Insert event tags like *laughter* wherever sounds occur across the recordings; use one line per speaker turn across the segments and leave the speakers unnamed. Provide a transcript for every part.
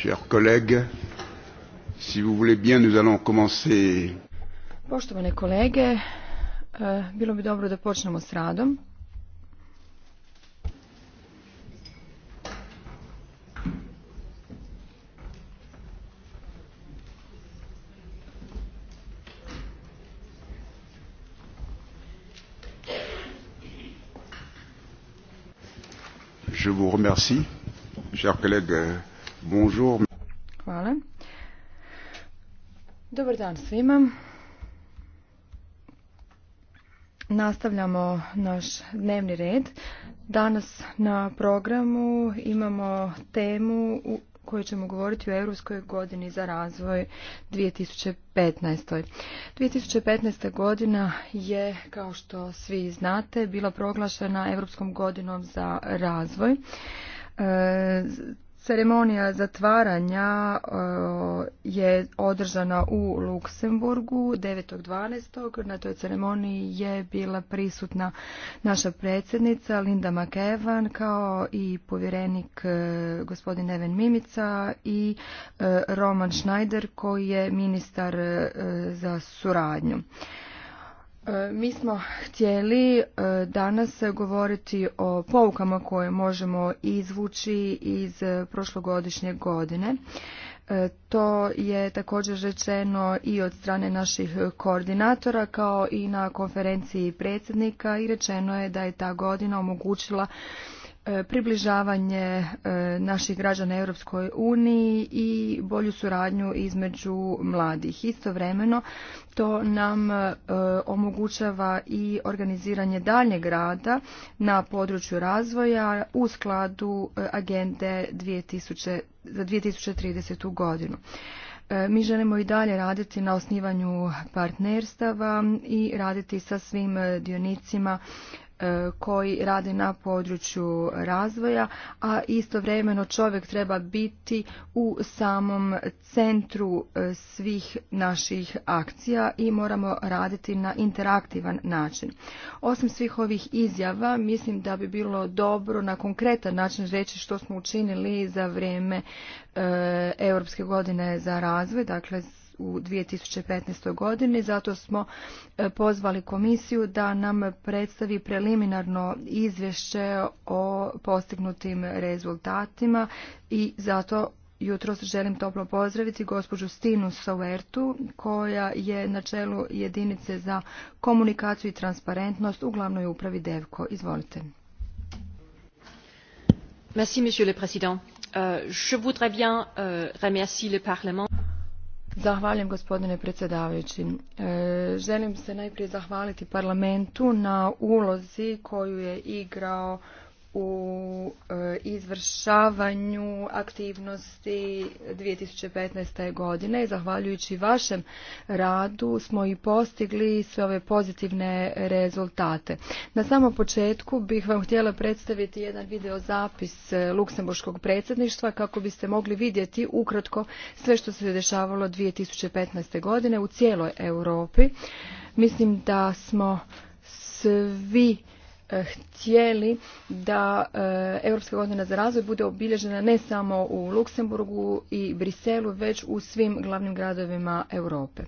Chers collègues, si vous voulez bien, nous allons commencer.
Poštovane kolege, e, bilo bi dobro da počnemo s radom.
Je vous remercie, chers collègues. Bonjour.
Hvala. Dobar dan svima. Nastavljamo naš dnevni red. Danas na programu imamo temu u kojoj ćemo govoriti o Europskoj godini za razvoj 2015. 2015. godina je, kao što svi znate, bila proglašena Europskom godinom za razvoj. E, Ceremonija zatvaranja e, je održana u Luksemburgu 9.12. Na toj ceremoniji je bila prisutna naša predsjednica Linda McEvan kao i povjerenik e, gospodin Even Mimica i e, Roman Schneider koji je ministar za suradnju. E, mi smo htjeli e, danas govoriti o poukama koje možemo izvući iz e, prošlogodišnje godine. To je također rečeno i od strane naših koordinatora kao i na konferenciji predsjednika i rečeno je da je ta godina omogućila E, približavanje e, naših građana Europskoj uniji i bolju suradnju između mladih. Istovremeno to nam e, omogućava i organiziranje daljnjeg rada na području razvoja u skladu agende 2000, za 2030. godinu. Mi želimo i dalje raditi na osnivanju partnerstava i raditi sa svim dionicima E, koji radi na području razvoja, a istovremeno čovjek treba biti u samom centru e, svih naših akcija i moramo raditi na interaktivan način. Osim svih ovih izjava, mislim da bi bilo dobro na konkretan način reći što smo učinili za vrijeme e, Europske godine za razvoj, dakle u 2015. godini. Zato smo e, pozvali komisiju da nam predstavi preliminarno izvješće o postignutim rezultatima i zato Jutros želim toplo pozdraviti gospođu Stinu Sauertu koja je na čelu jedinice za komunikaciju i transparentnost u glavnoj upravi DEVKO. Izvolite.
Merci, monsieur le euh, euh, Parlement
Zahvaljujem gospodine predsjedavajući. E, želim se najprije zahvaliti parlamentu na ulozi koju je igrao u e, izvršavanju aktivnosti 2015. godine i zahvaljujući vašem radu smo i postigli sve ove pozitivne rezultate. Na samom početku bih vam htjela predstaviti jedan video zapis e, Luksemburškog predsjedništva kako biste mogli vidjeti ukratko sve što se dešavalo 2015. godine u cijeloj Europi. Mislim da smo svi Eh, htjeli da eh, Europska godina za razvoj bude obilježena ne samo u Luksemburgu i Briselu, već u svim glavnim gradovima Europe.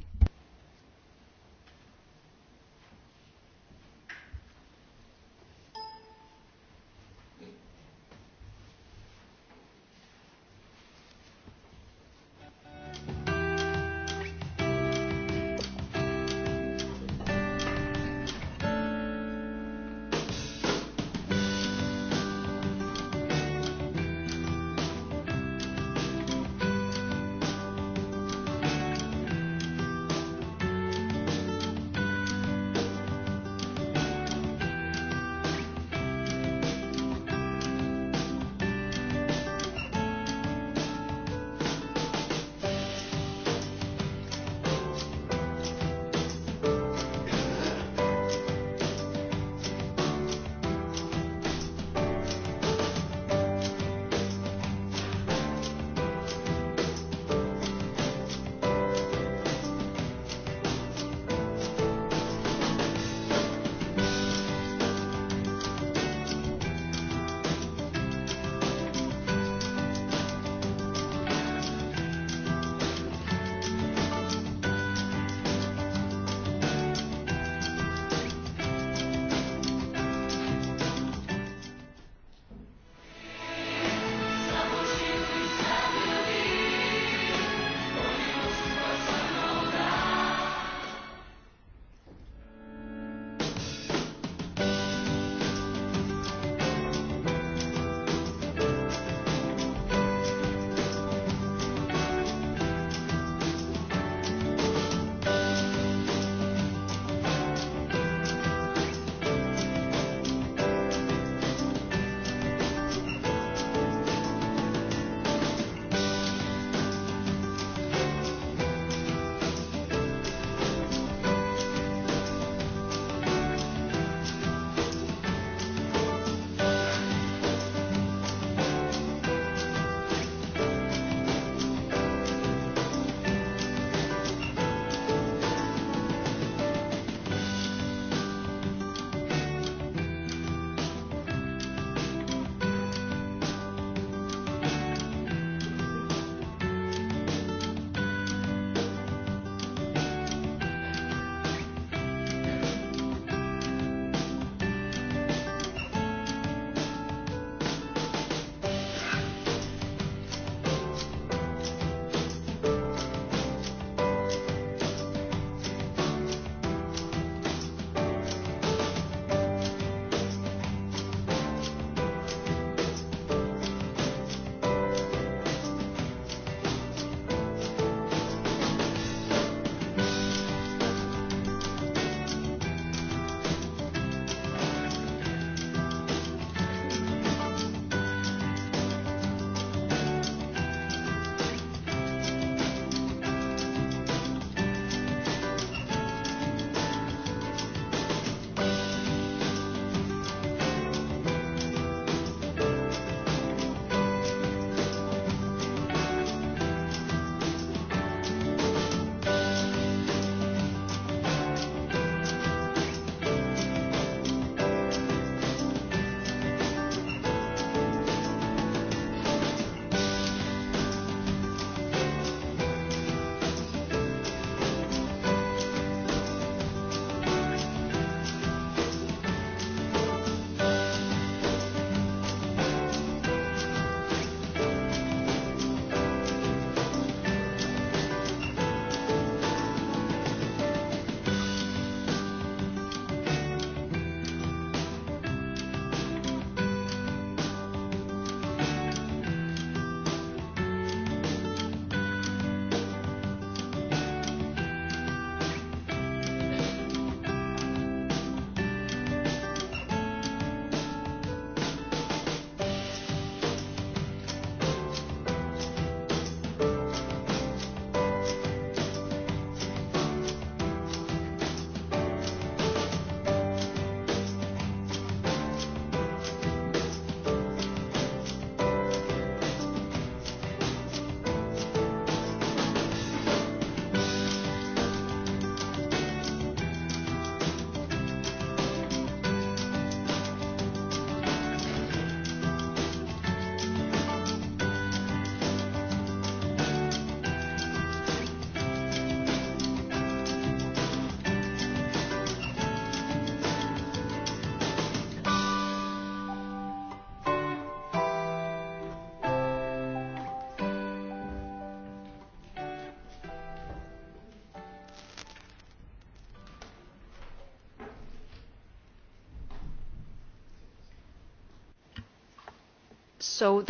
Um,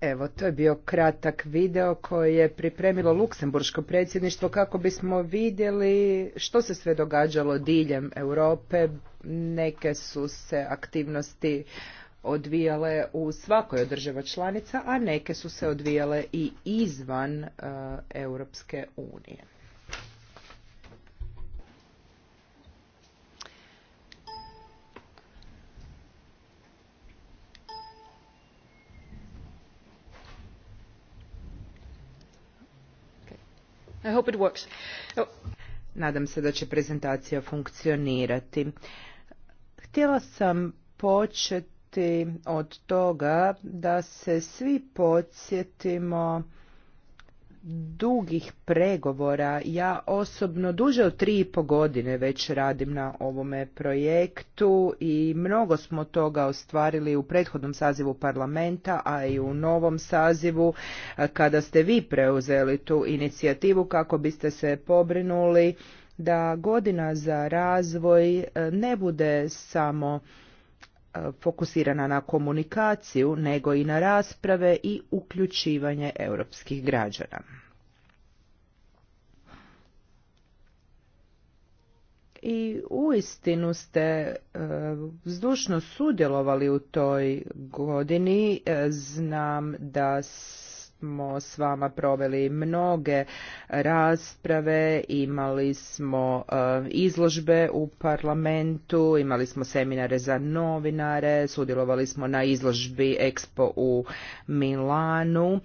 Evo, to je bio kratak video koji je pripremilo Luksemburško predsjedništvo kako bismo vidjeli što se sve događalo diljem Europe. Neke su se aktivnosti odvijale u svakoj od država članica, a neke su se odvijale i izvan uh, Europske unije. Nadam se da će prezentacija funkcionirati. Htjela sam početi od toga da se svi podsjetimo dugih pregovora. Ja osobno duže od tri i po godine već radim na ovome projektu i mnogo smo toga ostvarili u prethodnom sazivu parlamenta, a i u novom sazivu kada ste vi preuzeli tu inicijativu kako biste se pobrinuli da godina za razvoj ne bude samo E, fokusirana na komunikaciju nego i na rasprave i uključivanje europskih građana. i uistinu ste e, zdušno sudjelovali u toj godini. E, znam da smo s vama proveli mnoge rasprave, imali smo e, izložbe u parlamentu, imali smo seminare za novinare, sudjelovali smo na izložbi Expo u Milanu.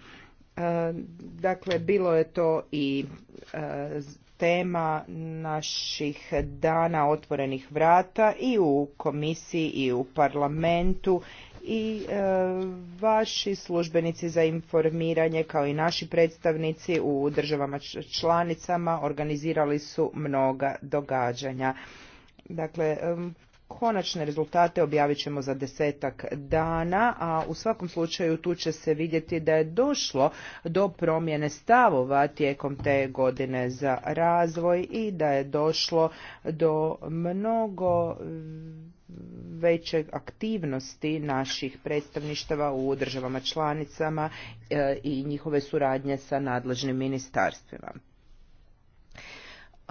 E, dakle, bilo je to i e, tema naših dana otvorenih vrata i u komisiji i u parlamentu i e, vaši službenici za informiranje kao i naši predstavnici u državama članicama organizirali su mnoga događanja. Dakle, Konačne rezultate objavit ćemo za desetak dana, a u svakom slučaju tu će se vidjeti da je došlo do promjene stavova tijekom te godine za razvoj i da je došlo do mnogo većeg aktivnosti naših predstavništava u državama članicama e, i njihove suradnje sa nadležnim ministarstvima.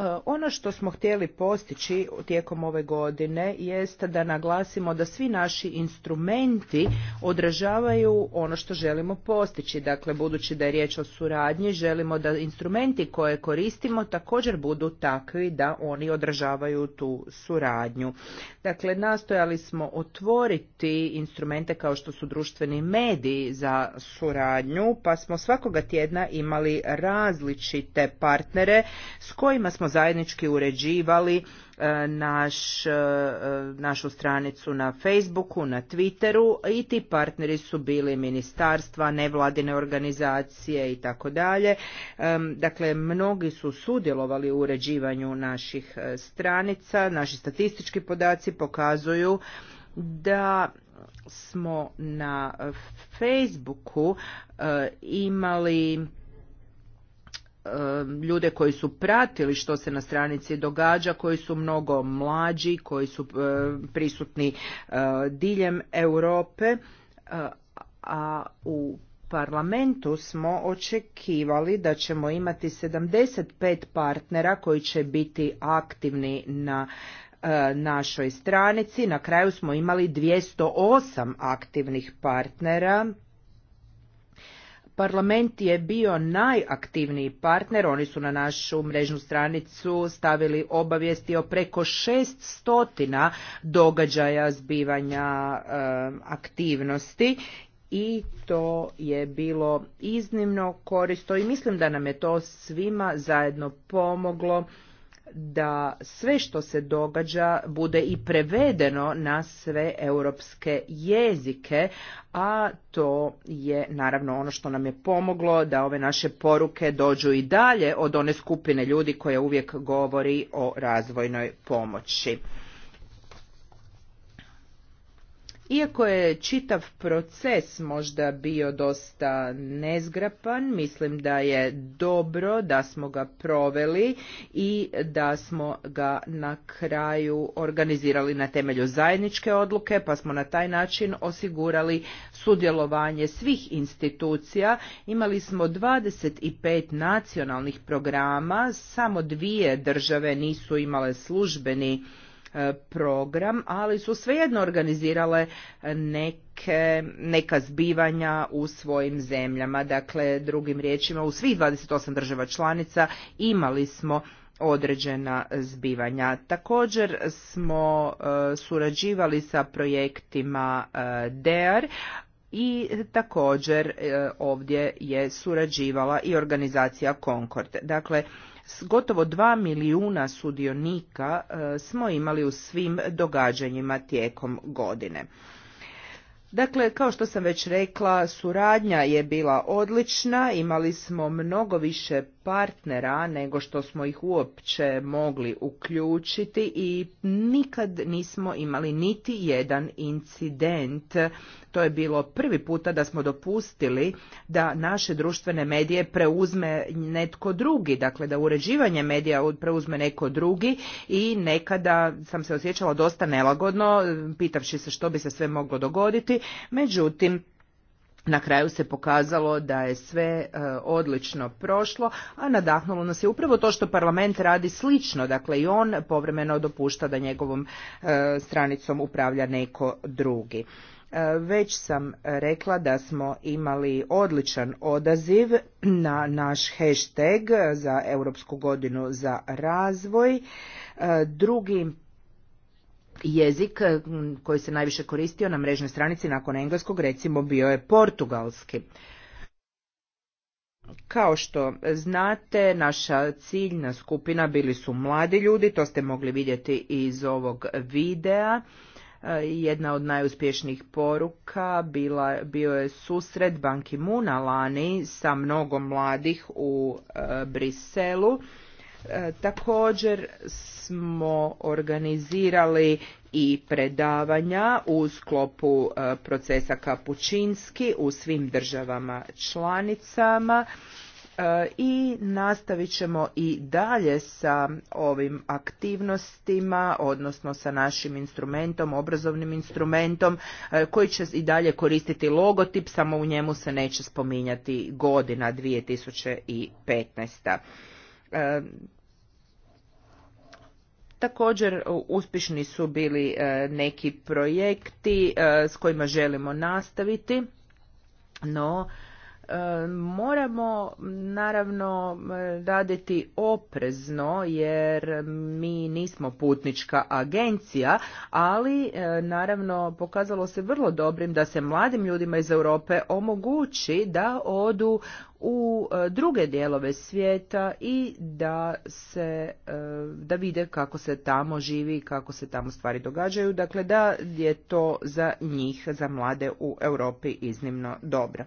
E, ono što smo htjeli postići tijekom ove godine jest da naglasimo da svi naši instrumenti odražavaju ono što želimo postići. Dakle, budući da je riječ o suradnji, želimo da instrumenti koje koristimo također budu takvi da oni odražavaju tu suradnju. Dakle, nastojali smo otvoriti instrumente kao što su društveni mediji za suradnju, pa smo svakoga tjedna imali različite partnere s kojima smo zajednički uređivali e, naš, e, našu stranicu na Facebooku, na Twitteru i ti partneri su bili ministarstva, nevladine organizacije i tako dalje. Dakle, mnogi su sudjelovali u uređivanju naših e, stranica. Naši statistički podaci pokazuju da smo na Facebooku imali Um, ljude koji su pratili što se na stranici događa, koji su mnogo mlađi, koji su um, prisutni uh, diljem Europe, uh, a u parlamentu smo očekivali da ćemo imati 75 partnera koji će biti aktivni na uh, našoj stranici. Na kraju smo imali 208 aktivnih partnera Parlament je bio najaktivniji partner, oni su na našu mrežnu stranicu stavili obavijesti o preko 600 događaja zbivanja aktivnosti i to je bilo iznimno koristo i mislim da nam je to svima zajedno pomoglo da sve što se događa bude i prevedeno na sve europske jezike, a to je naravno ono što nam je pomoglo da ove naše poruke dođu i dalje od one skupine ljudi koja uvijek govori o razvojnoj pomoći. Iako je čitav proces možda bio dosta nezgrapan, mislim da je dobro da smo ga proveli i da smo ga na kraju organizirali na temelju zajedničke odluke, pa smo na taj način osigurali sudjelovanje svih institucija. Imali smo 25 nacionalnih programa, samo dvije države nisu imale službeni E, program, ali su svejedno organizirale neke, neka zbivanja u svojim zemljama. Dakle, drugim riječima, u svih 28 država članica imali smo određena zbivanja. Također smo e, surađivali sa projektima e, DEAR, i također ovdje je surađivala i organizacija Concord. Dakle, Gotovo dva milijuna sudionika e, smo imali u svim događanjima tijekom godine. Dakle, kao što sam već rekla, suradnja je bila odlična, imali smo mnogo više partnera nego što smo ih uopće mogli uključiti i nikad nismo imali niti jedan incident to je bilo prvi puta da smo dopustili da naše društvene medije preuzme netko drugi, dakle da uređivanje medija preuzme neko drugi i nekada sam se osjećala dosta nelagodno, pitavši se što bi se sve moglo dogoditi, međutim na kraju se pokazalo da je sve e, odlično prošlo, a nadahnulo nas je upravo to što parlament radi slično, dakle i on povremeno dopušta da njegovom e, stranicom upravlja neko drugi. E, već sam rekla da smo imali odličan odaziv na naš hashtag za Europsku godinu za razvoj. E, drugi jezik koji se najviše koristio na mrežnoj stranici nakon engleskog recimo bio je portugalski. Kao što znate, naša ciljna skupina bili su mladi ljudi, to ste mogli vidjeti iz ovog videa. E, jedna od najuspješnijih poruka bila, bio je susret Banki Muna lani sa mnogo mladih u e, Briselu. E, također smo organizirali i predavanja u sklopu procesa Kapučinski u svim državama članicama E, i nastavit ćemo i dalje sa ovim aktivnostima, odnosno sa našim instrumentom, obrazovnim instrumentom e, koji će i dalje koristiti logotip, samo u njemu se neće spominjati godina 2015. E, također uspješni su bili neki projekti s kojima želimo nastaviti, no Moramo naravno raditi oprezno jer mi nismo putnička agencija, ali e, naravno pokazalo se vrlo dobrim da se mladim ljudima iz Europe omogući da odu u e, druge dijelove svijeta i da se e, da vide kako se tamo živi, kako se tamo stvari događaju, dakle da je to za njih, za mlade u Europi iznimno dobro.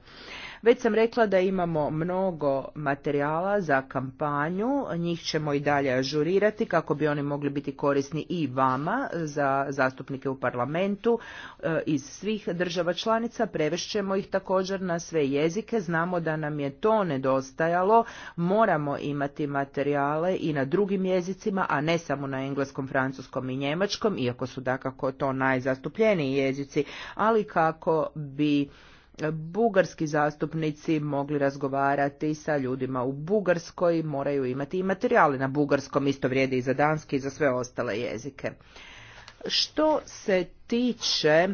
Već sam rekla da imamo mnogo materijala za kampanju, njih ćemo i dalje ažurirati kako bi oni mogli biti korisni i vama za zastupnike u parlamentu e, iz svih država članica, prevešćemo ih također na sve jezike, znamo da nam je to nedostajalo, moramo imati materijale i na drugim jezicima, a ne samo na engleskom, francuskom i njemačkom, iako su dakako to najzastupljeniji jezici, ali kako bi bugarski zastupnici mogli razgovarati sa ljudima u Bugarskoj, moraju imati i materijale na bugarskom, isto vrijedi i za danski i za sve ostale jezike. Što se tiče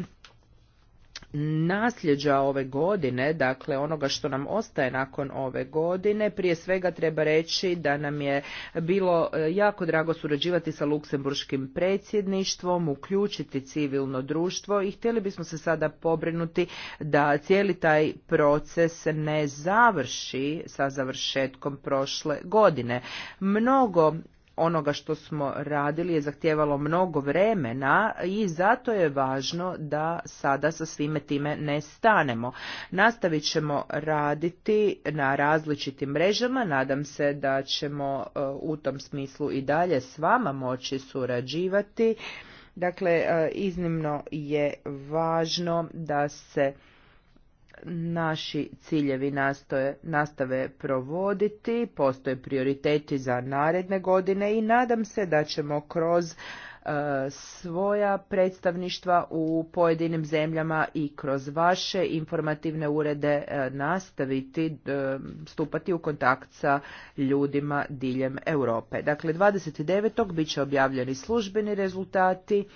nasljeđa ove godine, dakle onoga što nam ostaje nakon ove godine, prije svega treba reći da nam je bilo e, jako drago surađivati sa luksemburškim predsjedništvom, uključiti civilno društvo i htjeli bismo se sada pobrinuti da cijeli taj proces ne završi sa završetkom prošle godine. Mnogo onoga što smo radili je zahtjevalo mnogo vremena i zato je važno da sada sa svime time ne stanemo. Nastavit ćemo raditi na različitim mrežama, nadam se da ćemo e, u tom smislu i dalje s vama moći surađivati. Dakle, e, iznimno je važno da se naši ciljevi nastoje, nastave provoditi, postoje prioriteti za naredne godine i nadam se da ćemo kroz e, svoja predstavništva u pojedinim zemljama i kroz vaše informativne urede e, nastaviti e, stupati u kontakt sa ljudima diljem Europe. Dakle, 29. bit će objavljeni službeni rezultati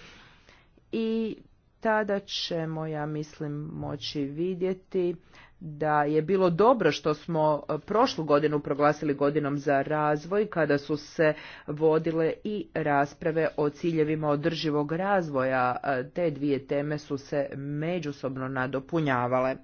i tada ćemo, ja mislim, moći vidjeti da je bilo dobro što smo prošlu godinu proglasili godinom za razvoj kada su se vodile i rasprave o ciljevima održivog razvoja. Te dvije teme su se međusobno nadopunjavale.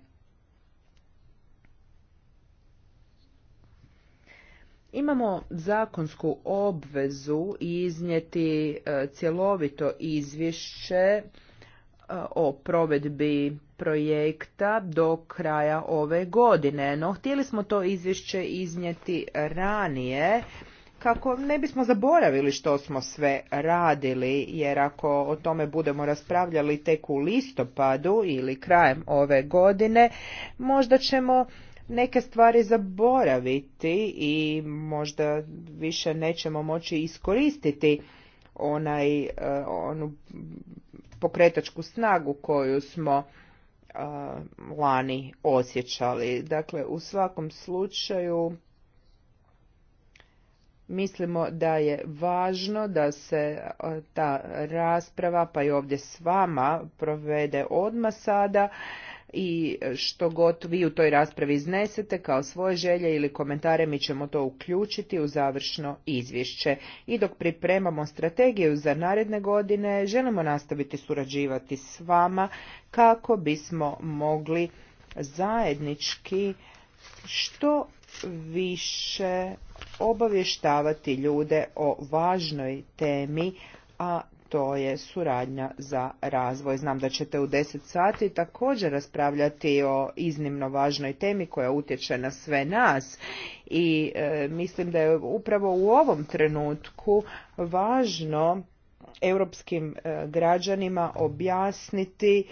Imamo zakonsku obvezu iznijeti e, cjelovito izvješće o provedbi projekta do kraja ove godine. No, htjeli smo to izvješće iznijeti ranije kako ne bismo zaboravili što smo sve radili, jer ako o tome budemo raspravljali tek u listopadu ili krajem ove godine, možda ćemo neke stvari zaboraviti i možda više nećemo moći iskoristiti onaj, e, onu pokretačku snagu koju smo e, lani osjećali. Dakle, u svakom slučaju mislimo da je važno da se e, ta rasprava, pa i ovdje s vama, provede odmah sada i što god vi u toj raspravi iznesete kao svoje želje ili komentare mi ćemo to uključiti u završno izvješće. I dok pripremamo strategiju za naredne godine želimo nastaviti surađivati s vama kako bismo mogli zajednički što više obavještavati ljude o važnoj temi, a to je suradnja za razvoj. Znam da ćete u 10 sati također raspravljati o iznimno važnoj temi koja utječe na sve nas i e, mislim da je upravo u ovom trenutku važno europskim e, građanima objasniti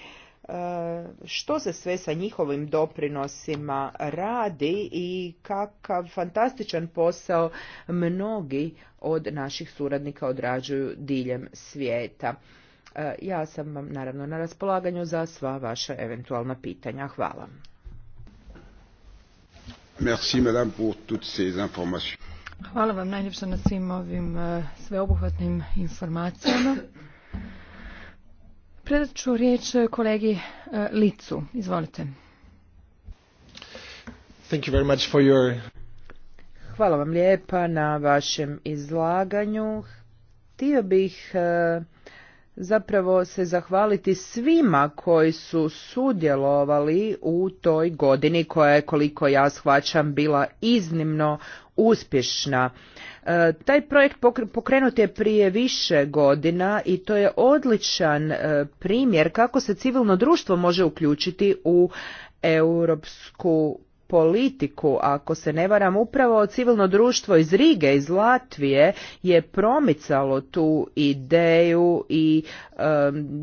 E, što se sve sa njihovim doprinosima radi i kakav fantastičan posao mnogi od naših suradnika odrađuju diljem svijeta. E, ja sam vam naravno na raspolaganju za sva vaša eventualna pitanja. Hvala.
Merci madame pour toutes ces informations.
Hvala vam najljepša na svim ovim e, sveobuhvatnim informacijama. Predat ću riječ e,
kolegi e, Licu. Izvolite.
Thank you very much for your...
Hvala vam lijepa na vašem izlaganju. Htio bih e, zapravo se zahvaliti svima koji su sudjelovali u toj godini koja je koliko ja shvaćam bila iznimno uspješna. E, taj projekt pokrenut je prije više godina i to je odličan e, primjer kako se civilno društvo može uključiti u europsku politiku, ako se ne varam, upravo civilno društvo iz Rige, iz Latvije je promicalo tu ideju i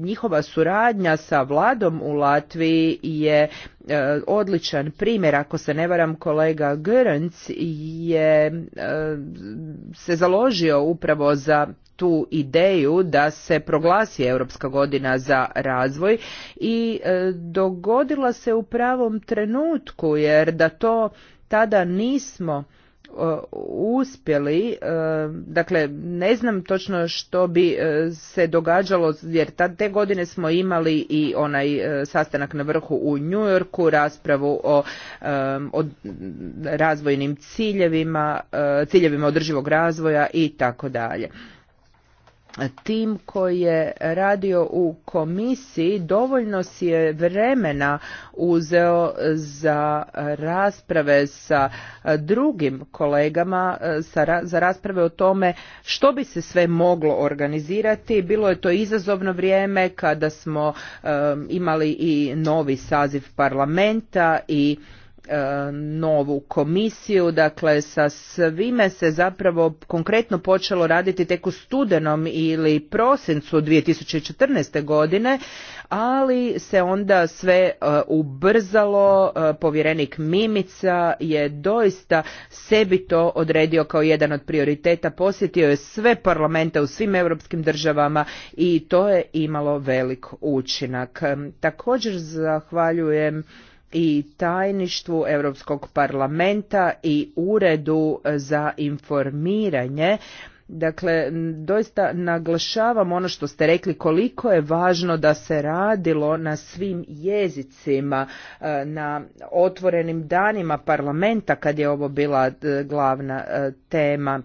njihova suradnja sa vladom u Latviji je E, odličan primjer, ako se ne varam kolega Görens je e, se založio upravo za tu ideju da se proglasi Europska godina za razvoj i e, dogodila se u pravom trenutku jer da to tada nismo E, uspjeli, e, dakle ne znam točno što bi e, se događalo jer te godine smo imali i onaj sastanak na vrhu u New Yorku, raspravu o, o razvojnim ciljevima, ciljevima održivog razvoja i tako dalje tim koji je radio u komisiji dovoljno si je vremena uzeo za rasprave sa drugim kolegama e, za rasprave o tome što bi se sve moglo organizirati bilo je to izazovno vrijeme kada smo e, imali i novi saziv parlamenta i E, novu komisiju, dakle sa svime se zapravo konkretno počelo raditi tek u studenom ili prosincu 2014. godine, ali se onda sve e, ubrzalo, e, povjerenik Mimica je doista sebi to odredio kao jedan od prioriteta, posjetio je sve parlamente u svim europskim državama i to je imalo velik učinak. Također zahvaljujem i tajništvu Europskog parlamenta i uredu za informiranje Dakle, doista naglašavam ono što ste rekli koliko je važno da se radilo na svim jezicima, e, na otvorenim danima parlamenta kad je ovo bila e, glavna e, tema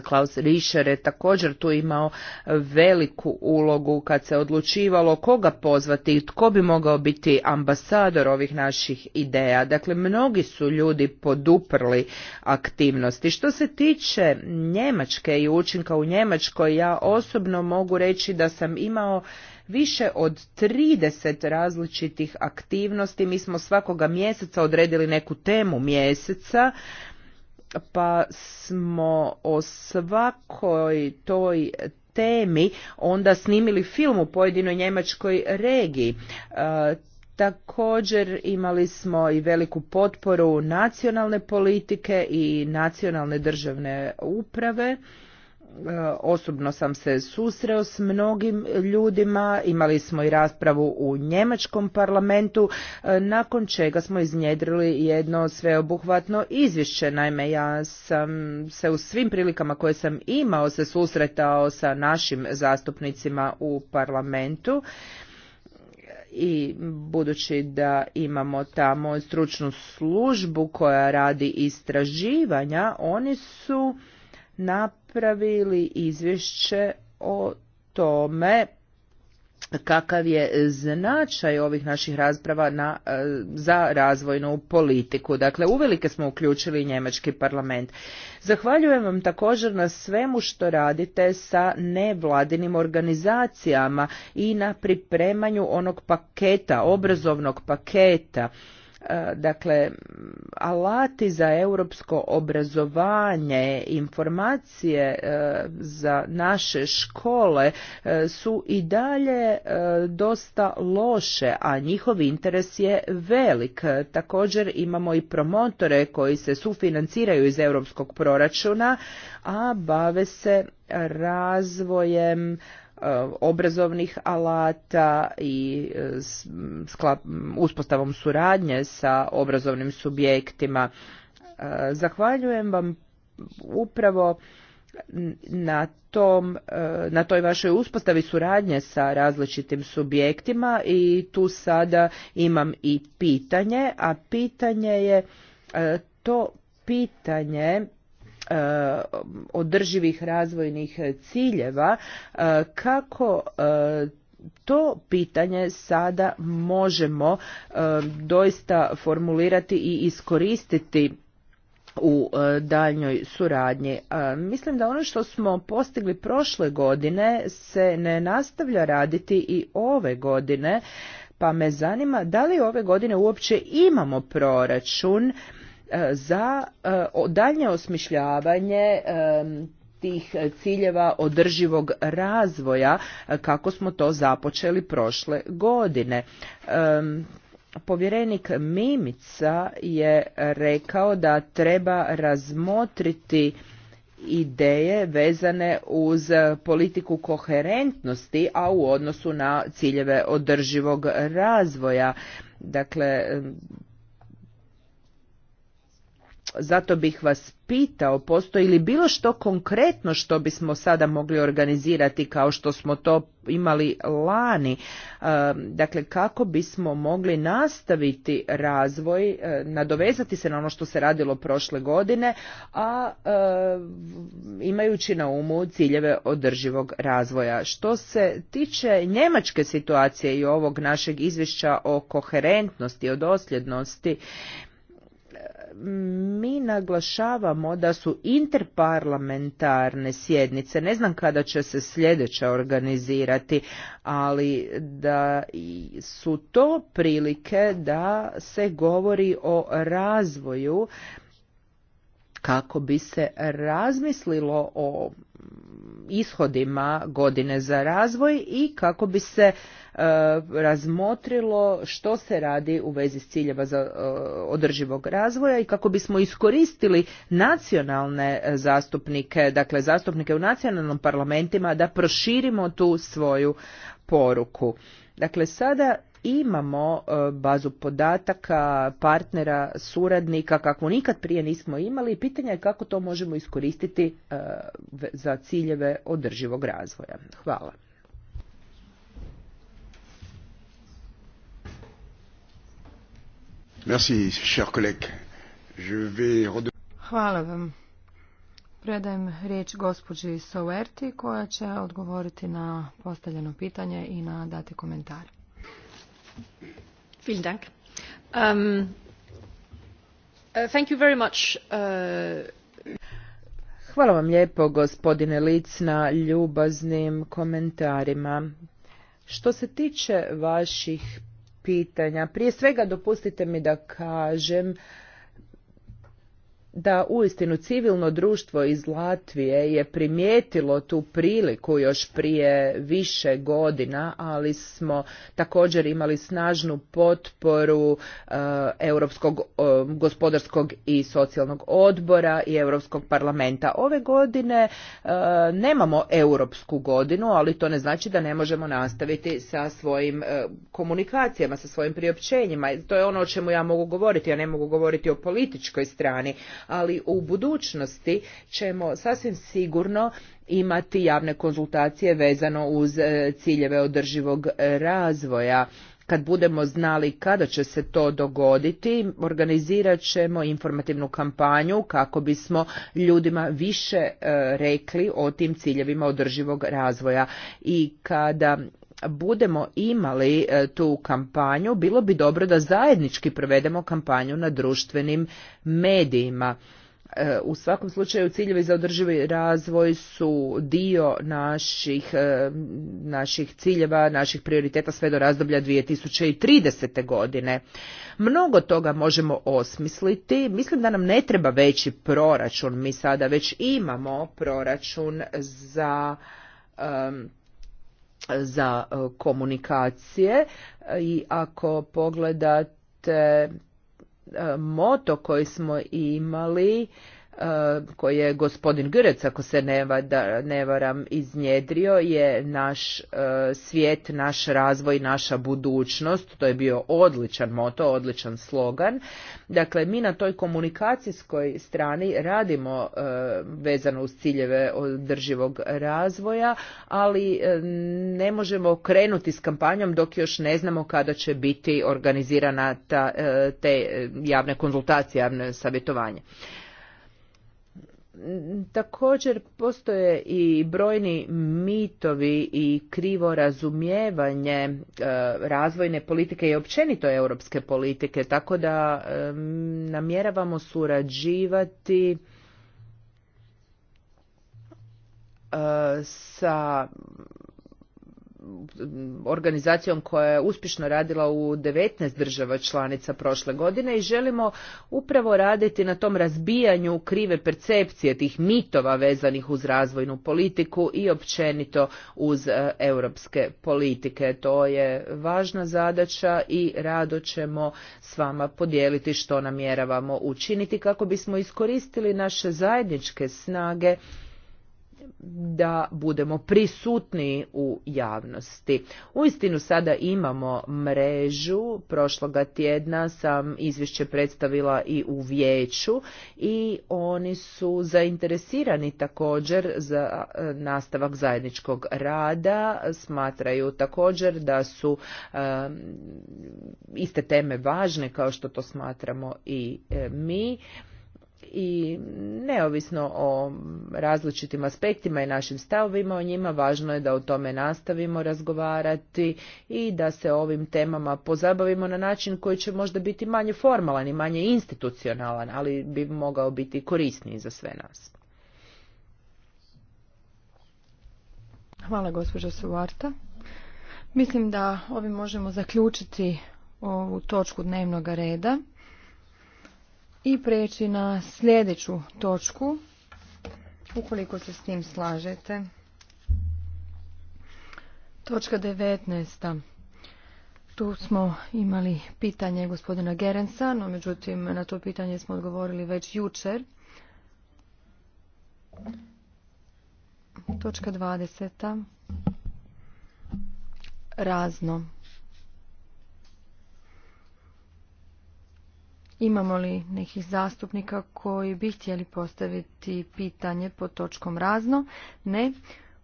Klaus Rischer je također tu imao veliku ulogu kad se odlučivalo koga pozvati i tko bi mogao biti ambasador ovih naših ideja. Dakle, mnogi su ljudi poduprli aktivnosti. Što se tiče Njemačke i učinka u Njemačkoj, ja osobno mogu reći da sam imao više od 30 različitih aktivnosti. Mi smo svakoga mjeseca odredili neku temu mjeseca pa smo o svakoj toj temi onda snimili film u pojedinoj njemačkoj regiji. E, također imali smo i veliku potporu nacionalne politike i nacionalne državne uprave osobno sam se susreo s mnogim ljudima, imali smo i raspravu u njemačkom parlamentu, e, nakon čega smo iznjedrili jedno sveobuhvatno izvješće. Naime, ja sam se u svim prilikama koje sam imao se susretao sa našim zastupnicima u parlamentu i budući da imamo tamo stručnu službu koja radi istraživanja, oni su napravili izvješće o tome kakav je značaj ovih naših rasprava na, e, za razvojnu politiku. Dakle, uvelike smo uključili njemački parlament. Zahvaljujem vam također na svemu što radite sa nevladinim organizacijama i na pripremanju onog paketa, obrazovnog paketa E, dakle, alati za europsko obrazovanje, informacije e, za naše škole e, su i dalje dosta loše, a njihov interes je velik. Također imamo i promotore koji se sufinanciraju iz europskog proračuna, a bave se razvojem E, obrazovnih alata i e, uspostavom suradnje sa obrazovnim subjektima. E, zahvaljujem vam upravo na, tom, na toj vašoj uspostavi suradnje sa različitim subjektima i tu sada imam i pitanje, a pitanje je to pitanje E, održivih razvojnih ciljeva e, kako e, to pitanje sada možemo doista formulirati i iskoristiti u daljnjoj suradnji. Mislim da ono što smo postigli prošle godine se ne nastavlja raditi i ove godine, pa me zanima da li ove godine uopće imamo proračun E, za e, daljnje osmišljavanje e, tih ciljeva održivog razvoja kako smo to započeli prošle godine. Povjerenik Mimica je rekao da treba razmotriti ideje vezane uz politiku koherentnosti, a u odnosu na ciljeve održivog razvoja. Dakle, zato bih vas pitao, postoji li bilo što konkretno što bismo sada mogli organizirati kao što smo to imali lani, e, dakle kako bismo mogli nastaviti razvoj, e, nadovezati se na ono što se radilo prošle godine, a e, imajući na umu ciljeve održivog razvoja. Što se tiče njemačke situacije i ovog našeg izvješća o koherentnosti, o dosljednosti, mi naglašavamo da su interparlamentarne sjednice, ne znam kada će se sljedeća organizirati, ali da su to prilike da se govori o razvoju kako bi se razmislilo o ishodima godine za razvoj i kako bi se E, razmotrilo što se radi u vezi s ciljeva za e, održivog razvoja i kako bismo iskoristili nacionalne e, zastupnike, dakle zastupnike u nacionalnim parlamentima da proširimo tu svoju poruku. Dakle, sada imamo bazu podataka, partnera, suradnika, kakvu nikad prije nismo imali i pitanje je kako to možemo iskoristiti za ciljeve održivog razvoja. Hvala.
Hvala vam. Predajem riječ gospođi Sowerti koja će odgovoriti na postavljeno pitanje i na dati komentar.
Vielen Dank. Um, uh, thank
uh, Hvala vam lijepo gospodine Lic na ljubaznim komentarima. Što se tiče vaših pitanja. Prije svega dopustite mi da kažem da uistinu civilno društvo iz Latvije je primijetilo tu priliku još prije više godina, ali smo također imali snažnu potporu e, Europskog e, gospodarskog i socijalnog odbora i Europskog parlamenta. Ove godine e, nemamo europsku godinu, ali to ne znači da ne možemo nastaviti sa svojim komunikacijama, sa svojim priopćenjima. To je ono o čemu ja mogu govoriti, ja ne mogu govoriti o političkoj strani ali u budućnosti ćemo sasvim sigurno imati javne konzultacije vezano uz e, ciljeve održivog razvoja kad budemo znali kada će se to dogoditi, organizirat ćemo informativnu kampanju kako bismo ljudima više e, rekli o tim ciljevima održivog razvoja. I kada budemo imali e, tu kampanju, bilo bi dobro da zajednički provedemo kampanju na društvenim medijima. E, u svakom slučaju ciljevi za održivi razvoj su dio naših, e, naših ciljeva, naših prioriteta sve do razdoblja 2030. godine. Mnogo toga možemo osmisliti. Mislim da nam ne treba veći proračun. Mi sada već imamo proračun za za e, komunikacije i ako pogledate e, moto koji smo imali E, koji je gospodin Grec, ako se ne, varam, iznjedrio, je naš e, svijet, naš razvoj, naša budućnost. To je bio odličan moto, odličan slogan. Dakle, mi na toj komunikacijskoj strani radimo e, vezano uz ciljeve održivog razvoja, ali ne možemo krenuti s kampanjom dok još ne znamo kada će biti organizirana te javne konzultacije, javne savjetovanje. Također postoje i brojni mitovi i krivo razumijevanje e, razvojne politike i općenito europske politike, tako da e, namjeravamo surađivati e, sa organizacijom koja je uspješno radila u 19 država članica prošle godine i želimo upravo raditi na tom razbijanju krive percepcije tih mitova vezanih uz razvojnu politiku i općenito uz e, europske politike. To je važna zadaća i rado ćemo s vama podijeliti što namjeravamo učiniti kako bismo iskoristili naše zajedničke snage da budemo prisutni u javnosti. Uistinu sada imamo mrežu, prošloga tjedna sam izvješće predstavila i u vijeću i oni su zainteresirani također za e, nastavak zajedničkog rada, smatraju također da su e, iste teme važne kao što to smatramo i e, mi i neovisno o različitim aspektima i našim stavovima o njima, važno je da o tome nastavimo razgovarati i da se ovim temama pozabavimo na način koji će možda biti manje formalan i manje institucionalan, ali bi mogao biti korisniji za sve nas.
Hvala gospođo Suvarta. Mislim da ovim možemo zaključiti ovu točku dnevnog reda i preći na sljedeću točku, ukoliko se s tim slažete. Točka 19. Tu smo imali pitanje gospodina Gerensa, no međutim na to pitanje smo odgovorili već jučer. Točka 20.
Razno.
Imamo li nekih zastupnika koji bi htjeli postaviti pitanje pod točkom razno? Ne.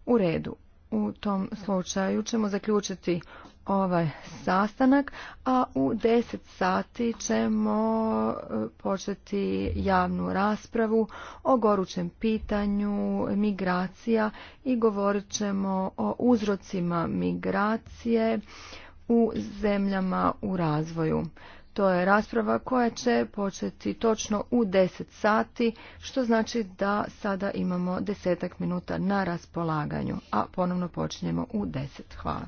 U redu. U tom slučaju ćemo zaključiti ovaj sastanak, a u 10 sati ćemo e, početi javnu raspravu o gorućem pitanju migracija i govorit ćemo o uzrocima migracije u zemljama u razvoju. To je rasprava koja će početi točno u 10 sati, što znači da sada imamo desetak minuta na raspolaganju, a ponovno počinjemo u 10. Hvala.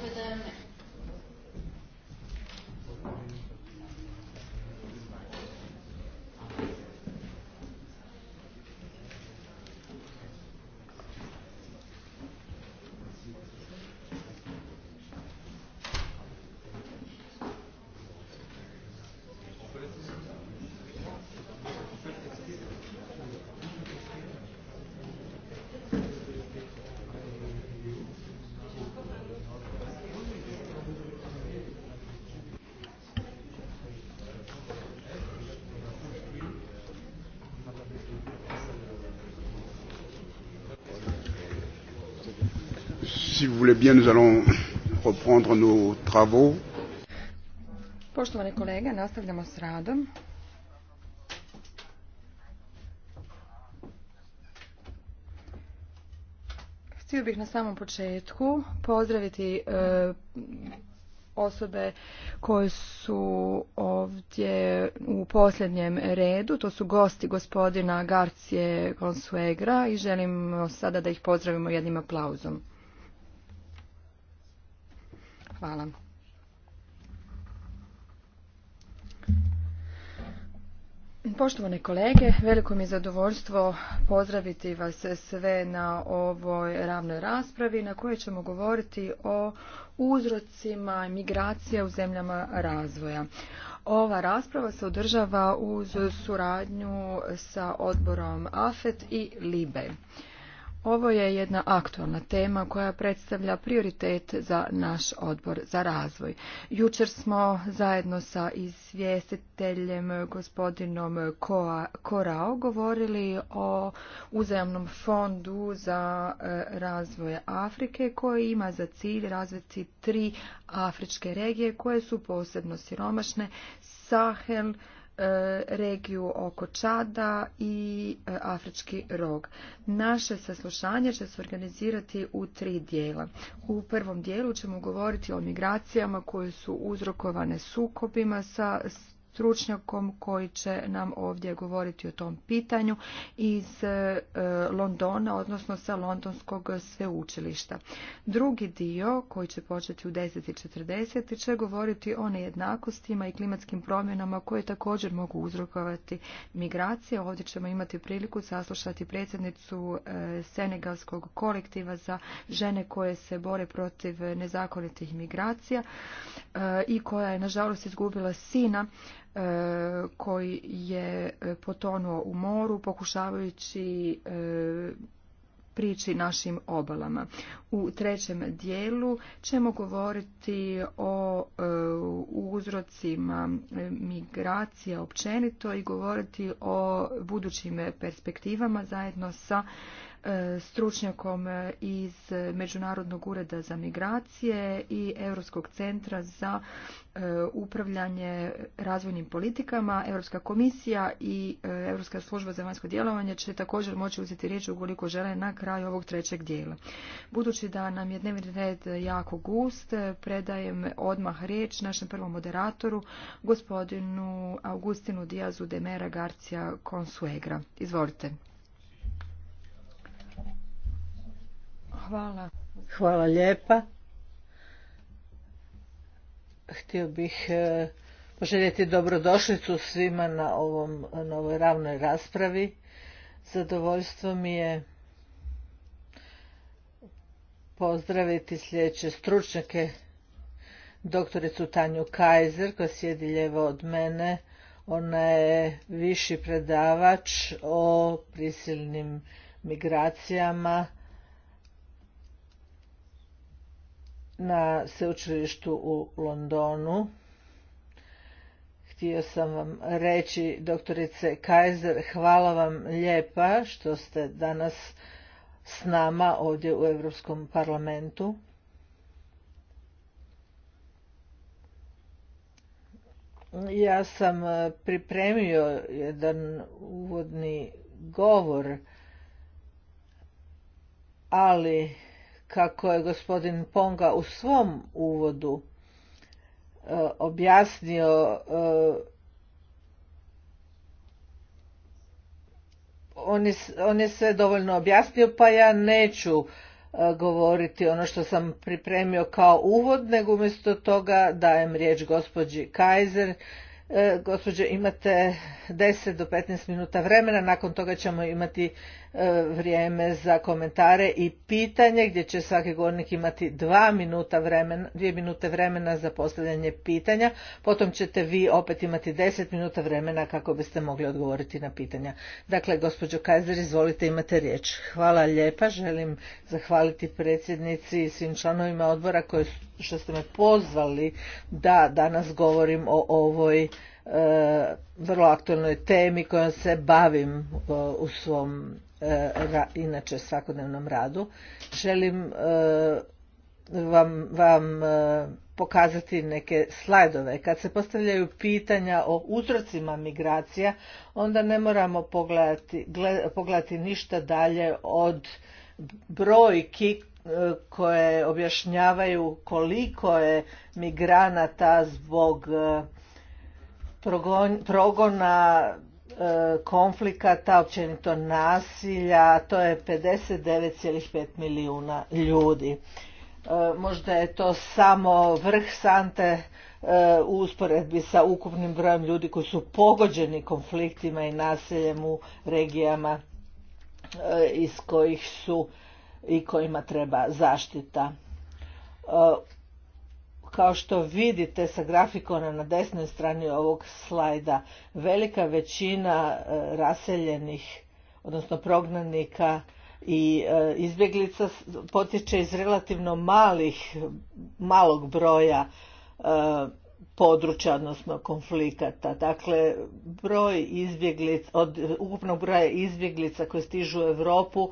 over
Si
kolege, nastavljamo s radom. Htio bih na samom početku pozdraviti e, osobe koje su ovdje u posljednjem redu. To su gosti gospodina Garcije Consuegra i želim sada da ih pozdravimo jednim aplauzom. Poštovane kolege, veliko mi je zadovoljstvo pozdraviti vas sve na ovoj ravnoj raspravi na kojoj ćemo govoriti o uzrocima migracija u zemljama razvoja. Ova rasprava se održava uz suradnju sa odborom AFET i LIBE. Ovo je jedna aktualna tema koja predstavlja prioritet za naš odbor za razvoj. Jučer smo zajedno sa izvjestiteljem gospodinom Korao govorili o uzajamnom fondu za e, razvoj Afrike koji ima za cilj razviti tri afričke regije koje su posebno siromašne, Sahel, E, regiju oko Čada i e, Afrički rog. Naše saslušanje će se organizirati u tri dijela. U prvom dijelu ćemo govoriti o migracijama koje su uzrokovane sukobima sa stručnjakom koji će nam ovdje govoriti o tom pitanju iz e, Londona, odnosno sa Londonskog sveučilišta. Drugi dio, koji će početi u 10.40, će govoriti o nejednakostima i klimatskim promjenama koje također mogu uzrokovati migracije. Ovdje ćemo imati priliku saslušati predsjednicu e, Senegalskog kolektiva za žene koje se bore protiv nezakonitih migracija e, i koja je nažalost izgubila sina E, koji je e, potonuo u moru pokušavajući e, priči našim obalama. U trećem dijelu ćemo govoriti o uzrocima migracija općenito i govoriti o budućim perspektivama zajedno sa stručnjakom e, iz Međunarodnog ureda za migracije i Europskog centra za e, upravljanje razvojnim politikama. Europska komisija i e, Europska služba za vanjsko djelovanje će također moći uzeti riječ ukoliko žele na kraju ovog trećeg dijela. Budući da nam je dnevni red jako gust, predajem odmah riječ našem prvom moderatoru, gospodinu Augustinu Diazu de Mera Garcia Consuegra.
Izvolite. Hvala. Hvala lijepa. Htio bih e, poželjeti dobrodošlicu svima na, ovom, na ovoj ravnoj raspravi. Zadovoljstvo mi je pozdraviti sljedeće stručnjake doktoricu Tanju Kajzer koja sjedi lijevo od mene. Ona je viši predavač o prisilnim migracijama na sveučilištu u Londonu. Htio sam vam reći, doktorice Kaiser, hvala vam lijepa što ste danas s nama ovdje u Europskom parlamentu. Ja sam e, pripremio jedan uvodni govor, ali kako je gospodin Ponga u svom uvodu e, objasnio e, on je, on je sve dovoljno objasnio pa ja neću e, govoriti ono što sam pripremio kao uvod nego umjesto toga dajem riječ gospođi Kaiser gospođo imate 10 do 15 minuta vremena nakon toga ćemo imati E, vrijeme za komentare i pitanje gdje će svaki govornik imati dva minuta vremena, dvije minute vremena za postavljanje pitanja. Potom ćete vi opet imati deset minuta vremena kako biste mogli odgovoriti na pitanja. Dakle, gospođo Kajzer, izvolite, imate riječ. Hvala lijepa, želim zahvaliti predsjednici i svim članovima odbora koji što ste me pozvali da danas govorim o ovoj e, vrlo aktualnoj temi kojom se bavim e, u svom E, inače svakodnevnom radu. Želim e, vam, e, pokazati neke slajdove. Kad se postavljaju pitanja o uzrocima migracija, onda ne moramo pogledati, pogledati ništa dalje od brojki koje objašnjavaju koliko je migranata zbog progona E, konflikata, općenito nasilja, to je 59,5 milijuna ljudi. E, možda je to samo vrh sante e, u usporedbi sa ukupnim brojem ljudi koji su pogođeni konfliktima i nasiljem u regijama iz kojih su i kojima treba zaštita kao što vidite sa grafikona na desnoj strani ovog slajda, velika većina e, raseljenih, odnosno prognanika i e, izbjeglica potiče iz relativno malih, malog broja e, područja, odnosno konflikata. Dakle, broj izbjeglica, od ukupnog broja izbjeglica koji stižu u Europu,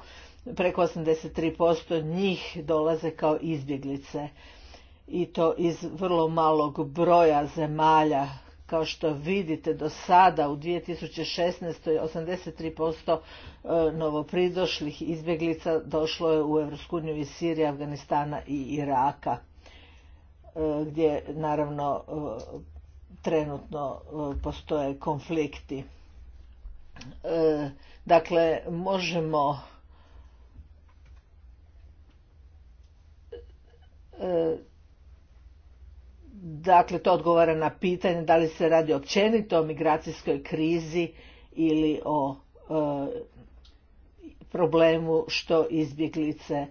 preko 83% njih dolaze kao izbjeglice i to iz vrlo malog broja zemalja. Kao što vidite do sada u 2016. 83% e, novopridošlih izbjeglica došlo je u EU iz Sirije, Afganistana i Iraka e, gdje naravno e, trenutno postoje konflikti. Dakle, možemo Dakle, to odgovara na pitanje da li se radi općenito o migracijskoj krizi ili o e, problemu što izbjeglice e,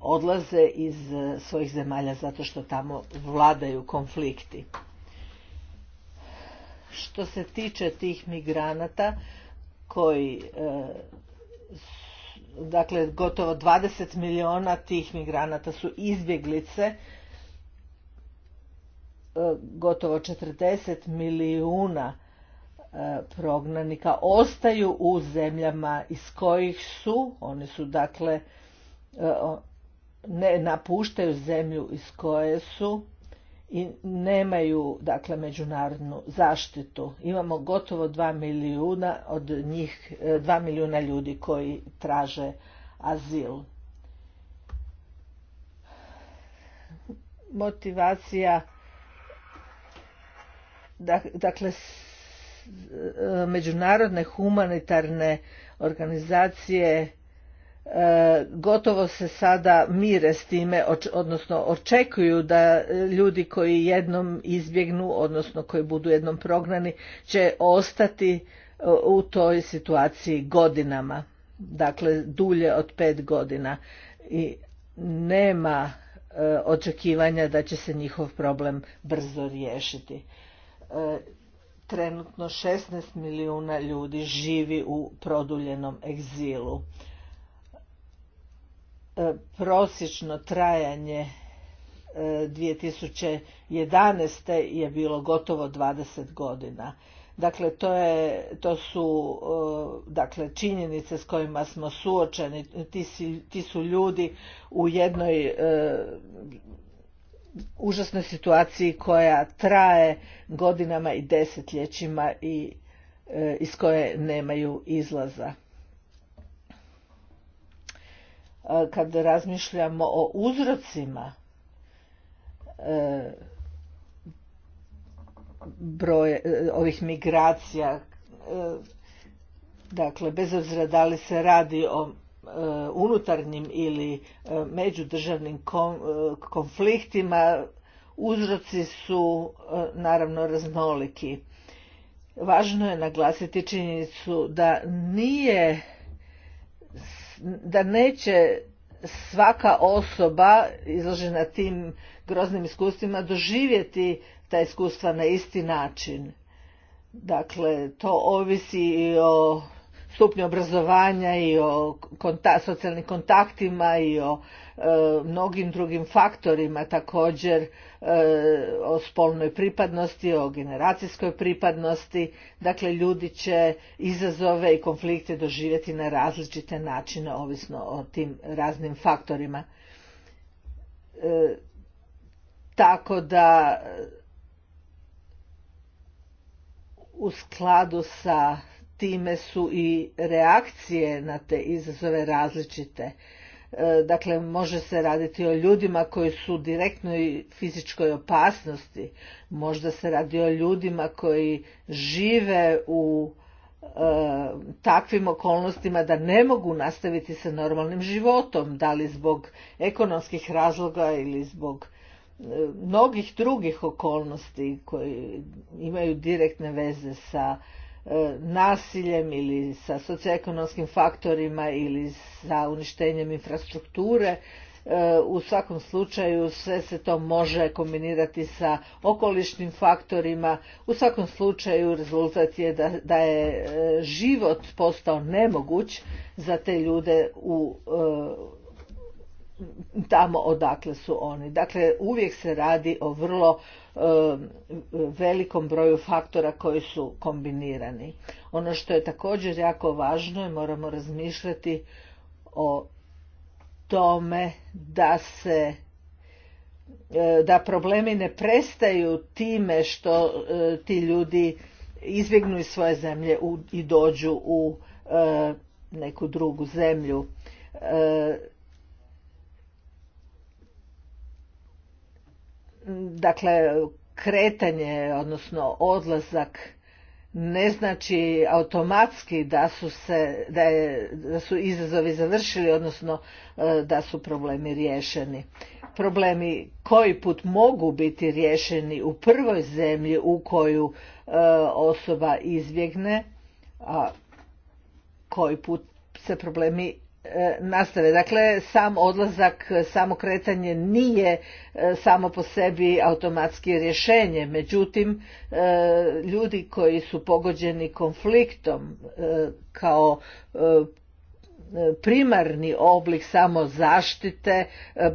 odlaze iz svojih zemalja zato što tamo vladaju konflikti. Što se tiče tih migranata koji e, dakle gotovo 20 milijuna tih migranata su izbjeglice E, gotovo 40 milijuna e, prognanika ostaju u zemljama iz kojih su, oni su dakle e, ne napuštaju zemlju iz koje su i nemaju dakle međunarodnu zaštitu. Imamo gotovo 2 milijuna od njih 2 milijuna ljudi koji traže azil. Motivacija dakle e, međunarodne humanitarne organizacije e, gotovo se sada mire s time, odnosno očekuju da ljudi koji jednom izbjegnu, odnosno koji budu jednom prognani, će ostati e, u toj situaciji godinama, dakle dulje od pet godina i nema očekivanja da će se njihov problem brzo riješiti trenutno 16 milijuna ljudi živi u produljenom egzilu. E, prosječno trajanje 2011. E, je bilo gotovo 20 godina. Dakle, to, je, to su e, dakle, činjenice s kojima smo suočeni. Ti, ti su ljudi u jednoj užasnoj situaciji koja traje godinama i desetljećima i e, iz koje nemaju izlaza. Kada e, kad razmišljamo o uzrocima e, broje ovih migracija, dakle bez obzira da li se radi o Eh, unutarnjim ili eh, međudržavnim eh, konfliktima uzroci su naravno raznoliki. Važno je naglasiti činjenicu da nije da neće svaka osoba izložena tim groznim iskustvima doživjeti ta iskustva na isti način. Dakle, to ovisi i o stupnju obrazovanja i o konta socijalnim kontaktima i o e, mnogim drugim faktorima također e, o spolnoj pripadnosti, o generacijskoj pripadnosti. Dakle, ljudi će izazove i konflikte doživjeti na različite načine ovisno o tim raznim faktorima. E, tako da u skladu sa time su i reakcije na te izazove različite. E, dakle, može se raditi o ljudima koji su u direktnoj fizičkoj opasnosti. Možda se radi o ljudima koji žive u e, takvim okolnostima da ne mogu nastaviti sa normalnim životom, da li zbog ekonomskih razloga ili zbog e, mnogih drugih okolnosti koji imaju direktne veze sa E, nasiljem ili sa socioekonomskim faktorima ili sa uništenjem infrastrukture e, u svakom slučaju sve se to može kombinirati sa okolišnim faktorima u svakom slučaju rezultat je da, da je e, život postao nemoguć za te ljude u tamo odakle su oni. Dakle, uvijek se radi o vrlo velikom broju faktora koji su kombinirani. Ono što je također jako važno je moramo razmišljati o tome da se e, da problemi ne prestaju time što e, ti ljudi izbjegnu iz svoje zemlje i dođu u e, neku drugu zemlju. dakle kretanje odnosno odlazak ne znači automatski da su se da, je, da su izazovi završili odnosno e, da su problemi riješeni problemi koji put mogu biti riješeni u prvoj zemlji u koju e, osoba izbjegne a koji put se problemi E, nastave. Dakle, sam odlazak, samo kretanje nije e, samo po sebi automatski rješenje. Međutim, e, ljudi koji su pogođeni konfliktom kao primarni oblik samo zaštite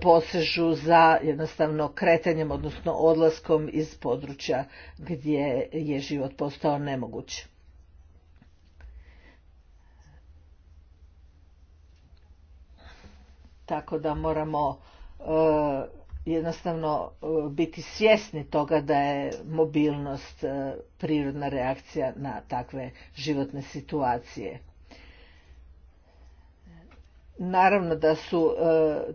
posežu za jednostavno kretanjem, odnosno odlaskom iz područja gdje je život postao nemoguć. tako da moramo eh, jednostavno eh, biti svjesni toga da je mobilnost eh, prirodna reakcija na takve životne situacije. Naravno da su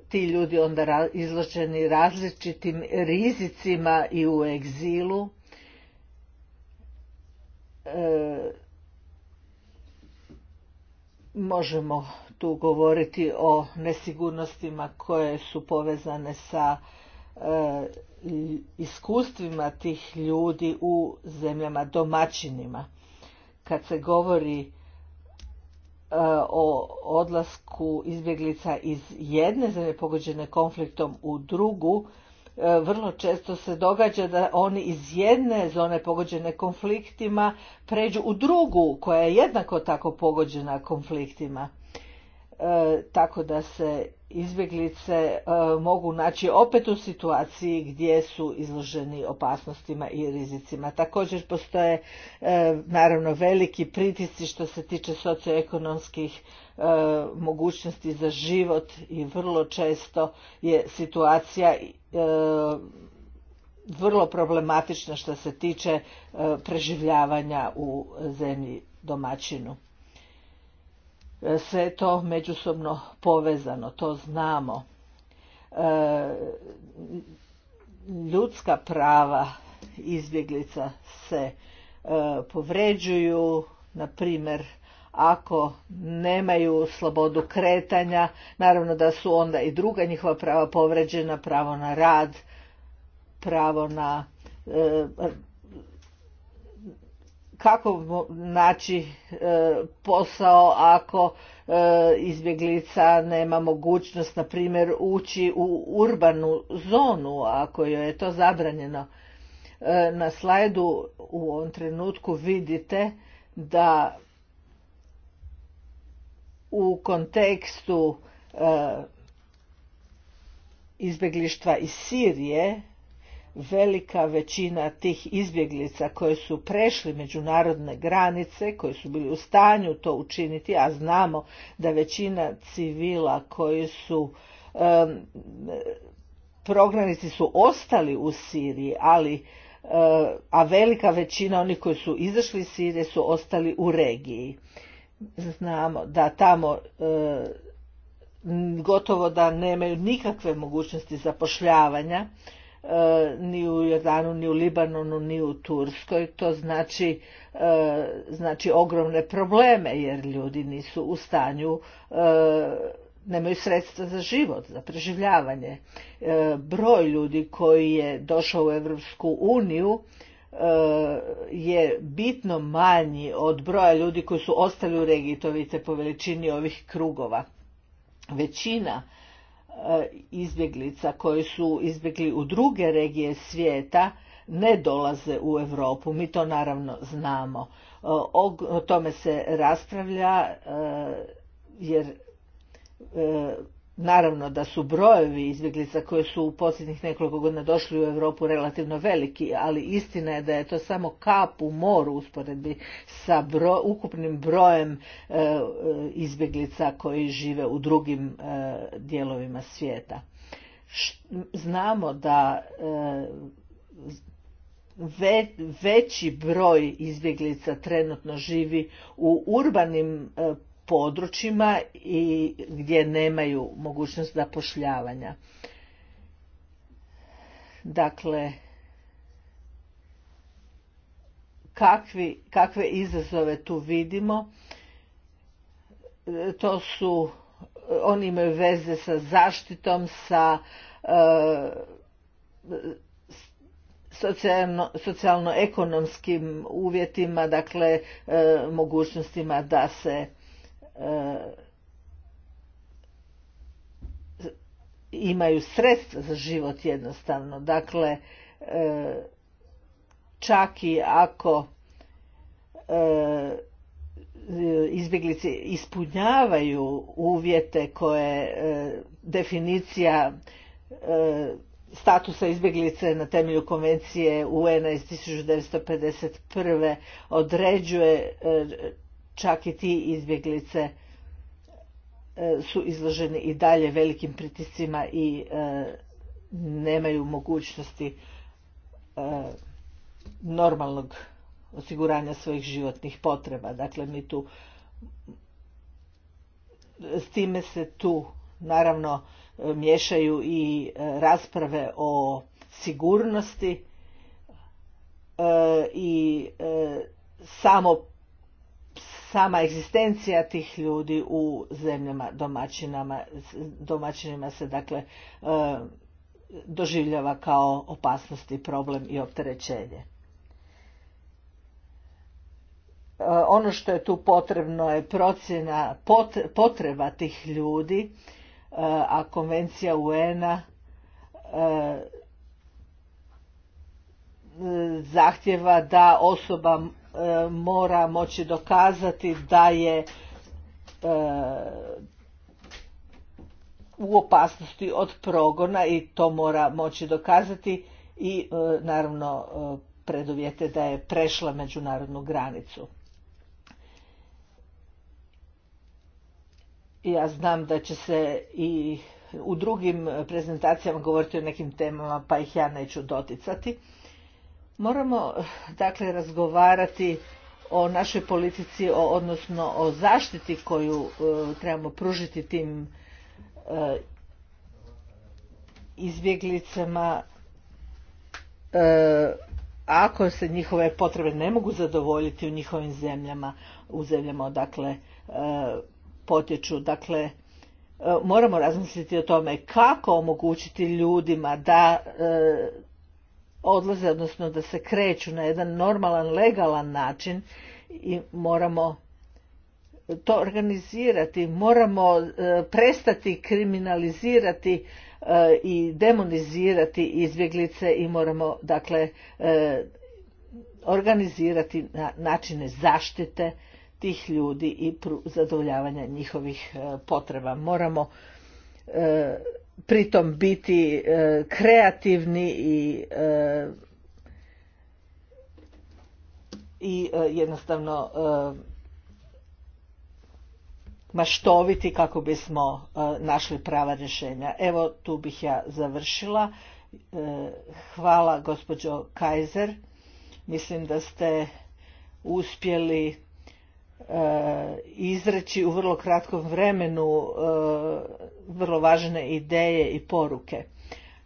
ti ljudi onda izloženi različitim rizicima i u egzilu. možemo tu govoriti o nesigurnostima koje su povezane sa e, iskustvima tih ljudi u zemljama domaćinima. Kad se govori e, o odlasku izbjeglica iz jedne zemlje pogođene konfliktom u drugu, e, vrlo često se događa da oni iz jedne zone pogođene konfliktima pređu u drugu koja je jednako tako pogođena konfliktima. E, tako da se izbjeglice e, mogu naći opet u situaciji gdje su izloženi opasnostima i rizicima. Također postoje e, naravno veliki pritisci što se tiče socioekonomskih mogućnosti za život i vrlo često je situacija vrlo problematična što se tiče preživljavanja u zemlji domaćinu. E, sve to međusobno povezano, to znamo. E, ljudska prava izbjeglica se e, povređuju, na primjer ako nemaju slobodu kretanja, naravno da su onda i druga njihova prava povređena, pravo na rad, pravo na kako naći e, posao ako e, izbjeglica nema mogućnost, na primjer, ući u urbanu zonu ako joj je to zabranjeno. E, na slajdu u ovom trenutku vidite da u kontekstu izbjeglištva iz Sirije velika većina tih izbjeglica koje su prešli međunarodne granice, koji su bili u stanju to učiniti, a znamo da većina civila koji su um, prognanici su ostali u Siriji, ali eh, a velika većina onih koji su izašli iz Sirije su ostali u regiji. Znamo da tamo eh, gotovo da nemaju nikakve mogućnosti zapošljavanja E, ni u Jordanu, ni u Libanonu, ni u Turskoj. To znači, e, znači ogromne probleme jer ljudi nisu u stanju e, nemaju sredstva za život, za preživljavanje. Broj ljudi koji je došao u Europsku uniju je bitno manji od broja ljudi koji su ostali u regiji, to vidite po veličini ovih krugova. Većina izbjeglica koji su izbjegli u druge regije svijeta ne dolaze u Europu. Mi to naravno znamo. O tome se raspravlja e, jer e, Naravno da su brojevi izbjeglica koje su u posljednjih nekoliko godina došli u Europu relativno veliki, ali istina je da je to samo kap u moru usporedbi sa ukupnim brojem e, e, izbjeglica koji žive u drugim e, dijelovima svijeta. Znamo da veći broj izbjeglica trenutno živi u urbanim područjima i gdje nemaju mogućnost zapošljavanja. Dakle, kakvi, kakve izazove tu vidimo, e, to su, oni imaju veze sa zaštitom, sa e, socijalno-ekonomskim uvjetima, dakle e, mogućnostima da se E, imaju sredstva za život jednostavno. Dakle, e, čak i ako e, izbjeglice ispunjavaju uvjete koje definicija statusa izbjeglice na temelju konvencije UN-a iz 1951. određuje čak i ti izbjeglice e, su izloženi i dalje velikim pritiscima i e, nemaju mogućnosti e, normalnog osiguranja svojih životnih potreba. Dakle, mi tu s time se tu naravno miješaju i rasprave o sigurnosti i samo sama egzistencija tih ljudi u zemljama domaćinama, domaćinima se dakle e, doživljava kao opasnosti, problem i opterećenje. E, ono što je tu potrebno je procjena potreba tih ljudi, e, a konvencija un zahtjeva da osoba E, mora moći dokazati da je e, u opasnosti od progona i to mora moći dokazati i e, naravno preduvjete da je prešla međunarodnu granicu. Ja znam da će se i u drugim prezentacijama govoriti o nekim temama pa ih ja neću doticati. Moramo dakle razgovarati o našoj politici, odnosno o zaštiti koju e, trebamo pružiti tim e, izbjeglicama e, ako se njihove potrebe ne mogu zadovoljiti u njihovim zemljama, u zemljama odakle potječu. Dakle, moramo razmisliti o tome kako omogućiti ljudima da odlaze, odnosno da se kreću na jedan normalan, legalan način i moramo to organizirati, moramo e, prestati kriminalizirati e, i demonizirati izbjeglice i moramo dakle e, organizirati načine zaštite tih ljudi i zadovoljavanja njihovih potreba. Moramo pritom biti e, kreativni i e, i e, jednostavno maštoviti kako bismo našli prava rješenja. Evo tu bih ja završila. Hvala gospođo Kajzer. Mislim da ste uspjeli E, izreći u vrlo kratkom vremenu e, vrlo važne ideje i poruke.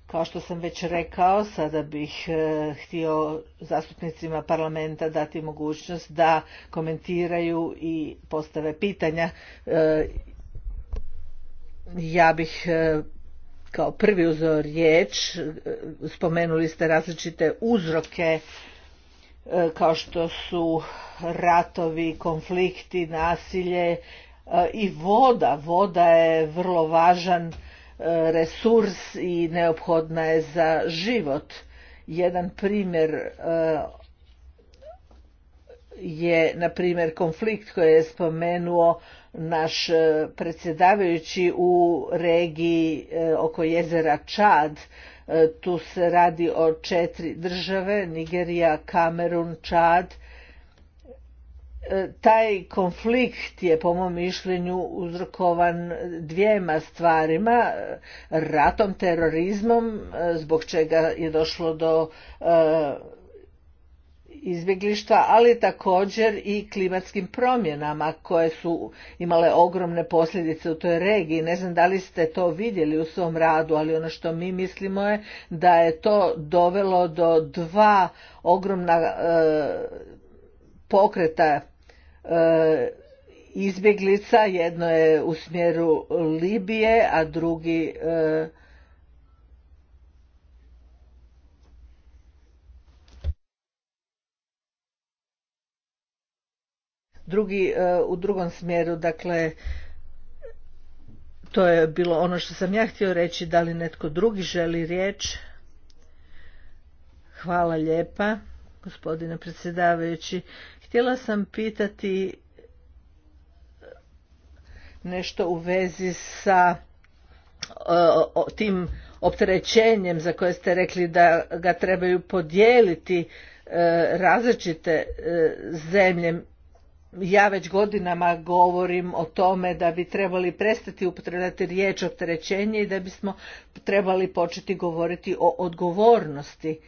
Kao što sam već rekao, sada bih e, htio zastupnicima parlamenta dati mogućnost da komentiraju i postave pitanja. Ja bih kao prvi uzor riječ, spomenuli ste različite uzroke E, kao što su ratovi, konflikti, nasilje e, i voda. Voda je vrlo važan e, resurs i neophodna je za život. Jedan primjer je, na primjer, konflikt koji je spomenuo naš predsjedavajući u regiji oko jezera Čad, E, tu se radi o četiri države, Nigerija, Kamerun, Čad. E, taj konflikt je po mom mišljenju uzrokovan dvijema stvarima, ratom, terorizmom, e, zbog čega je došlo do Izbjeglištva, ali također i klimatskim promjenama koje su imale ogromne posljedice u toj regiji. Ne znam da li ste to vidjeli u svom radu, ali ono što mi mislimo je da je to dovelo do dva ogromna e, pokreta e, izbjeglica, jedno je u smjeru Libije, a drugi e, drugi, e, u drugom smjeru, dakle, to je bilo ono što sam ja htio reći, da li netko drugi želi riječ? Hvala lijepa, gospodine predsjedavajući. Htjela sam pitati nešto u vezi sa e, tim opterećenjem za koje ste rekli da ga trebaju podijeliti e, različite zemlje ja već godinama govorim o tome da bi trebali prestati upotrebljavati riječ opterećenje i da bismo trebali početi govoriti o odgovornosti.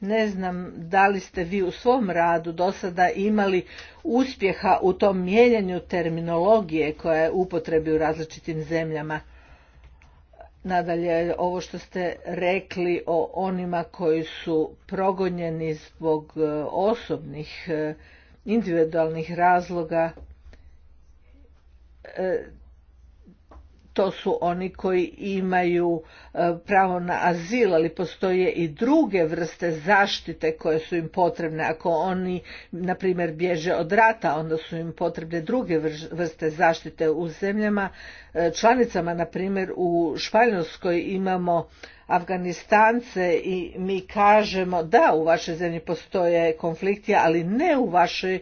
Ne znam da li ste vi u svom radu do sada imali uspjeha u tom mijenjanju terminologije koja je upotrebi u različitim zemljama. Nadalje, ovo što ste rekli o onima koji su progonjeni zbog e, osobnih, e, individualnih razloga, e, to su oni koji imaju pravo na azil, ali postoje i druge vrste zaštite koje su im potrebne. Ako oni, na primjer, bježe od rata, onda su im potrebne druge vrste zaštite u zemljama članicama, na primjer u Španjolskoj imamo Afganistance i mi kažemo da u vašoj zemlji postoje konflikti, ali ne u vašoj,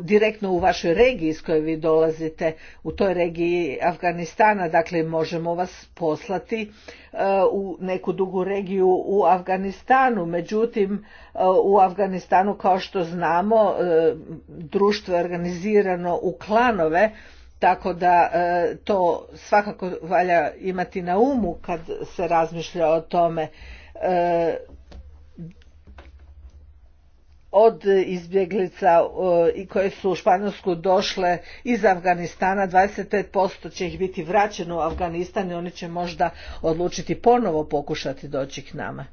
direktno u vašoj regiji iz koje vi dolazite, u toj regiji Afganistana, dakle možemo vas poslati e, u neku dugu regiju u Afganistanu. Međutim, e, u Afganistanu kao što znamo e, društvo je organizirano u klanove tako da e, to svakako valja imati na umu kad se razmišlja o tome e, od izbjeglica e, i koje su u Španjolsku došle iz Afganistana, 25% će ih biti vraćeno u Afganistan i oni će možda odlučiti ponovo pokušati doći k nama.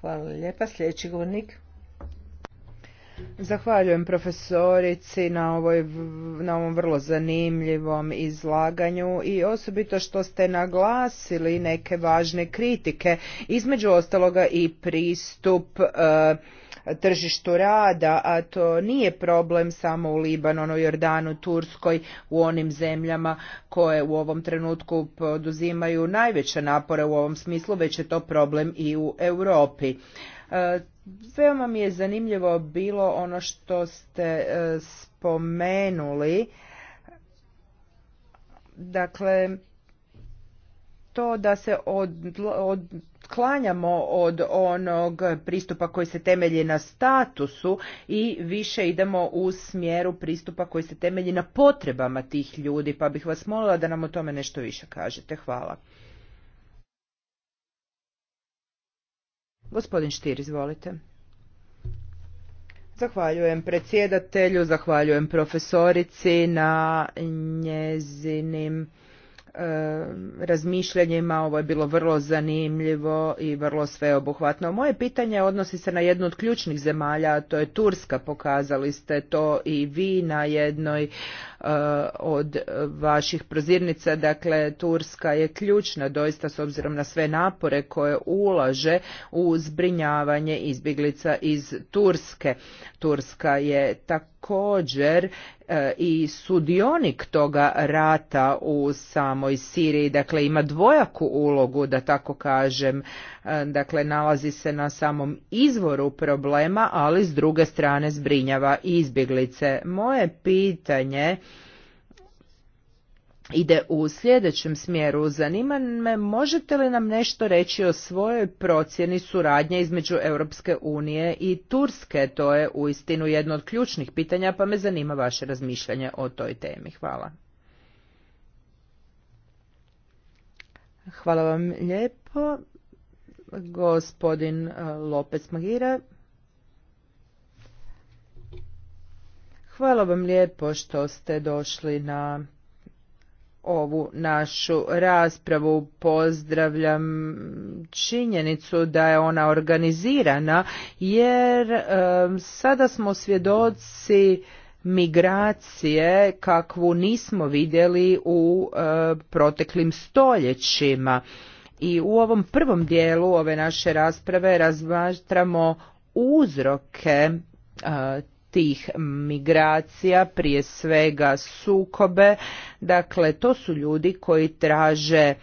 Hvala lijepa. Sljedeći govornik. Zahvaljujem profesorici na, ovoj, na ovom vrlo zanimljivom izlaganju i osobito što ste naglasili neke važne kritike, između ostaloga i pristup e, tržištu rada, a to nije problem samo u Libanonu, Jordanu, Turskoj, u onim zemljama koje u ovom trenutku poduzimaju najveće napore u ovom smislu, već je to problem i u Europi e, Veoma mi je zanimljivo bilo ono što ste e, spomenuli. Dakle, to da se odklanjamo od onog pristupa koji se temelji na statusu i više idemo u smjeru pristupa koji se temelji na potrebama tih ljudi, pa bih vas molila da nam o tome nešto više kažete. Hvala. Gospodin Štir, izvolite. Zahvaljujem predsjedatelju, zahvaljujem profesorici na njezinim E, razmišljanjima. Ovo je bilo vrlo zanimljivo i vrlo sveobuhvatno. Moje pitanje odnosi se na jednu od ključnih zemalja, a to je Turska. Pokazali ste to i vi na jednoj Eh, od vaših prozirnica. Dakle, Turska je ključna doista s obzirom na sve napore koje ulaže u zbrinjavanje izbjeglica iz Turske. Turska je također eh, i sudionik toga rata u samoj Siriji, dakle ima dvojaku ulogu da tako kažem, eh, dakle nalazi se na samom izvoru problema, ali s druge strane zbrinjava izbjeglice. Moje pitanje ide u sljedećem smjeru. Zanima me, možete li nam nešto reći o svojoj procjeni suradnje između Europske unije i Turske? To je uistinu jedno od ključnih pitanja, pa me zanima vaše razmišljanje o toj temi. Hvala. Hvala vam lijepo. Gospodin e, Lopez Magira. Hvala vam lijepo što ste došli na ovu našu raspravu pozdravljam činjenicu da je ona organizirana jer sada smo svjedoci migracije kakvu nismo vidjeli u proteklim stoljećima i u ovom prvom dijelu ove naše rasprave razmatramo uzroke eh, tih migracija, prije svega sukobe. Dakle, to su ljudi koji traže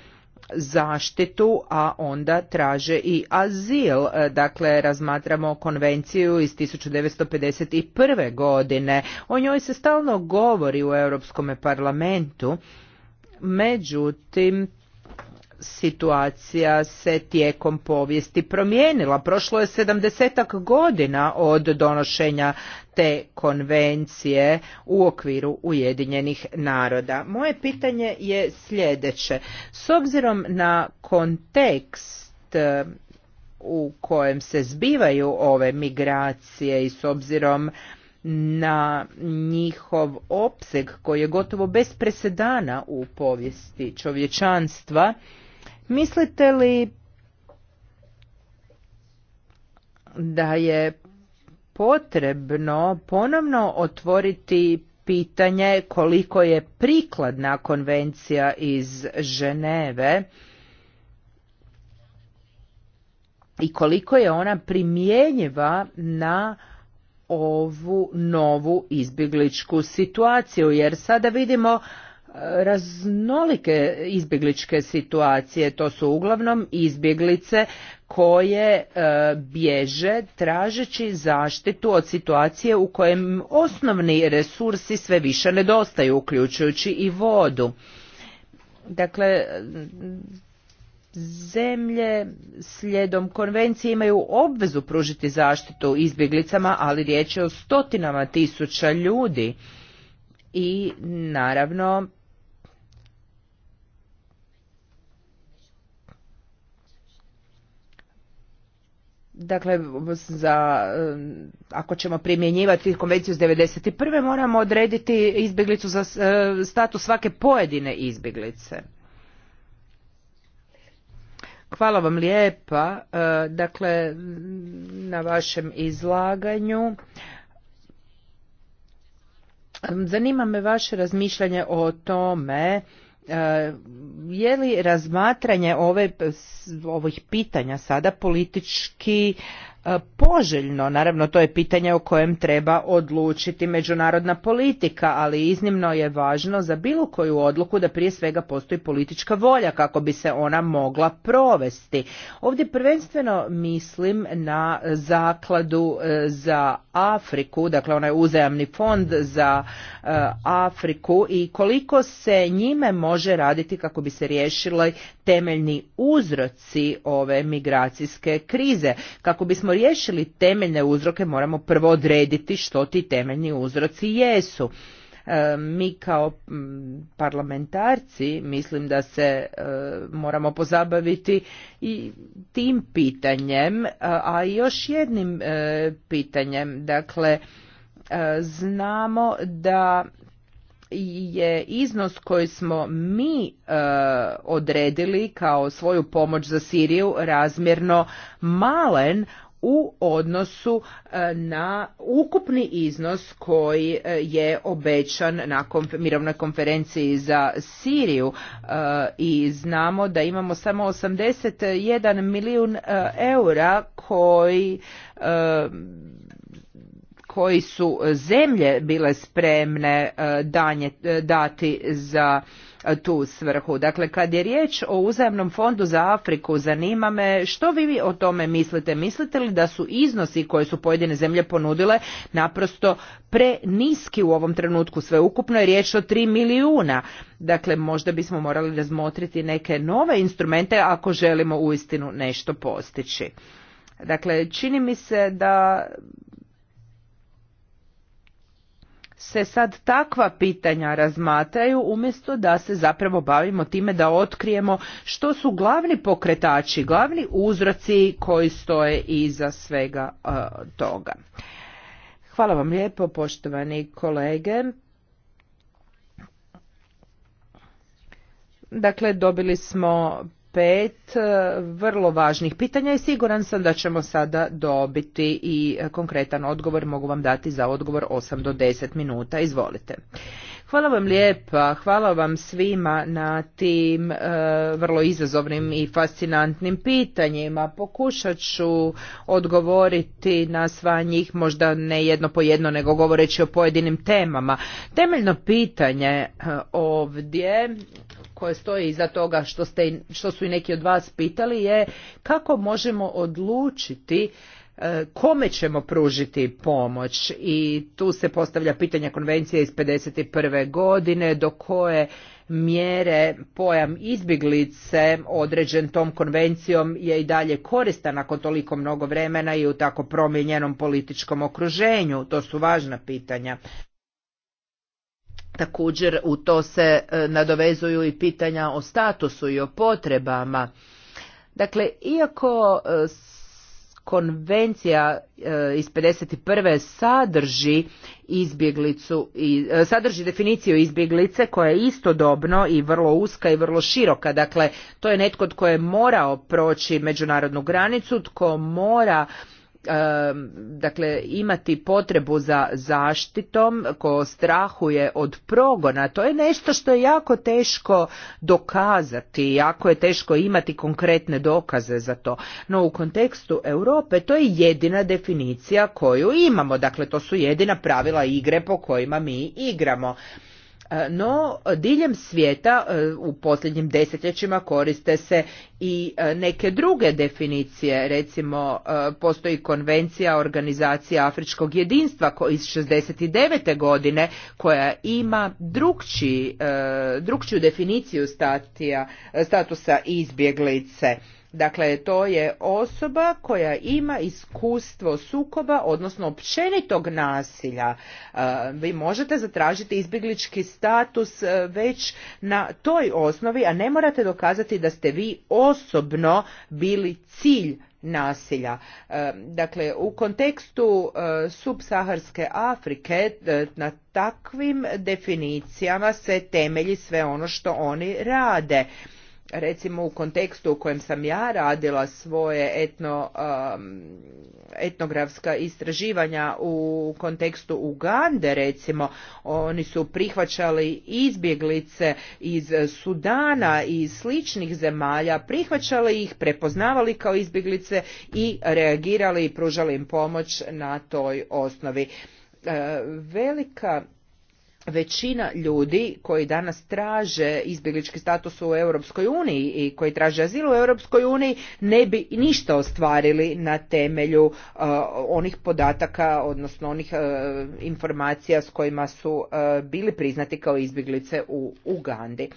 zaštitu, a onda traže i azil. E, dakle, razmatramo konvenciju iz 1951. godine. O njoj se stalno govori u Europskom parlamentu. Međutim, situacija se tijekom povijesti promijenila. Prošlo je sedamdesetak godina od donošenja te konvencije u okviru Ujedinjenih naroda. Moje pitanje je sljedeće. S obzirom na kontekst u kojem se zbivaju ove migracije i s obzirom na njihov opseg koji je gotovo bez presedana u povijesti čovječanstva Mislite li da je potrebno ponovno otvoriti pitanje koliko je prikladna konvencija iz Ženeve i koliko je ona primjenjiva na ovu novu izbjegličku situaciju jer sada vidimo raznolike izbjegličke situacije to su uglavnom izbjeglice koje e, bježe tražeći zaštitu od situacije u kojem osnovni resursi sve više nedostaju uključujući i vodu dakle zemlje slijedom konvencije imaju obvezu pružiti zaštitu izbjeglicama ali riječ je o stotinama tisuća ljudi i naravno Dakle, za, um, ako ćemo primjenjivati konvenciju iz 1991. moramo odrediti izbjeglicu za um, status svake pojedine izbjeglice. Hvala vam lijepa uh, dakle, na vašem izlaganju. Um, zanima me vaše razmišljanje o tome E, je li razmatranje ove, ovih pitanja sada politički E, poželjno. Naravno, to je pitanje o kojem treba odlučiti međunarodna politika, ali iznimno je važno za bilo koju odluku da prije svega postoji politička volja kako bi se ona mogla provesti. Ovdje prvenstveno mislim na zakladu e, za Afriku, dakle onaj uzajamni fond za e, Afriku i koliko se njime može raditi kako bi se riješili temeljni uzroci ove migracijske krize, kako bismo bismo riješili temeljne uzroke moramo prvo odrediti što ti temeljni uzroci jesu e, mi kao parlamentarci mislim da se e, moramo pozabaviti i tim pitanjem a i još jednim e, pitanjem dakle znamo da je iznos koji smo mi odredili kao svoju pomoć za Siriju razmjerno malen u odnosu e, na ukupni iznos koji e, je obećan na mirovnoj konferenciji za Siriju e, i znamo da imamo samo 81 milijun eura koji koji su zemlje bile spremne danje, dati za tu svrhu. Dakle, kad je riječ o uzajemnom fondu za Afriku, zanima me što vi o tome mislite? Mislite li da su iznosi koje su pojedine zemlje ponudile naprosto preniski u ovom trenutku? Sveukupno je riječ o 3 milijuna. Dakle, možda bismo morali razmotriti neke nove instrumente ako želimo uistinu nešto postići. Dakle, čini mi se da se sad takva pitanja razmatraju umjesto da se zapravo bavimo time da otkrijemo što su glavni pokretači, glavni uzroci koji stoje iza svega e, toga. Hvala vam lijepo poštovani kolege. Dakle, dobili smo pet e, vrlo važnih pitanja i siguran sam da ćemo sada dobiti i e, konkretan odgovor. Mogu vam dati za odgovor 8 do 10 minuta. Izvolite. Hvala vam lijepa, hvala vam svima na tim e, vrlo izazovnim i fascinantnim pitanjima. Pokušat ću odgovoriti na sva njih, možda ne jedno po jedno, nego govoreći o pojedinim temama. Temeljno pitanje e, ovdje koje stoji iza toga što, ste, što su i neki od vas pitali je kako možemo odlučiti E, kome ćemo pružiti pomoć i tu se postavlja pitanje konvencije iz 51. godine do koje mjere pojam izbjeglice određen tom konvencijom je i dalje koristan nakon toliko mnogo vremena i u tako promijenjenom političkom okruženju. To su važna pitanja. Također u to se e, nadovezuju i pitanja o statusu i o potrebama. Dakle, iako e, konvencija e, iz 51. sadrži izbjeglicu i e, sadrži definiciju izbjeglice koja je istodobno i vrlo uska i vrlo široka. Dakle, to je netko tko je morao proći međunarodnu granicu, tko mora dakle imati potrebu za zaštitom ko strahuje od progona to je nešto što je jako teško dokazati jako je teško imati konkretne dokaze za to no u kontekstu Europe to je jedina definicija koju imamo dakle to su jedina pravila igre po kojima mi igramo E, no, diljem svijeta e, u posljednjim desetljećima koriste se i e, neke druge definicije. Recimo, postoji konvencija organizacije Afričkog jedinstva iz 69. godine koja ima drugčiju definiciju statija, statusa izbjeglice. Dakle, to je osoba koja ima iskustvo sukoba, odnosno općenitog nasilja. E, vi možete zatražiti izbjeglički status e, već na toj osnovi, a ne morate dokazati da ste vi osobno bili cilj nasilja. E, dakle, u kontekstu subsaharske Afrike na takvim definicijama se temelji sve ono što oni rade recimo u kontekstu u kojem sam ja radila svoje etno, um, etnografska istraživanja u kontekstu Ugande recimo oni su prihvaćali izbjeglice iz Sudana i sličnih zemalja prihvaćali ih prepoznavali kao izbjeglice i reagirali i pružali im pomoć na toj osnovi e, velika većina ljudi koji danas traže izbjeglički status u Europskoj uniji i koji traže azil u Europskoj uniji ne bi ništa ostvarili na temelju uh, onih podataka odnosno onih uh, informacija s kojima su uh, bili priznati kao izbjeglice u Ugandi.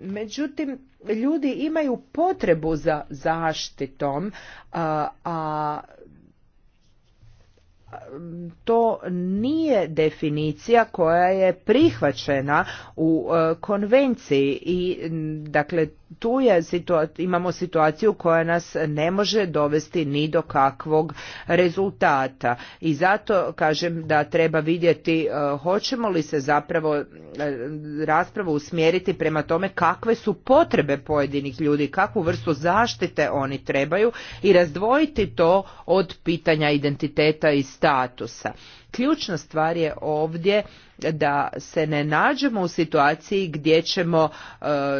Međutim, ljudi imaju potrebu za zaštitom, a to nije definicija koja je prihvaćena u e, konvenciji i dakle tu je imamo situaciju koja nas ne može dovesti ni do kakvog rezultata i zato kažem da treba vidjeti e, hoćemo li se zapravo e, raspravu usmjeriti prema tome kakve su potrebe pojedinih ljudi kakvu vrstu zaštite oni trebaju i razdvojiti to od pitanja identiteta i statusa Ključna stvar je ovdje da se ne nađemo u situaciji gdje ćemo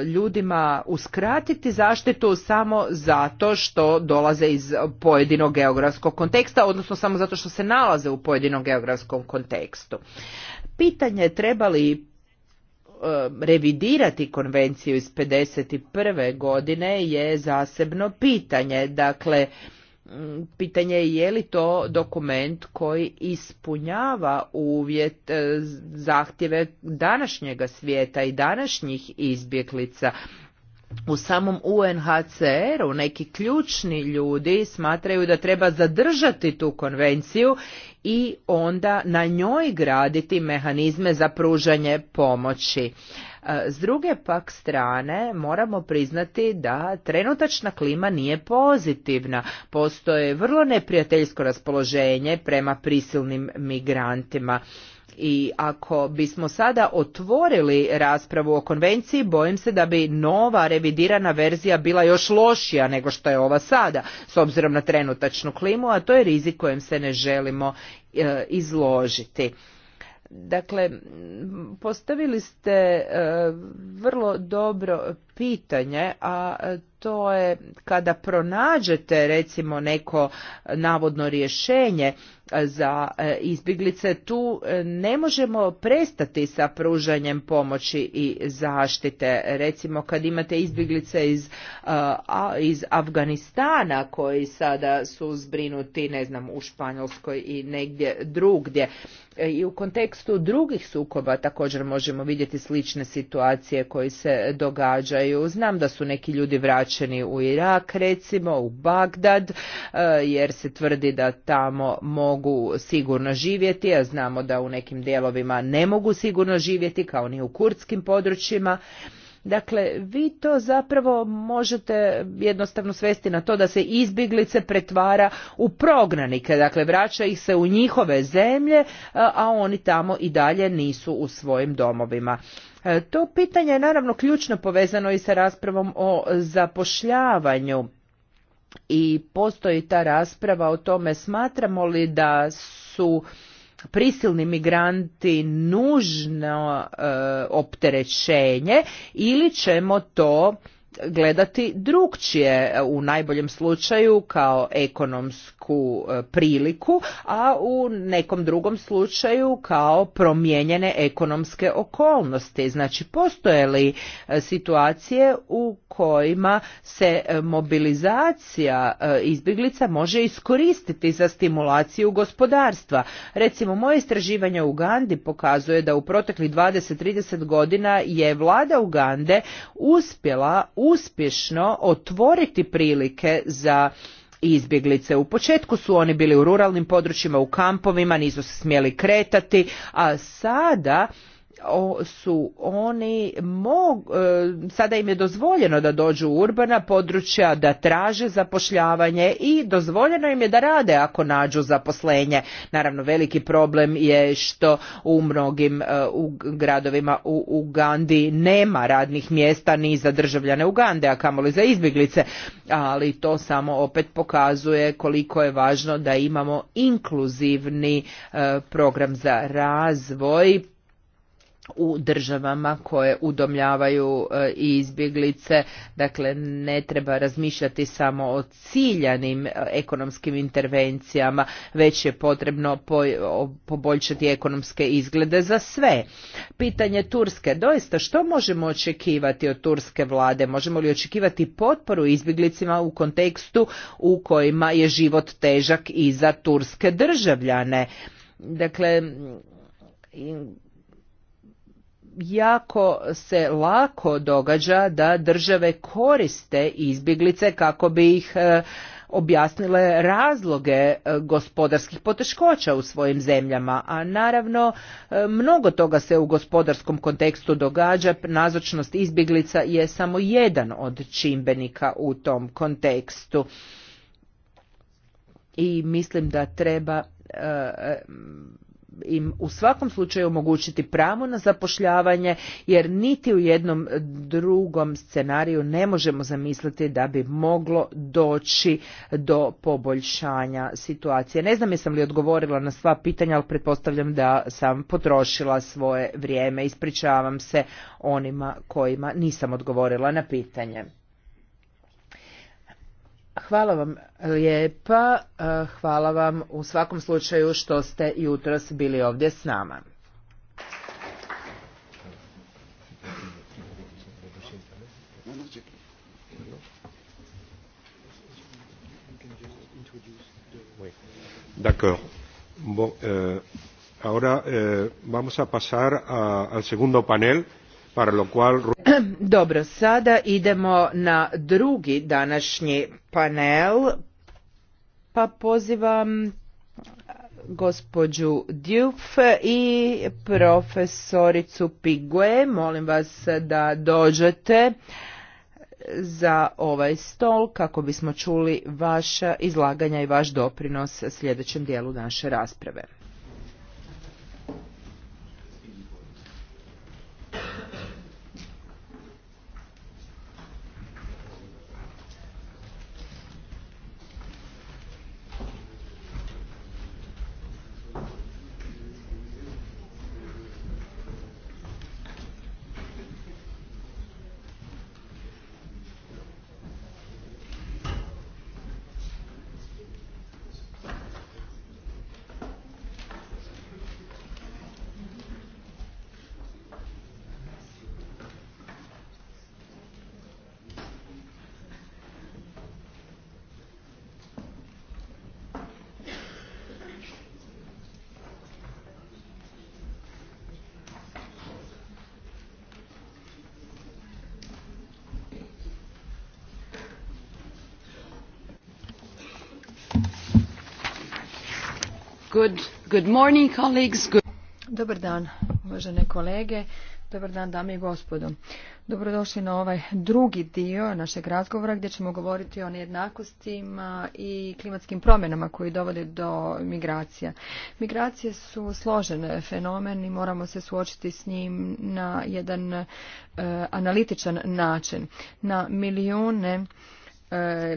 e, ljudima uskratiti zaštitu samo zato što dolaze iz pojedinog geografskog konteksta, odnosno samo zato što se nalaze u pojedinom geografskom kontekstu. Pitanje treba li e, revidirati konvenciju iz 51. godine je zasebno pitanje. Dakle, Mm, pitanje je je li to dokument koji ispunjava uvjet e, zahtjeve današnjega svijeta i današnjih izbjeglica. U samom UNHCR-u neki ključni ljudi smatraju da treba zadržati tu konvenciju i onda na njoj graditi mehanizme za pružanje pomoći. S druge pak strane moramo priznati da trenutačna klima nije pozitivna. Postoje vrlo neprijateljsko raspoloženje prema prisilnim migrantima. I ako bismo sada otvorili raspravu o konvenciji, bojim se da bi nova revidirana verzija bila još lošija nego što je ova sada, s obzirom na trenutačnu klimu, a to je rizik kojem se ne želimo e, izložiti. Dakle, postavili ste e, vrlo dobro pitanje, a e, to je kada pronađete recimo neko navodno rješenje e, za e, izbjeglice, tu ne možemo prestati sa pružanjem pomoći i zaštite. Recimo kad imate izbjeglice iz, iz Afganistana koji sada su zbrinuti ne znam u Španjolskoj i negdje drugdje. I u kontekstu drugih sukoba također možemo vidjeti slične situacije koji se događaju Znam da su neki ljudi vraćeni u Irak, recimo u Bagdad, e, jer se tvrdi da tamo mogu sigurno živjeti, a znamo da u nekim dijelovima ne mogu sigurno živjeti, kao ni u kurdskim područjima. Dakle, vi to zapravo možete jednostavno svesti na to da se izbjeglice pretvara u prognanike, dakle vraća ih se u njihove zemlje, a oni tamo i dalje nisu u svojim domovima. E, to pitanje je naravno ključno povezano i sa raspravom o zapošljavanju i postoji ta rasprava o tome smatramo li da su prisilni migranti nužno e, opterećenje ili ćemo to gledati drugčije e, u najboljem slučaju kao ekonomsku e, priliku, a u nekom drugom slučaju kao promijenjene ekonomske okolnosti. Znači postoje li e, situacije u kojima se mobilizacija izbjeglica može iskoristiti za stimulaciju gospodarstva. Recimo moje istraživanje u Ugandi pokazuje da u proteklih 20-30 godina je vlada Ugande uspjela uspješno otvoriti prilike za izbjeglice. U početku su oni bili u ruralnim područjima, u kampovima, nisu se smjeli kretati, a sada su oni mog, e, sada im je dozvoljeno da dođu u urbana područja, da traže zapošljavanje i dozvoljeno im je da rade ako nađu zaposlenje. Naravno veliki problem je što u mnogim e, gradovima u Ugandi nema radnih mjesta ni za državljane Ugande, a kamoli za izbjeglice, ali to samo opet pokazuje koliko je važno da imamo inkluzivni e, program za razvoj u državama koje udomljavaju e, izbjeglice. Dakle, ne treba razmišljati samo o ciljanim e, ekonomskim intervencijama, već je potrebno poboljšati ekonomske izglede za sve. Pitanje Turske, doista što možemo očekivati od turske vlade? Možemo li očekivati potporu izbjeglicima u kontekstu u kojima je život težak i za turske državljane? Dakle, jako se lako događa da države koriste izbjeglice kako bi ih e, objasnile razloge e, gospodarskih poteškoća u svojim zemljama, a naravno e, mnogo toga se u gospodarskom kontekstu događa, nazočnost izbjeglica je samo jedan od čimbenika u tom kontekstu. I mislim da treba im u svakom slučaju omogućiti pravo na zapošljavanje jer niti u jednom drugom scenariju ne možemo zamisliti da bi moglo doći do poboljšanja situacije. Ne znam jesam li odgovorila na sva pitanja, ali pretpostavljam da sam potrošila svoje vrijeme. Ispričavam se onima kojima nisam odgovorila na pitanje. Hvala vam lijepa, e, hvala vam u svakom slučaju što ste jutros bili ovdje s nama. D'accord. Bon, eh, ahora eh, vamos a pasar a, al segundo panel. *clears throat* Dobro, sada idemo na drugi današnji panel, pa pozivam eh, gospođu Djuf i profesoricu Pigue. Molim vas da dođete eh, za ovaj stol kako bismo čuli vaša izlaganja i vaš doprinos sljedećem dijelu naše rasprave.
Dobar dan, uvažene kolege. Dobar dan, dame i gospodo. Dobrodošli na ovaj drugi dio našeg razgovora gdje ćemo govoriti o nejednakostima i klimatskim promjenama koji dovode do migracija. Migracije su složen fenomen i moramo se suočiti s njim na jedan e, analitičan način. Na milijune e,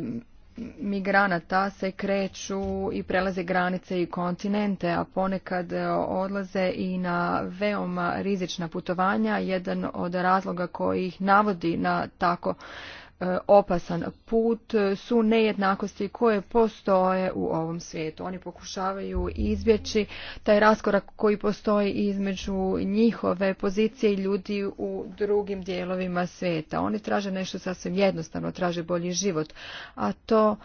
migranata se kreću i prelaze granice i kontinente, a ponekad e, odlaze i na veoma rizična putovanja. Jedan od razloga koji ih navodi na tako E, opasan put e, su nejednakosti koje postoje u ovom svijetu. Oni pokušavaju izbjeći taj raskorak koji postoji između njihove pozicije i ljudi u drugim dijelovima svijeta. Oni traže nešto sasvim jednostavno, traže bolji život, a to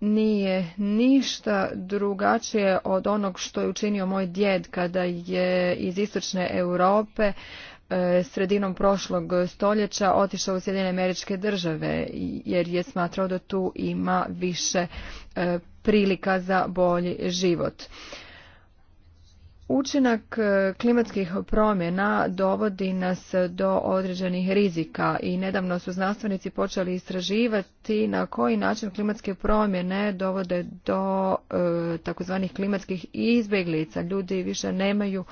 nije ništa drugačije od onog što je učinio moj djed kada je iz istočne Europe E, sredinom prošlog stoljeća otišao u Sjedinjene američke države jer je smatrao da tu ima više e, prilika za bolji život. Učinak e, klimatskih promjena dovodi nas do određenih rizika i nedavno su znanstvenici počeli istraživati na koji način klimatske promjene dovode do takozvanih klimatskih izbjeglica. Ljudi više nemaju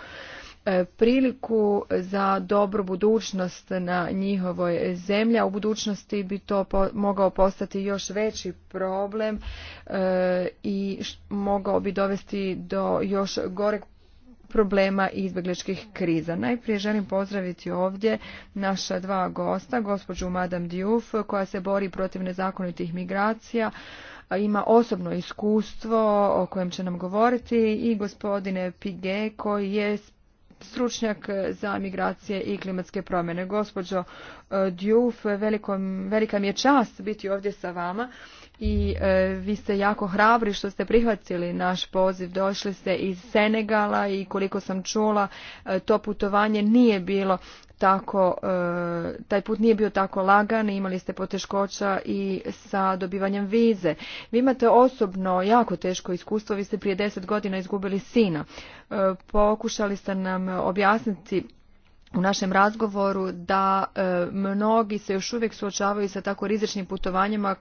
E, priliku za dobru budućnost na njihovoj zemlji, a u budućnosti bi to mogao postati još veći problem e, i mogao bi dovesti do još goreg problema izbjegličkih kriza. Najprije želim pozdraviti ovdje naša dva gosta, gospođu Madame Diouf koja se bori protiv nezakonitih migracija, ima osobno iskustvo o kojem će nam govoriti i gospodine Pige koji je stručnjak za migracije i klimatske promjene. Gospođo e, Djuf, velika mi je čast biti ovdje sa vama i e, vi ste jako hrabri što ste prihvatili naš poziv. Došli ste iz Senegala i koliko sam čula e, to putovanje nije bilo tako, e, taj put nije bio tako lagan, imali ste poteškoća i sa dobivanjem vize. Vi imate osobno jako teško iskustvo, vi ste prije deset godina izgubili sina. E, pokušali ste nam objasniti u našem razgovoru da e, mnogi se još uvijek suočavaju sa tako rizičnim putovanjima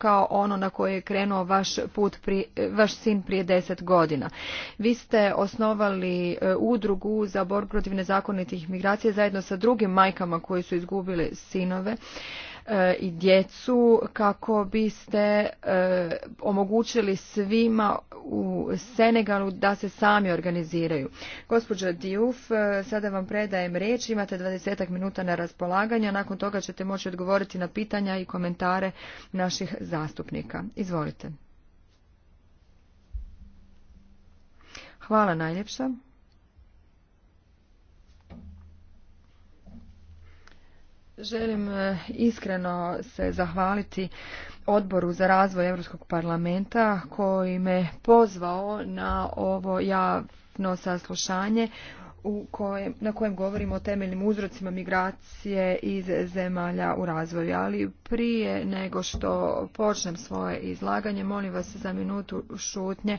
kao ono na koje je krenuo vaš, put pri, vaš sin prije deset godina. Vi ste osnovali e, udrugu za borbu protiv nezakonitih migracija zajedno sa drugim majkama koje su izgubile sinove. E, i djecu kako biste e, omogućili svima u Senegalu da se sami organiziraju. Gospođo Diouf, e, sada vam predajem riječ, imate 20 minuta na raspolaganje, nakon toga ćete moći odgovoriti na pitanja i komentare naših zastupnika. Izvolite. Hvala najljepša. Želim e, iskreno se zahvaliti odboru za razvoj Europskog parlamenta koji me pozvao na ovo javno saslušanje u kojem, na kojem govorimo o temeljnim uzrocima migracije iz zemalja u razvoju. Ali prije nego što počnem svoje izlaganje, molim vas za minutu šutnje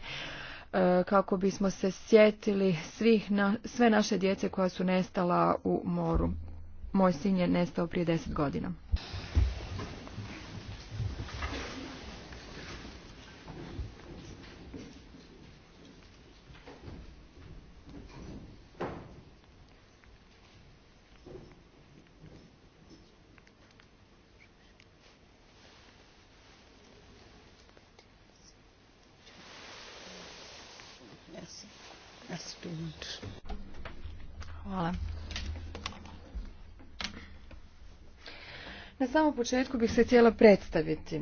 e, kako bismo se sjetili svih na, sve naše djece koja su nestala u moru. Moj sin je nestao prije deset godina. samom početku bih se htjela predstaviti.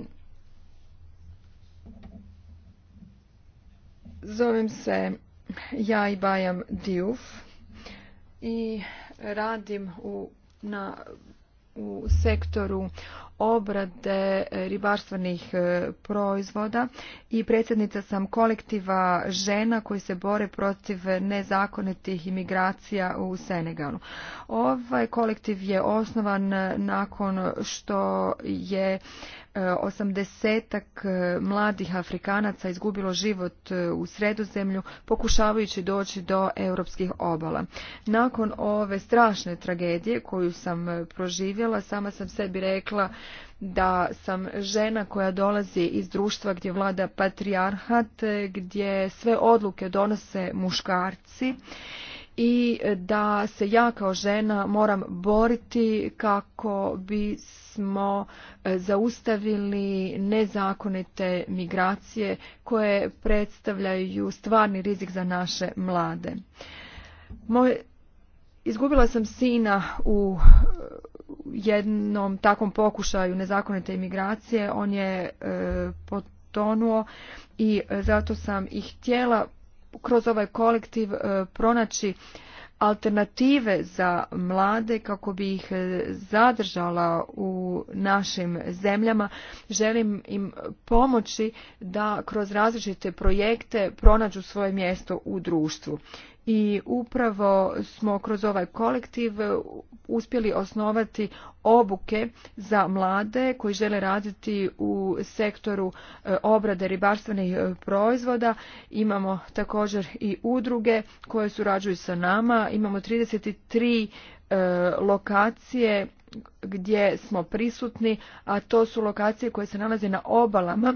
Zovem se ja i Bajam Diuf i radim u, na, u sektoru obrade e, ribarstvenih e, proizvoda i predsjednica sam kolektiva žena koji se bore protiv nezakonitih imigracija u Senegalu. Ovaj kolektiv je osnovan nakon što je e, osamdesetak mladih Afrikanaca izgubilo život u sredozemlju pokušavajući doći do europskih obala. Nakon ove strašne tragedije koju sam proživjela, sama sam sebi rekla da sam žena koja dolazi iz društva gdje vlada patrijarhat, gdje sve odluke donose muškarci i da se ja kao žena moram boriti kako bismo e, zaustavili nezakonite migracije koje predstavljaju stvarni rizik za naše mlade. Izgubila sam sina u jednom takvom pokušaju nezakonite imigracije on je e, potonuo i e, zato sam i htjela kroz ovaj kolektiv e, pronaći alternative za mlade kako bi ih zadržala u našim zemljama. Želim im pomoći da kroz različite projekte pronađu svoje mjesto u društvu i upravo smo kroz ovaj kolektiv uspjeli osnovati obuke za mlade koji žele raditi u sektoru e, obrade ribarstvenih e, proizvoda. Imamo također i udruge koje surađuju sa nama. Imamo 33 e, lokacije gdje smo prisutni, a to su lokacije koje se nalaze na obalama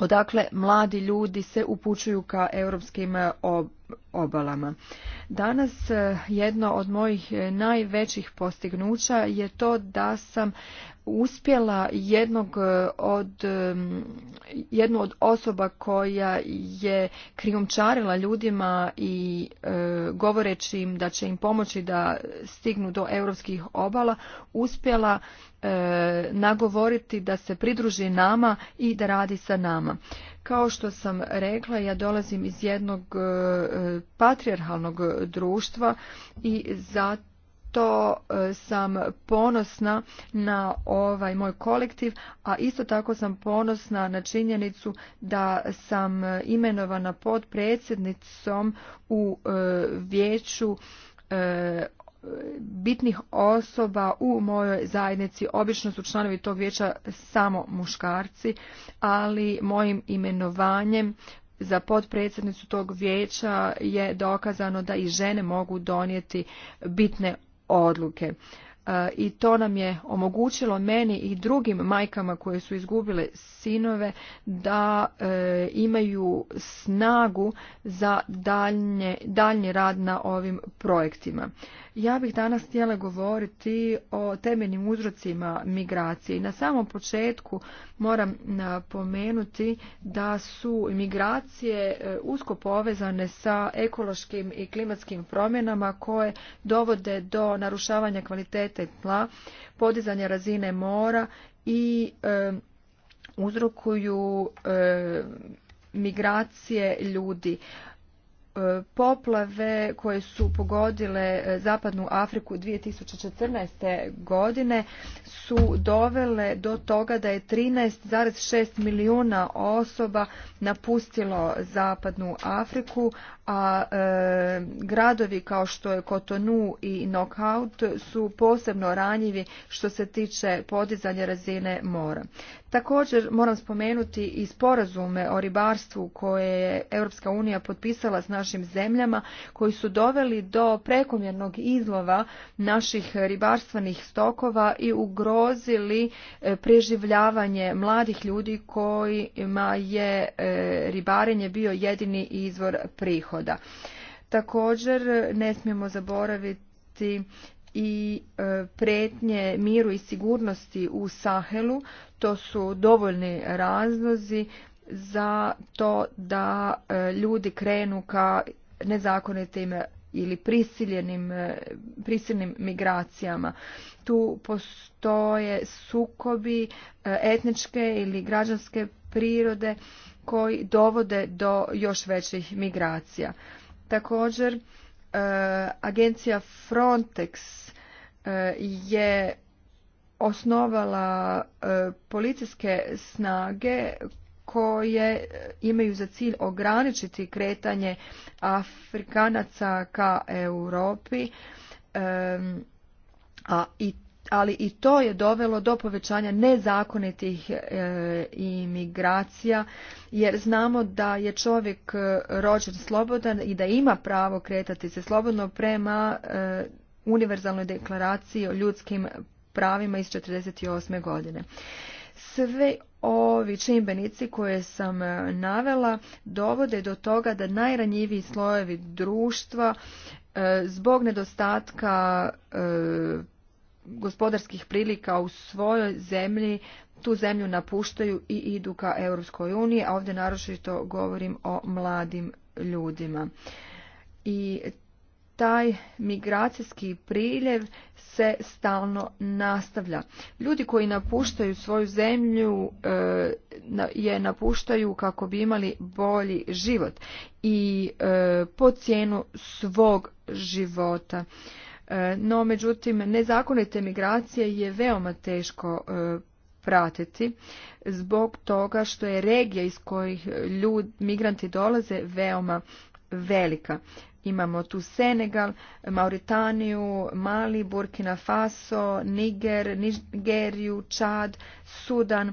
odakle mladi ljudi se upućuju ka europskim e, obalama. Danas e, jedno od mojih e, najvećih postignuća je to da sam uspjela jednog od, jednu od osoba koja je krijumčarila ljudima i govoreći im da će im pomoći da stignu do europskih obala, uspjela E, nagovoriti da se pridruži nama i da radi sa nama. Kao što sam rekla, ja dolazim iz jednog e, patrijarhalnog društva i zato e, sam ponosna na ovaj moj kolektiv, a isto tako sam ponosna na činjenicu da sam imenovana pod predsjednicom u vijeću bitnih osoba u mojoj zajednici obično su članovi tog vijeća samo muškarci, ali mojim imenovanjem za potpredsjednicu tog vijeća je dokazano da i žene mogu donijeti bitne odluke. E, I to nam je omogućilo meni i drugim majkama koje su izgubile sinove da e, imaju snagu za daljnje, daljnji rad na ovim projektima. Ja bih danas htjela govoriti o temeljnim uzrocima migracije. Na samom početku moram napomenuti e, da su migracije e, usko povezane sa ekološkim i klimatskim promjenama koje dovode do narušavanja kvalitete tla, podizanja razine mora i e, uzrokuju migracije ljudi E, poplave koje su pogodile e, zapadnu Afriku 2014. godine su dovele do toga da je 13,6 milijuna osoba napustilo zapadnu Afriku a e, gradovi kao što je Kotonu i Knockout su posebno ranjivi što se tiče podizanja razine mora. Također moram spomenuti i sporazume o ribarstvu koje je Europska unija potpisala s našim zemljama koji su doveli do prekomjernog izlova naših ribarstvenih stokova i ugrozili e, preživljavanje mladih ljudi kojima je e, ribarenje bio jedini izvor prihoda. Također ne smijemo zaboraviti i e, pretnje miru i sigurnosti u Sahelu. To su dovoljni razlozi za to da e, ljudi krenu ka nezakonitim ili prisiljenim, e, prisilnim migracijama. Tu postoje sukobi etničke ili građanske prirode koji dovode do još većih migracija. Također, e, agencija Frontex e, je osnovala e, policijske snage koje imaju za cilj ograničiti kretanje Afrikanaca ka Europi a i ali i to je dovelo do povećanja nezakonitih e, imigracija jer znamo da je čovjek e, rođen slobodan i da ima pravo kretati se slobodno prema e, univerzalnoj deklaraciji o ljudskim pravima iz 1948. godine. Sve ovi čimbenici koje sam navela dovode do toga da najranjiviji slojevi društva zbog nedostatka gospodarskih prilika u svojoj zemlji tu zemlju napuštaju i idu ka Europskoj uniji, a ovdje naročito govorim o mladim ljudima. I taj migracijski priljev se stalno nastavlja. Ljudi koji napuštaju svoju zemlju e, je napuštaju kako bi imali bolji život i e, po cijenu svog života. E, no, međutim, nezakonite migracije je veoma teško e, pratiti zbog toga što je regija iz kojih ljud migranti dolaze veoma velika. Imamo tu Senegal, Mauritaniju, Mali, Burkina Faso, Niger, Nigeriju, Čad, Sudan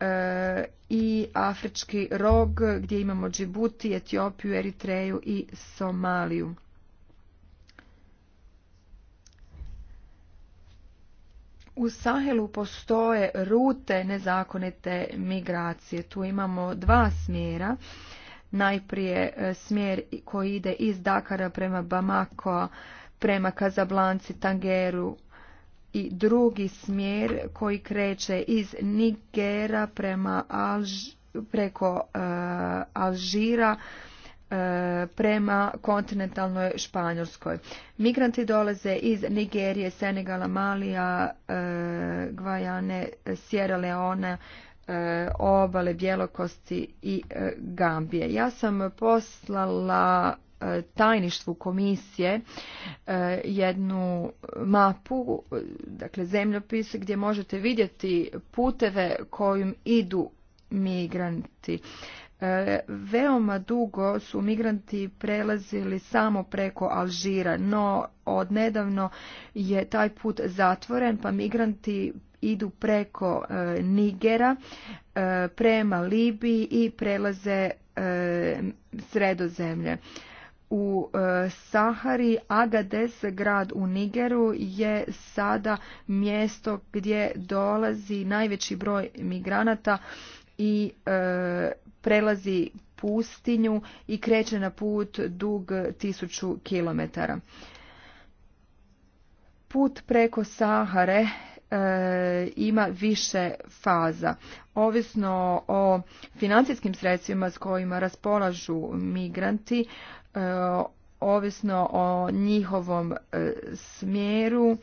e, i Afrički rog gdje imamo Džibuti, Etiopiju, Eritreju i Somaliju. U Sahelu postoje rute nezakonite migracije. Tu imamo dva smjera. Najprije e, smjer koji ide iz Dakara prema Bamako, prema Kazablanci, Tangeru i drugi smjer koji kreće iz Nigera prema Alž, preko e, Alžira E, prema kontinentalnoj Španjolskoj. Migranti dolaze iz Nigerije, Senegala, Malija, e, Gvajane, Sierra Leone, e, obale Bjelokosti i Gambije. Ja sam poslala tajništvu komisije jednu mapu, dakle zemljopis gdje možete vidjeti puteve kojim idu migranti. E, veoma dugo su migranti prelazili samo preko Alžira, no odnedavno je taj put zatvoren, pa migranti idu preko e, Nigera, e, prema Libiji i prelaze sredozemlje. U Sahari Agades, grad u Nigeru, je sada mjesto gdje dolazi najveći broj migranata i e, prelazi pustinju i kreće na put dug tisuću kilometara. Put preko Sahare e, ima više faza. Ovisno o financijskim sredstvima s kojima raspolažu migranti, e, ovisno o njihovom smjeru,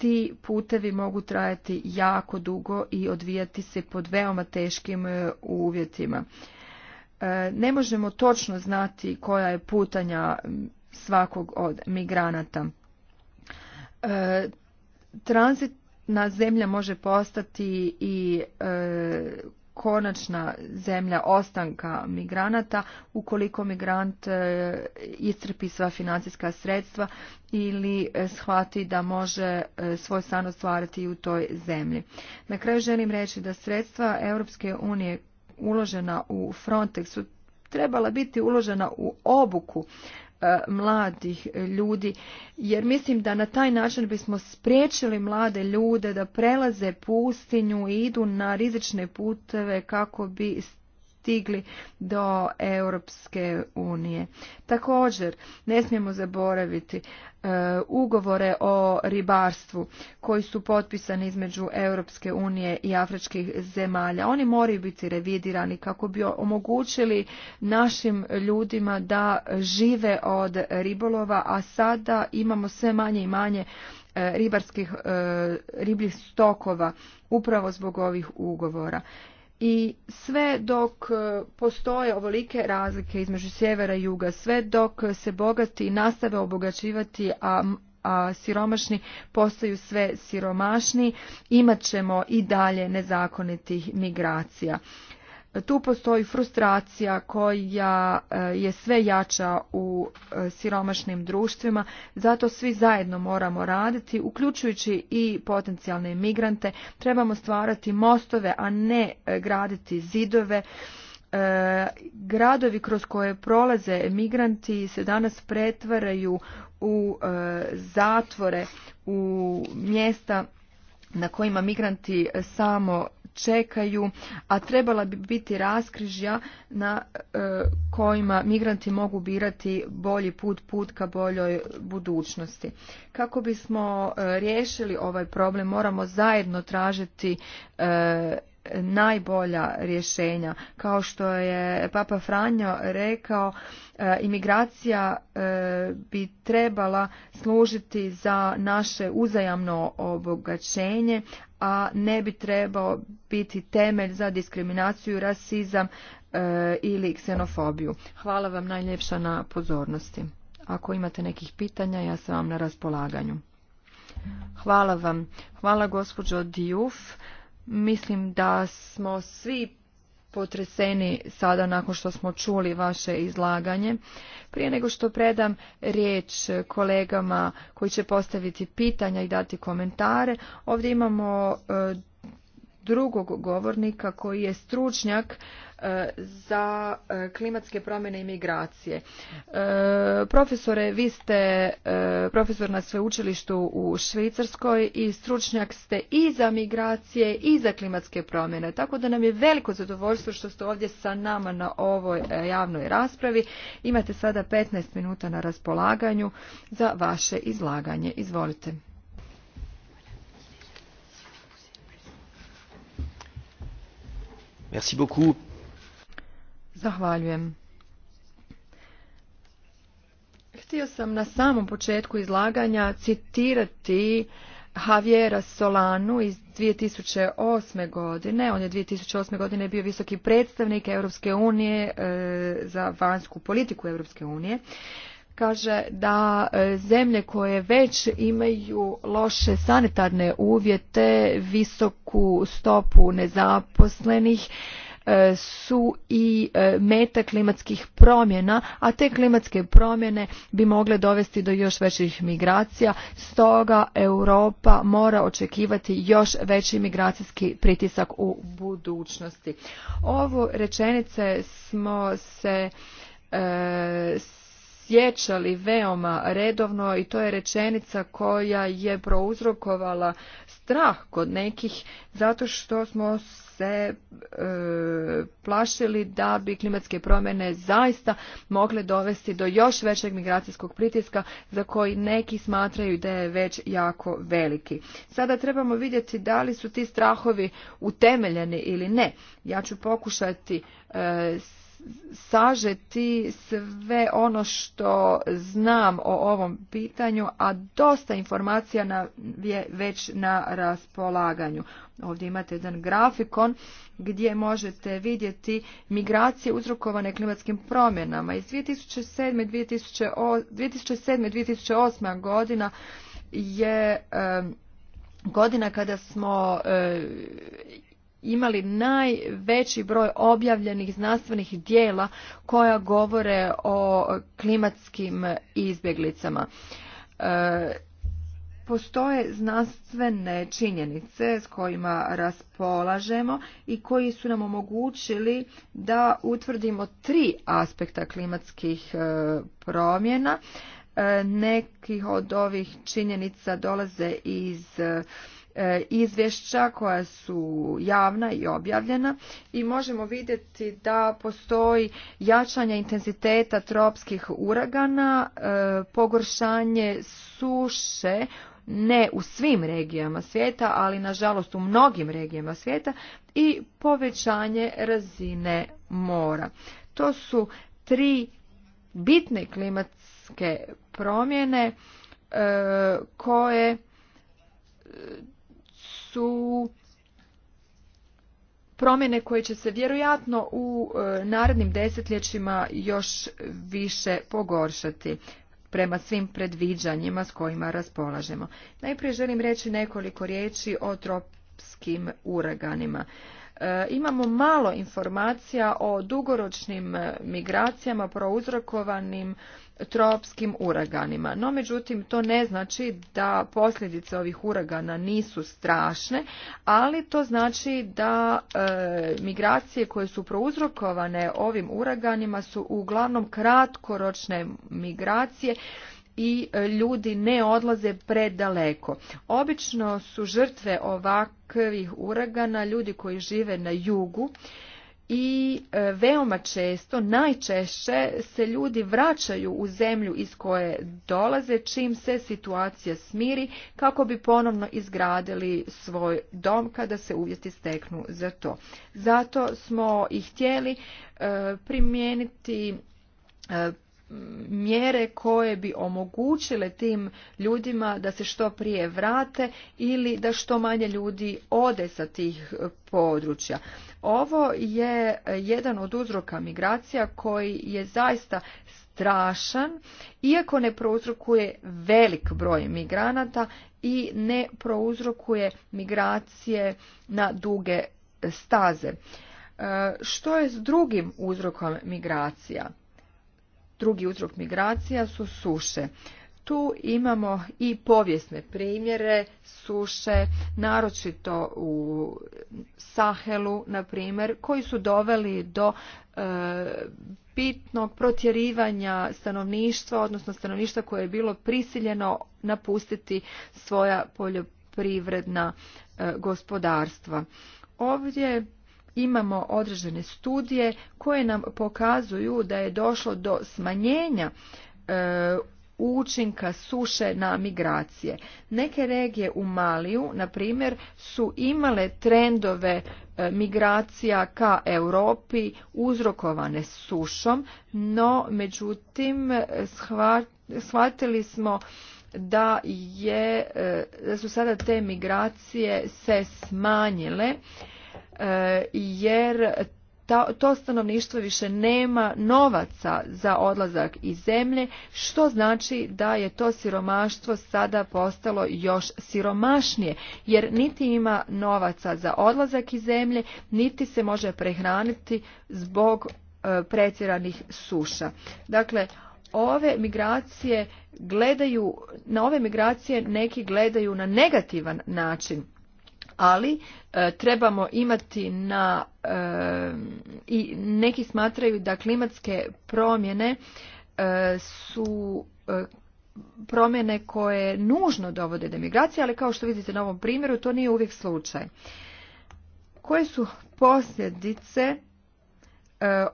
ti putevi mogu trajati jako dugo i odvijati se pod veoma teškim e, uvjetima. E, ne možemo točno znati koja je putanja svakog od migranata. E, tranzitna zemlja može postati i konačna zemlja ostanka migranata ukoliko migrant e, iscrpi sva financijska sredstva ili e, shvati da može e, svoj stan ostvariti i u toj zemlji. Na kraju želim reći da sredstva Europske unije uložena u Frontexu trebala biti uložena u obuku E, mladih ljudi jer mislim da na taj način bismo spriječili mlade ljude da prelaze pustinju i idu na rizične puteve kako bi stigli do Europske unije. Također, ne smijemo zaboraviti e, ugovore o ribarstvu koji su potpisani između Europske unije i afričkih zemalja. Oni moraju biti revidirani kako bi omogućili našim ljudima da žive od ribolova, a sada imamo sve manje i manje e, ribarskih e, ribljih stokova upravo zbog ovih ugovora i sve dok e, postoje ovolike razlike između sjevera i juga, sve dok se bogati nastave obogaćivati, a, a siromašni postaju sve siromašni, imat ćemo i dalje nezakonitih migracija tu postoji frustracija koja e, je sve jača u e, siromašnim društvima, zato svi zajedno moramo raditi, uključujući i potencijalne migrante, trebamo stvarati mostove, a ne e, graditi zidove. Gradovi kroz koje prolaze migranti se danas pretvaraju u zatvore, u mjesta na kojima migranti samo čekaju, a trebala bi biti raskrižja na e, kojima migranti mogu birati bolji put, put ka boljoj budućnosti. Kako bismo e, riješili ovaj problem, moramo zajedno tražiti e, najbolja rješenja. Kao što je Papa Franjo rekao, e, imigracija e, bi trebala služiti za naše uzajamno obogaćenje, a ne bi trebao biti temelj za diskriminaciju, rasizam e, ili ksenofobiju. Hvala vam najljepša na pozornosti. Ako imate nekih pitanja, ja sam vam na raspolaganju. Hvala vam. Hvala gospođo Dijuf. Mislim da smo svi potreseni sada nakon što smo čuli vaše izlaganje. Prije nego što predam riječ kolegama koji će postaviti pitanja i dati komentare, ovdje imamo e, drugog govornika koji je stručnjak za e, klimatske promjene i migracije. E, profesore, vi ste e, profesor na sveučilištu u Švicarskoj i stručnjak ste i za migracije i za klimatske promjene. Tako da nam je veliko zadovoljstvo što ste ovdje sa nama na ovoj javnoj raspravi. Imate sada 15 minuta na raspolaganju za vaše izlaganje. Izvolite.
Merci beaucoup.
Zahvaljujem. Htio sam na samom početku izlaganja citirati Javiera Solanu iz 2008. godine. On je 2008. godine bio visoki predstavnik Europske unije e, za vanjsku politiku Europske unije. Kaže da e, zemlje koje već imaju loše sanitarne uvjete, visoku stopu nezaposlenih, E, su i e, meta klimatskih promjena, a te klimatske promjene bi mogle dovesti do još većih migracija, stoga Europa mora očekivati još veći migracijski pritisak u budućnosti. Ovu rečenice smo se e, Sjećali veoma redovno i to je rečenica koja je prouzrokovala strah kod nekih zato što smo se e, plašili da bi klimatske promjene zaista mogle dovesti do još većeg migracijskog pritiska za koji neki smatraju da je već jako veliki. Sada trebamo vidjeti da li su ti strahovi utemeljeni ili ne. Ja ću pokušati e, sažeti sve ono što znam o ovom pitanju, a dosta informacija je već na raspolaganju. Ovdje imate jedan grafikon gdje možete vidjeti migracije uzrokovane klimatskim promjenama. Iz 2007. 2008. godina je godina kada smo e, imali najveći broj objavljenih znanstvenih dijela koja govore o klimatskim izbjeglicama. E, postoje znanstvene činjenice s kojima raspolažemo i koji su nam omogućili da utvrdimo tri aspekta klimatskih e, promjena. E, nekih od ovih činjenica dolaze iz E, izvješća koja su javna i objavljena i možemo vidjeti da postoji jačanje intenziteta tropskih uragana, e, pogoršanje suše ne u svim regijama svijeta, ali nažalost u mnogim regijama svijeta i povećanje razine mora. To su tri bitne klimatske promjene e, koje su promjene koje će se vjerojatno u e, narednim desetljećima još više pogoršati prema svim predviđanjima s kojima raspolažemo. Najprije želim reći nekoliko riječi o tropskim uraganima. E, imamo malo informacija o dugoročnim e, migracijama prouzrokovanim tropskim uraganima. No, međutim, to ne znači da posljedice ovih uragana nisu strašne, ali to znači da e, migracije koje su prouzrokovane ovim uraganima su uglavnom kratkoročne migracije i e, ljudi ne odlaze predaleko. Obično su žrtve ovakvih uragana ljudi koji žive na jugu i e, veoma često, najčešće se ljudi vraćaju u zemlju iz koje dolaze čim se situacija smiri kako bi ponovno izgradili svoj dom kada se uvjeti steknu za to. Zato smo i htjeli e, primijeniti mjere koje bi omogućile tim ljudima da se što prije vrate ili da što manje ljudi ode sa tih područja. Ovo je jedan od uzroka migracija koji je zaista strašan, iako ne prouzrokuje velik broj migranata i ne prouzrokuje migracije na duge staze. E, što je s drugim uzrokom migracija? drugi uzrok migracija su suše. Tu imamo i povijesne primjere suše, naročito u Sahelu, na primjer, koji su doveli do e, bitnog protjerivanja stanovništva, odnosno stanovništva koje je bilo prisiljeno napustiti svoja poljoprivredna e, gospodarstva. Ovdje imamo određene studije koje nam pokazuju da je došlo do smanjenja e, učinka suše na migracije. Neke regije u Maliju, na primjer, su imale trendove e, migracija ka Europi uzrokovane sušom, no međutim shvatili smo da, je, e, da su sada te migracije se smanjile E, jer to stanovništvo više nema novaca za odlazak iz zemlje, što znači da je to siromaštvo sada postalo još siromašnije, jer niti ima novaca za odlazak iz zemlje, niti se može prehraniti zbog e, pretjeranih suša. Dakle, ove migracije gledaju, na ove migracije neki gledaju na negativan način ali e, trebamo imati na e, i neki smatraju da klimatske promjene e, su promjene koje nužno dovode do migracije, ali kao što vidite na ovom primjeru to nije uvijek slučaj. Koje su posljedice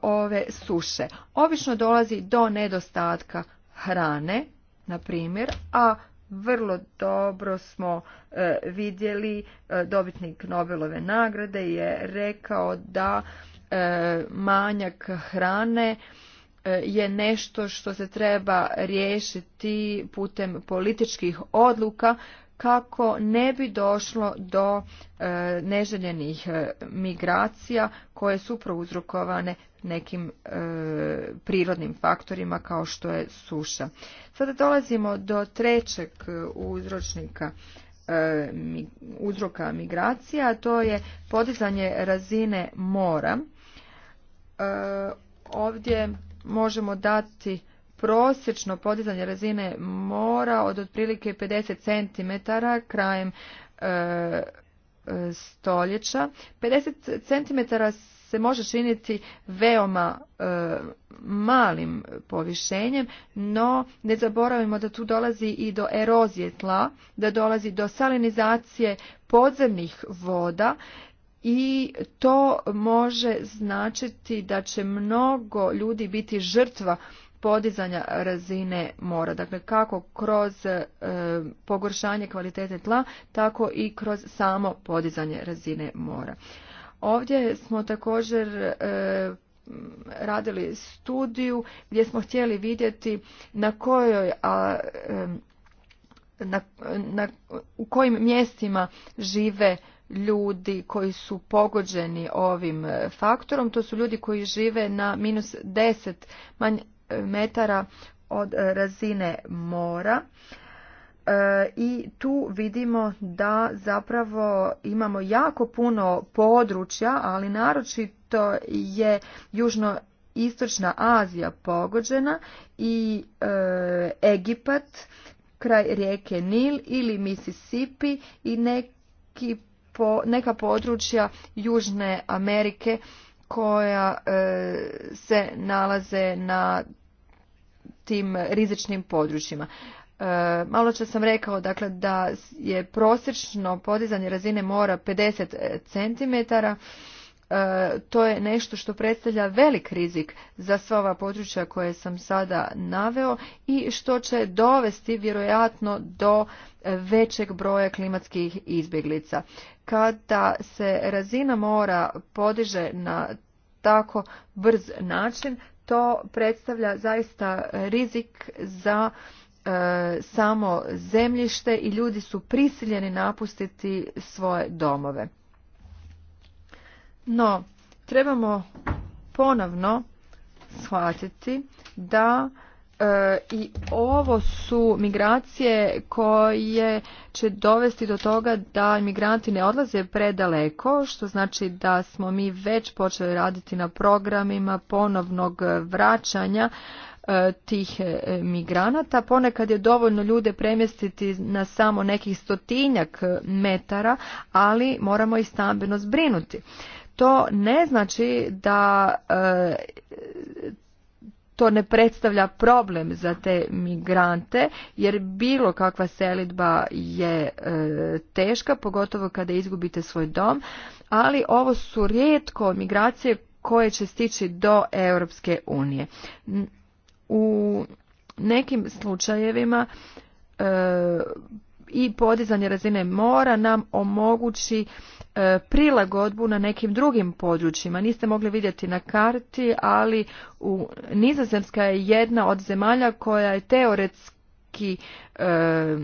ove suše? Obično dolazi do nedostatka hrane, na primjer, a vrlo dobro smo e, vidjeli e, dobitnik Nobelove nagrade je rekao da e, manjak hrane je nešto što se treba riješiti putem političkih odluka kako ne bi došlo do e, neželjenih e, migracija koje su prouzrokovane nekim e, prirodnim faktorima kao što je suša. Sada dolazimo do trećeg uzročnika uzroka migracija, a to je podizanje razine mora. Ovdje možemo dati prosječno podizanje razine mora od otprilike 50 cm krajem e, stoljeća. 50 cm se može činiti veoma e, malim povišenjem, no ne zaboravimo da tu dolazi i do erozije tla, da dolazi do salinizacije podzemnih voda i to može značiti da će mnogo ljudi biti žrtva podizanja razine mora. Dakle, kako kroz e, pogoršanje kvalitete tla, tako i kroz samo podizanje razine mora. Ovdje smo također e, radili studiju gdje smo htjeli vidjeti na kojoj e, na, u kojim mjestima žive ljudi koji su pogođeni ovim faktorom. To su ljudi koji žive na minus 10, manj metara od razine mora e, i tu vidimo da zapravo imamo jako puno područja, ali naročito je južno istočna Azija pogođena i e, Egipat kraj rijeke Nil ili Mississippi i neka područja Južne Amerike koja e, se nalaze na tim rizičnim područjima. E, malo čas sam rekao dakle, da je prosječno podizanje razine mora 50 centimetara E, to je nešto što predstavlja velik rizik za sva ova područja koje sam sada naveo i što će dovesti vjerojatno do većeg broja klimatskih izbjeglica. Kada se razina mora podiže na tako brz način, to predstavlja zaista rizik za e, samo zemljište i ljudi su prisiljeni napustiti svoje domove. No, trebamo ponovno shvatiti da e, i ovo su migracije koje će dovesti do toga da migranti ne odlaze predaleko, što znači da smo mi već počeli raditi na programima ponovnog vraćanja e, tih e, migranata. Ponekad je dovoljno ljude premjestiti na samo nekih stotinjak metara, ali moramo ih stambeno zbrinuti to ne znači da e, to ne predstavlja problem za te migrante jer bilo kakva selidba je e, teška pogotovo kada izgubite svoj dom ali ovo su rijetko migracije koje će stići do Europske unije u nekim slučajevima e, i podizanje razine mora nam omogući E, prilagodbu na nekim drugim područjima. Niste mogli vidjeti na karti, ali u Nizozemska je jedna od zemalja koja je teoretski e,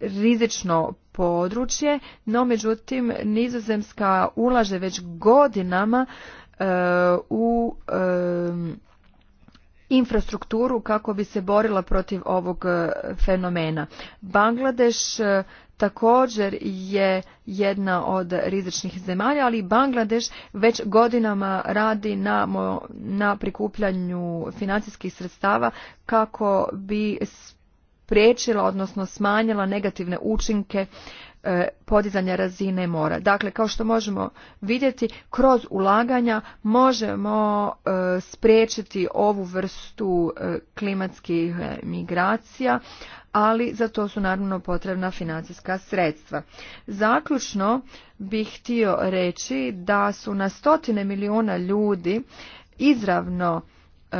rizično područje, no međutim Nizozemska ulaže već godinama e, u infrastrukturu kako bi se borila protiv ovog e, fenomena. Bangladeš e, također je jedna od rizičnih zemalja, ali Bangladeš već godinama radi na, na prikupljanju financijskih sredstava kako bi spriječila, odnosno smanjila negativne učinke E, podizanja razine mora. Dakle, kao što možemo vidjeti, kroz ulaganja možemo e, spriječiti ovu vrstu e, klimatskih migracija, ali za to su naravno potrebna financijska sredstva. Zaključno bih htio reći da su na stotine milijuna ljudi izravno E,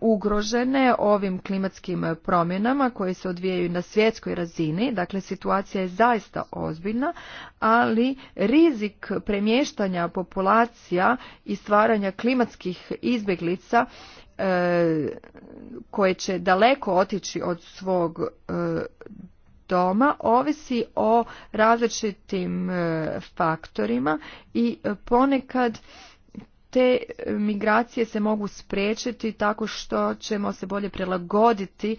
ugrožene ovim klimatskim promjenama koje se odvijaju na svjetskoj razini. Dakle, situacija je zaista ozbiljna, ali rizik premještanja populacija i stvaranja klimatskih izbjeglica e, koje će daleko otići od svog e, doma ovisi o različitim faktorima i ponekad te e, migracije se mogu spriječiti tako što ćemo se bolje prilagoditi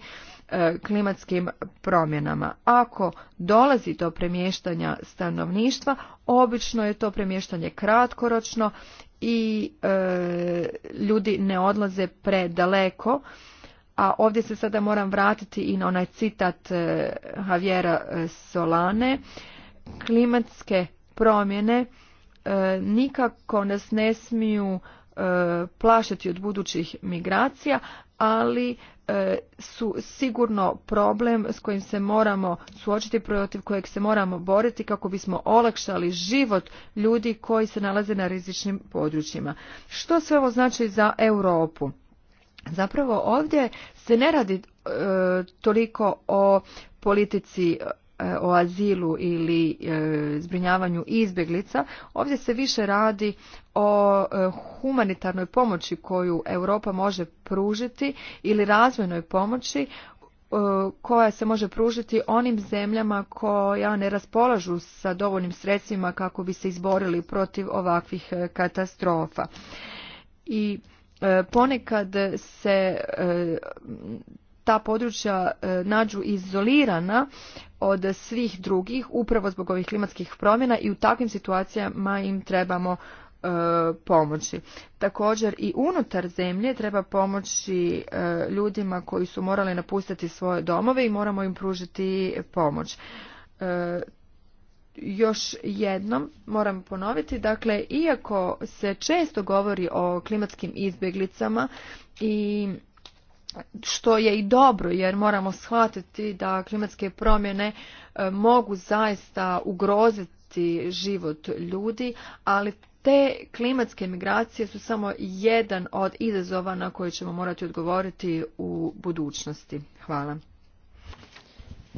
e, klimatskim promjenama. Ako dolazi do premještanja stanovništva, obično je to premještanje kratkoročno i e, ljudi ne odlaze predaleko. A ovdje se sada moram vratiti i na onaj citat Javiera Solane. Klimatske promjene E, nikako nas ne smiju e, plašati od budućih migracija, ali e, su sigurno problem s kojim se moramo suočiti, protiv kojeg se moramo boriti kako bismo olakšali život ljudi koji se nalaze na rizičnim područjima. Što sve ovo znači za Europu? Zapravo ovdje se ne radi toliko o politici E, o azilu ili e, zbrinjavanju izbjeglica, ovdje se više radi o e, humanitarnoj pomoći koju Europa može pružiti ili razvojnoj pomoći koja se može pružiti onim zemljama koja ne raspolažu sa dovoljnim sredstvima kako bi se izborili protiv ovakvih katastrofa. I ponekad se ta područja e, nađu izolirana od svih drugih upravo zbog ovih klimatskih promjena i u takvim situacijama im trebamo e, pomoći. Također i unutar zemlje treba pomoći e, ljudima koji su morali napustiti svoje domove i moramo im pružiti pomoć. Još jednom moram ponoviti, dakle, iako se često govori o klimatskim izbjeglicama i što je i dobro jer moramo shvatiti da klimatske promjene e, mogu zaista ugroziti život ljudi, ali te klimatske migracije su samo jedan od izazova na koje ćemo morati odgovoriti u budućnosti.
Hvala.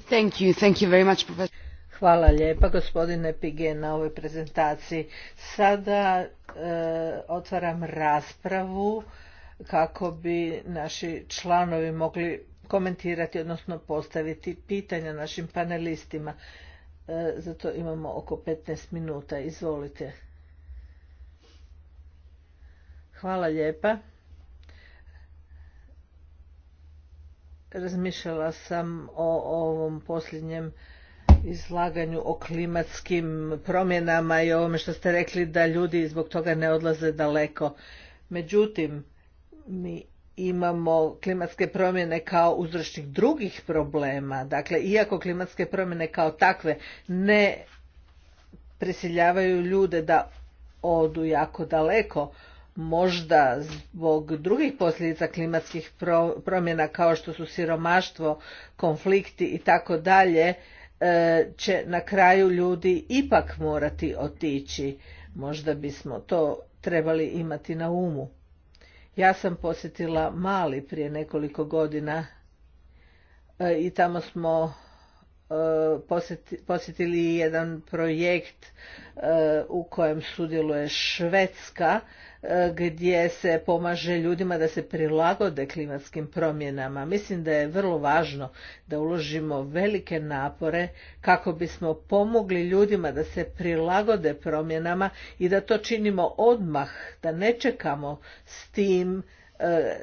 Thank you, thank you very much, Hvala lijepa gospodine Pige na ovoj prezentaciji. Sada e, otvaram raspravu kako bi naši članovi mogli komentirati, odnosno postaviti pitanja našim panelistima. E, Zato imamo oko 15 minuta. Izvolite. Hvala lijepa. Razmišljala sam o ovom posljednjem izlaganju o klimatskim promjenama i ovome što ste rekli da ljudi zbog toga ne odlaze daleko. Međutim, mi imamo klimatske promjene kao uzročnik drugih problema. Dakle, iako klimatske promjene kao takve ne prisiljavaju ljude da odu jako daleko, možda zbog drugih posljedica klimatskih promjena kao što su siromaštvo, konflikti i tako dalje, e, će na kraju ljudi ipak morati otići. Možda bismo to trebali imati na umu. Ja sam posjetila Mali prije nekoliko godina e, i tamo smo e, posjetili jedan projekt e, u kojem sudjeluje Švedska E, gdje se pomaže ljudima da se prilagode klimatskim promjenama. Mislim da je vrlo važno da uložimo velike napore kako bismo pomogli ljudima da se prilagode promjenama i da to činimo odmah, da ne čekamo s tim e,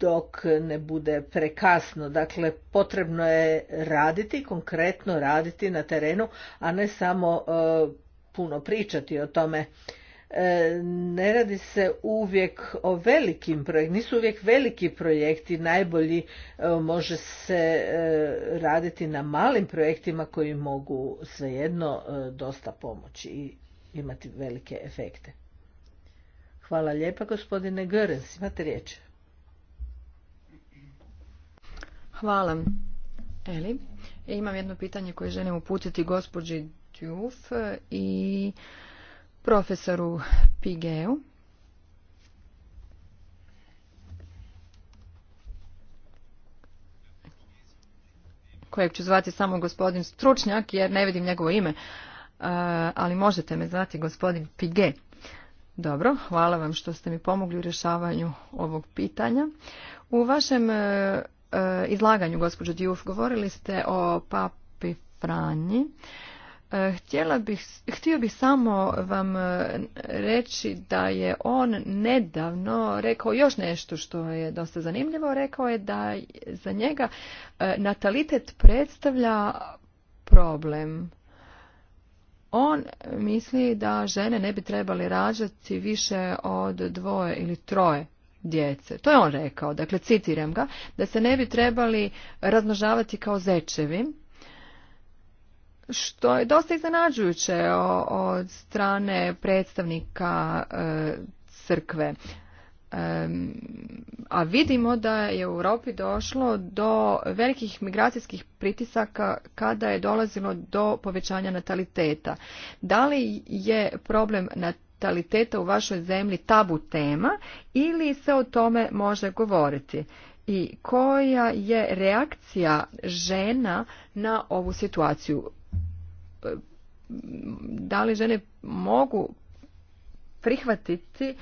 dok ne bude prekasno. Dakle, potrebno je raditi, konkretno raditi na terenu, a ne samo e, puno pričati o tome E, ne radi se uvijek o velikim projektima, nisu uvijek veliki projekti, najbolji e, može se e, raditi na malim projektima koji mogu svejedno dosta pomoći i imati velike efekte. Hvala lijepa gospodine Görens, imate riječ.
Hvala. Eli, imam jedno pitanje koje želim uputiti gospođi Djuf i profesoru Pigeu. kojeg ću zvati samo gospodin stručnjak jer ne vidim njegovo ime, e, ali možete me zvati gospodin Pige. Dobro, hvala vam što ste mi pomogli u rješavanju ovog pitanja. U vašem e, e, izlaganju, gospođo Diuf, govorili ste o papi Franji E, htjela bih, htio bih samo vam e, reći da je on nedavno rekao još nešto što je dosta zanimljivo. Rekao je da za njega e, natalitet predstavlja problem. On misli da žene ne bi trebali rađati više od dvoje ili troje djece. To je on rekao, dakle citiram ga, da se ne bi trebali razmnožavati kao zečevi što je dosta iznenađujuće od strane predstavnika e, crkve. A vidimo da je u Europi došlo do velikih migracijskih pritisaka kada je dolazilo do povećanja nataliteta. Da li je problem nataliteta u vašoj zemlji tabu tema ili se o tome može govoriti? I koja je reakcija žena na ovu situaciju? da li žene mogu prihvatiti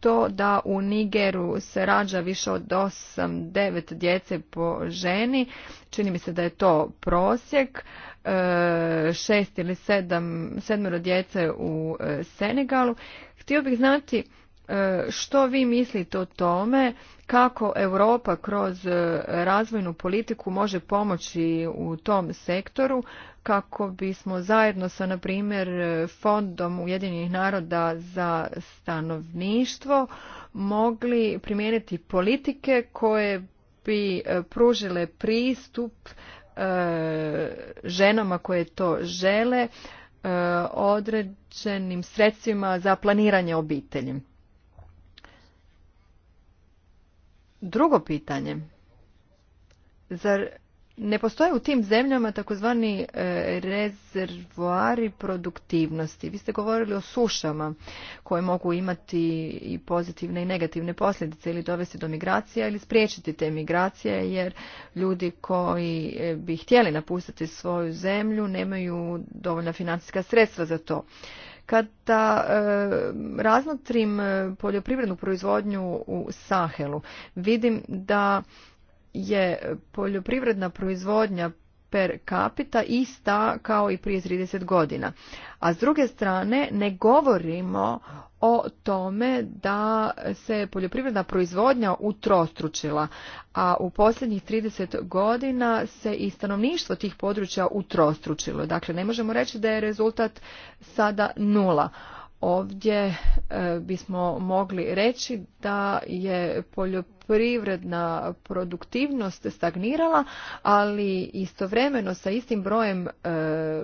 to da u Nigeru se rađa više od 8-9 djece po ženi. Čini mi se da je to prosjek. 6 e, ili 7 sedmero djece u e, Senegalu. Htio bih znati e, što vi mislite o tome kako Europa kroz razvojnu politiku može pomoći u tom sektoru kako bismo zajedno sa, na primjer, Fondom Ujedinjenih naroda za stanovništvo mogli primijeniti politike koje bi e, pružile pristup e, ženama koje to žele e, određenim sredstvima za planiranje obitelji. Drugo pitanje. Zar ne postoje u tim zemljama takozvani e, rezervoari produktivnosti. Vi ste govorili o sušama koje mogu imati i pozitivne i negativne posljedice ili dovesti do migracija ili spriječiti te migracije jer ljudi koji e, bi htjeli napustiti svoju zemlju nemaju dovoljna financijska sredstva za to. Kada e, razmotrim e, poljoprivrednu proizvodnju u Sahelu, vidim da je poljoprivredna proizvodnja per capita ista kao i prije 30 godina. A s druge strane ne govorimo o tome da se poljoprivredna proizvodnja utrostručila, a u posljednjih 30 godina se i stanovništvo tih područja utrostručilo. Dakle, ne možemo reći da je rezultat sada nula. Ovdje e, bismo mogli reći da je poljoprivredna produktivnost stagnirala, ali istovremeno sa istim brojem e,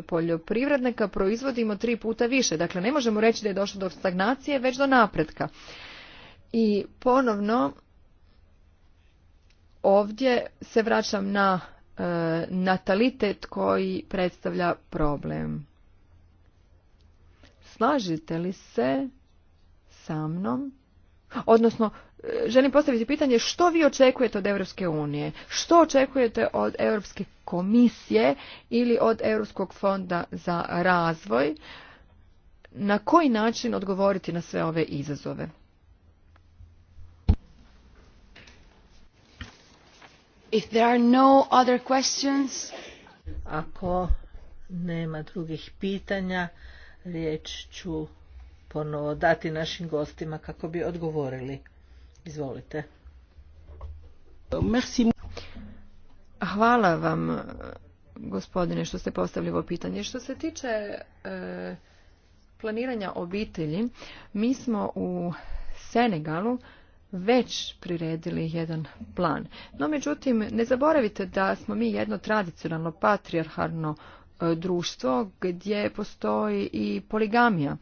poljoprivrednika proizvodimo tri puta više. Dakle, ne možemo reći da je došlo do stagnacije, već do napretka. I ponovno ovdje se vraćam na e, natalitet koji predstavlja problem. Slažite li se sa mnom? Odnosno, želim postaviti pitanje što vi očekujete od Europske unije? Što očekujete od Europske komisije ili od Europskog fonda za razvoj? Na koji način odgovoriti na sve ove izazove?
If there are no other questions... Ako nema drugih pitanja, riječ ću ponovo dati našim gostima kako bi odgovorili. Izvolite.
Hvala vam gospodine što ste postavili ovo pitanje. Što se tiče e, planiranja obitelji, mi smo u Senegalu već priredili jedan plan. No međutim, ne zaboravite da smo mi jedno tradicionalno patrijarharno društvo gdje postoji i poligamija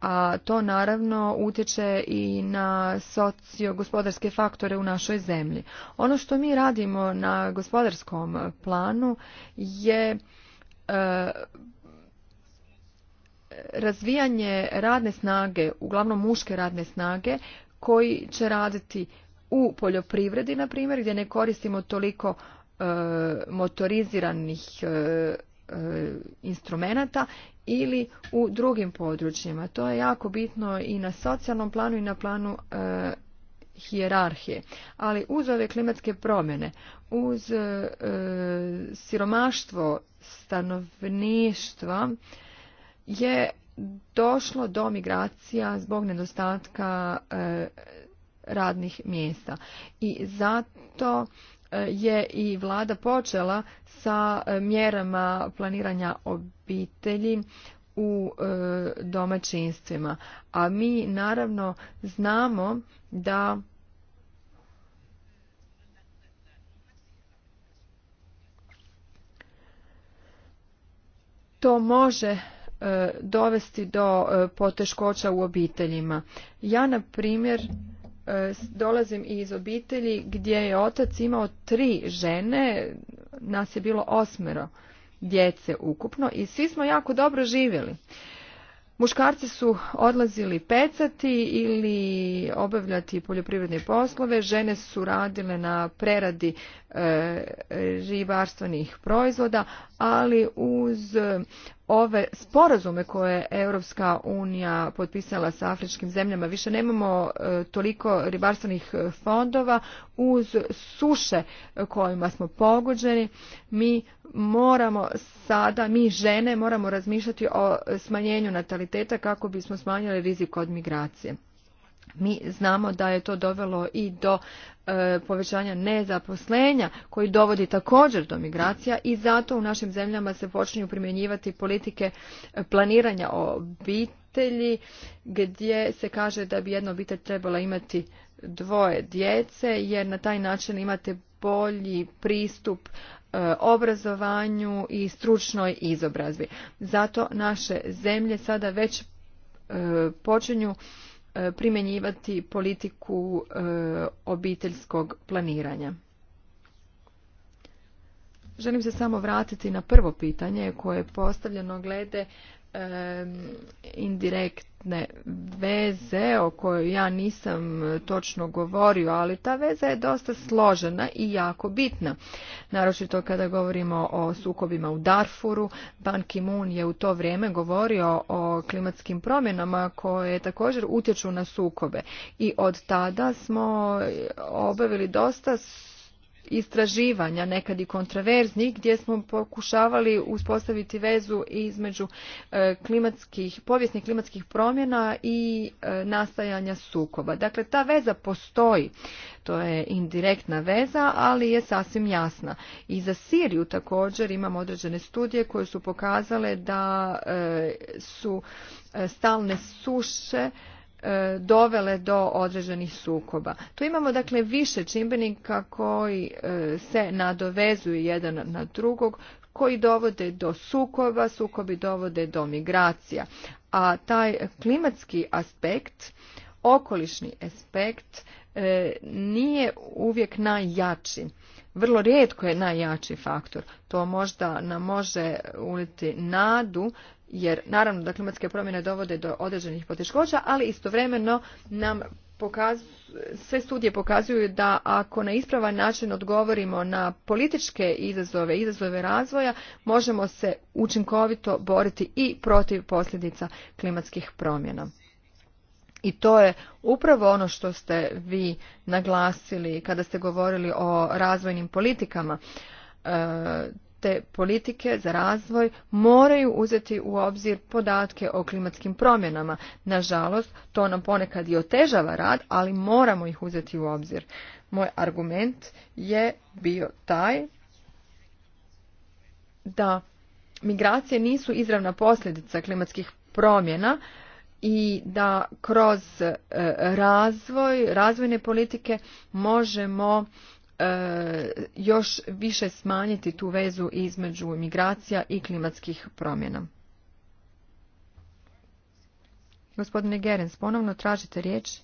a to naravno utječe i na sociogospodarske faktore u našoj zemlji. Ono što mi radimo na gospodarskom planu je e, razvijanje radne snage, uglavnom muške radne snage, koji će raditi u poljoprivredi, na primjer, gdje ne koristimo toliko e, motoriziranih e, E, instrumenata ili u drugim područjima. To je jako bitno i na socijalnom planu i na planu e, hijerarhije. Ali uz ove klimatske promjene, uz e, e, siromaštvo stanovništva je došlo do migracija zbog nedostatka radnih mjesta. I zato je i vlada počela sa e, mjerama planiranja obitelji u e, domaćinstvima. A mi naravno znamo da to može e, dovesti do poteškoća u obiteljima. Ja, na primjer, E, dolazim i iz obitelji gdje je otac imao tri žene, nas je bilo osmero djece ukupno i svi smo jako dobro živjeli. Muškarci su odlazili pecati ili obavljati poljoprivredne poslove, žene su radile na preradi živarstvenih ribarstvenih proizvoda, ali uz ove sporazume koje Europska unija potpisala sa afričkim zemljama. Više nemamo e, toliko ribarstvenih e, fondova uz suše kojima smo pogođeni. Mi moramo sada, mi žene moramo razmišljati o smanjenju nataliteta kako bismo smanjili rizik od migracije mi znamo da je to dovelo i do e, povećanja nezaposlenja koji dovodi također do migracija i zato u našim zemljama se počinju primjenjivati politike e, planiranja obitelji gdje se kaže da bi jedna obitelj trebala imati dvoje djece jer na taj način imate bolji pristup e, obrazovanju i stručnoj izobrazbi. Zato naše zemlje sada već počinju primjenjivati politiku e, obiteljskog planiranja. Želim se samo vratiti na prvo pitanje koje je postavljeno glede indirektne veze o kojoj ja nisam točno govorio, ali ta veza je dosta složena i jako bitna. Naročito kada govorimo o sukobima u Darfuru, Ban Ki-moon je u to vrijeme govorio o klimatskim promjenama koje također utječu na sukobe. I od tada smo obavili dosta istraživanja, nekad i kontraverznih, gdje smo pokušavali uspostaviti vezu između e, klimatskih, povijesnih klimatskih promjena i e, nastajanja sukoba. Dakle, ta veza postoji, to je indirektna veza, ali je sasvim jasna. I za Siriju također imamo određene studije koje su pokazale da e, su stalne suše E, dovele do određenih sukoba. Tu imamo dakle više čimbenika koji e, se nadovezuju jedan na drugog, koji dovode do sukoba, sukobi dovode do migracija. A taj klimatski aspekt, okolišni aspekt e, nije uvijek najjači. Vrlo rijetko je najjači faktor. To možda nam može uliti nadu jer naravno da klimatske promjene dovode do određenih poteškoća, ali istovremeno nam sve studije pokazuju da ako na ispravan način odgovorimo na političke izazove, izazove razvoja, možemo se učinkovito boriti i protiv posljedica klimatskih promjena. I to je upravo ono što ste vi naglasili kada ste govorili o razvojnim politikama. E, te politike za razvoj moraju uzeti u obzir podatke o klimatskim promjenama. Nažalost, to nam ponekad i otežava rad, ali moramo ih uzeti u obzir. Moj argument je bio taj da migracije nisu izravna posljedica klimatskih promjena i da kroz e, razvoj, razvojne politike možemo E, još više smanjiti tu vezu između migracija i klimatskih promjena. Gospodine Gerens, ponovno tražite riječ.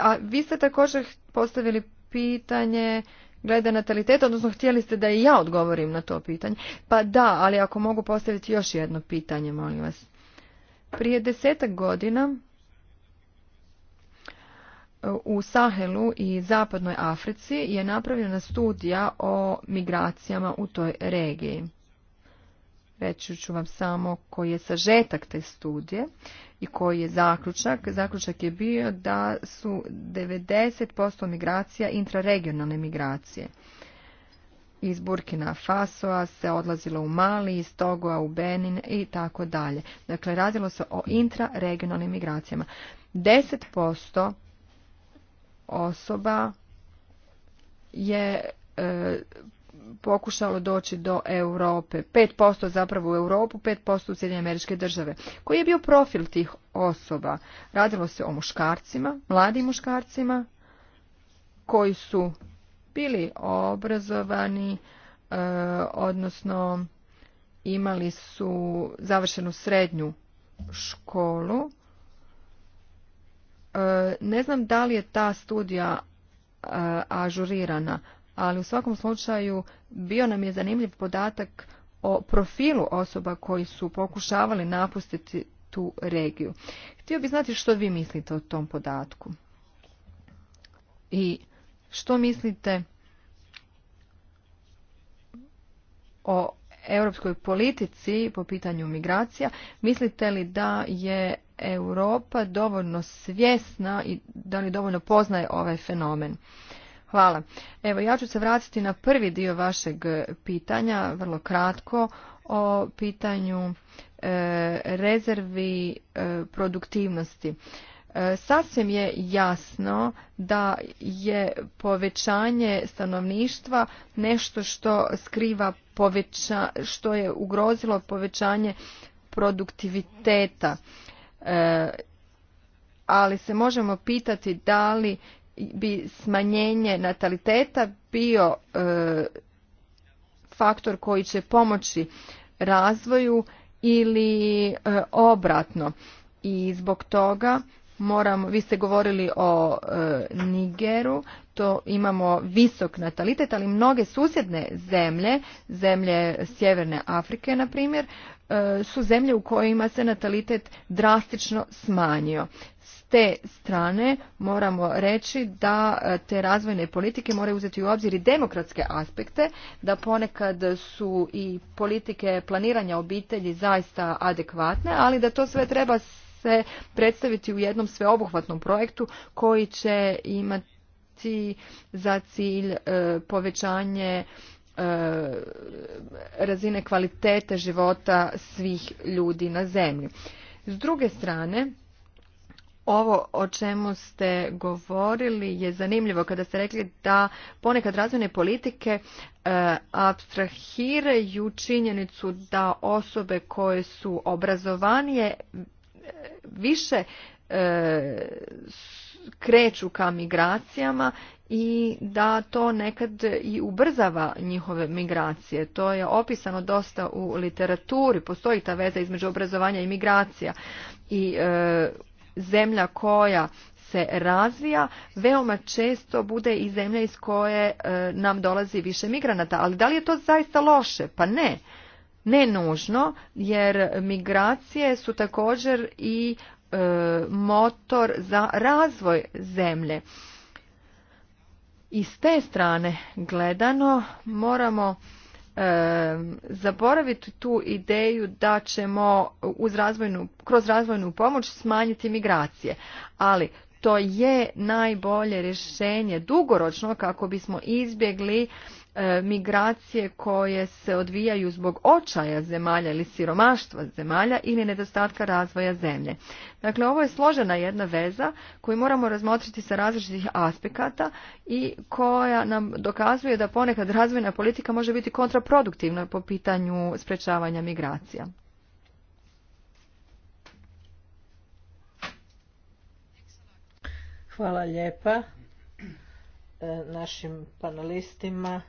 A vi ste također postavili pitanje glede nataliteta, odnosno htjeli ste da i ja odgovorim na to pitanje. Pa da, ali ako mogu postaviti još jedno pitanje, molim vas. Prije desetak godina u Sahelu i zapadnoj Africi je napravljena studija o migracijama u toj regiji. Reći ću vam samo koji je sažetak te studije i koji je zaključak. Zaključak je bio da su 90% migracija intraregionalne migracije. Iz Burkina Fasoa se odlazilo u Mali, iz Togoa u Benin i tako dalje. Dakle, radilo se o intraregionalnim migracijama. 10% osoba je e, pokušalo doći do Europe. 5% zapravo u Europu, 5% u Sjedinje američke države. Koji je bio profil tih osoba? Radilo se o muškarcima, mladim muškarcima, koji su bili obrazovani, e, odnosno imali su završenu srednju školu E, ne znam da li je ta studija e, ažurirana, ali u svakom slučaju bio nam je zanimljiv podatak o profilu osoba koji su pokušavali napustiti tu regiju. Htio bih znati što vi mislite o tom podatku. I što mislite o europskoj politici po pitanju migracija? Mislite li da je Europa dovoljno svjesna i da li dovoljno poznaje ovaj fenomen? Hvala. Evo, ja ću se vratiti na prvi dio vašeg pitanja, vrlo kratko, o pitanju e, rezervi e, produktivnosti. E, sasvim je jasno da je povećanje stanovništva nešto što skriva poveća, što je ugrozilo povećanje produktiviteta E, ali se možemo pitati da li bi smanjenje nataliteta bio e, faktor koji će pomoći razvoju ili e, obratno i zbog toga moramo vi ste govorili o Nigeru što imamo visok natalitet, ali mnoge susjedne zemlje, zemlje Sjeverne Afrike na primjer, e, su zemlje u kojima se natalitet drastično smanjio. S te strane moramo reći da e, te razvojne politike moraju uzeti u obzir i demokratske aspekte, da ponekad su i politike planiranja obitelji zaista adekvatne, ali da to sve treba se predstaviti u jednom sveobuhvatnom projektu koji će imati za cilj e, povećanje e, razine kvalitete života svih ljudi na zemlji. S druge strane, ovo o čemu ste govorili je zanimljivo kada ste rekli da ponekad razvojne politike e, abstrahiraju činjenicu da osobe koje su obrazovanije više su kreću ka migracijama i da to nekad i ubrzava njihove migracije. To je opisano dosta u literaturi, postoji ta veza između obrazovanja i migracija i e, zemlja koja se razvija, veoma često bude i zemlja iz koje e, nam dolazi više migranata. Ali da li je to zaista loše? Pa ne. Ne nužno, jer migracije su također i E, motor za razvoj zemlje. I s te strane gledano moramo e, zaboraviti tu ideju da ćemo kroz razvojnu pomoć smanjiti migracije. Ali to je najbolje rješenje dugoročno kako bismo izbjegli E, migracije koje se odvijaju zbog očaja zemalja ili siromaštva zemalja ili nedostatka razvoja zemlje. Dakle, ovo je složena jedna veza koju moramo razmotriti sa različitih aspekata i koja nam dokazuje da ponekad razvojna politika može biti kontraproduktivna po pitanju sprečavanja migracija.
Hvala lijepa e, našim panelistima.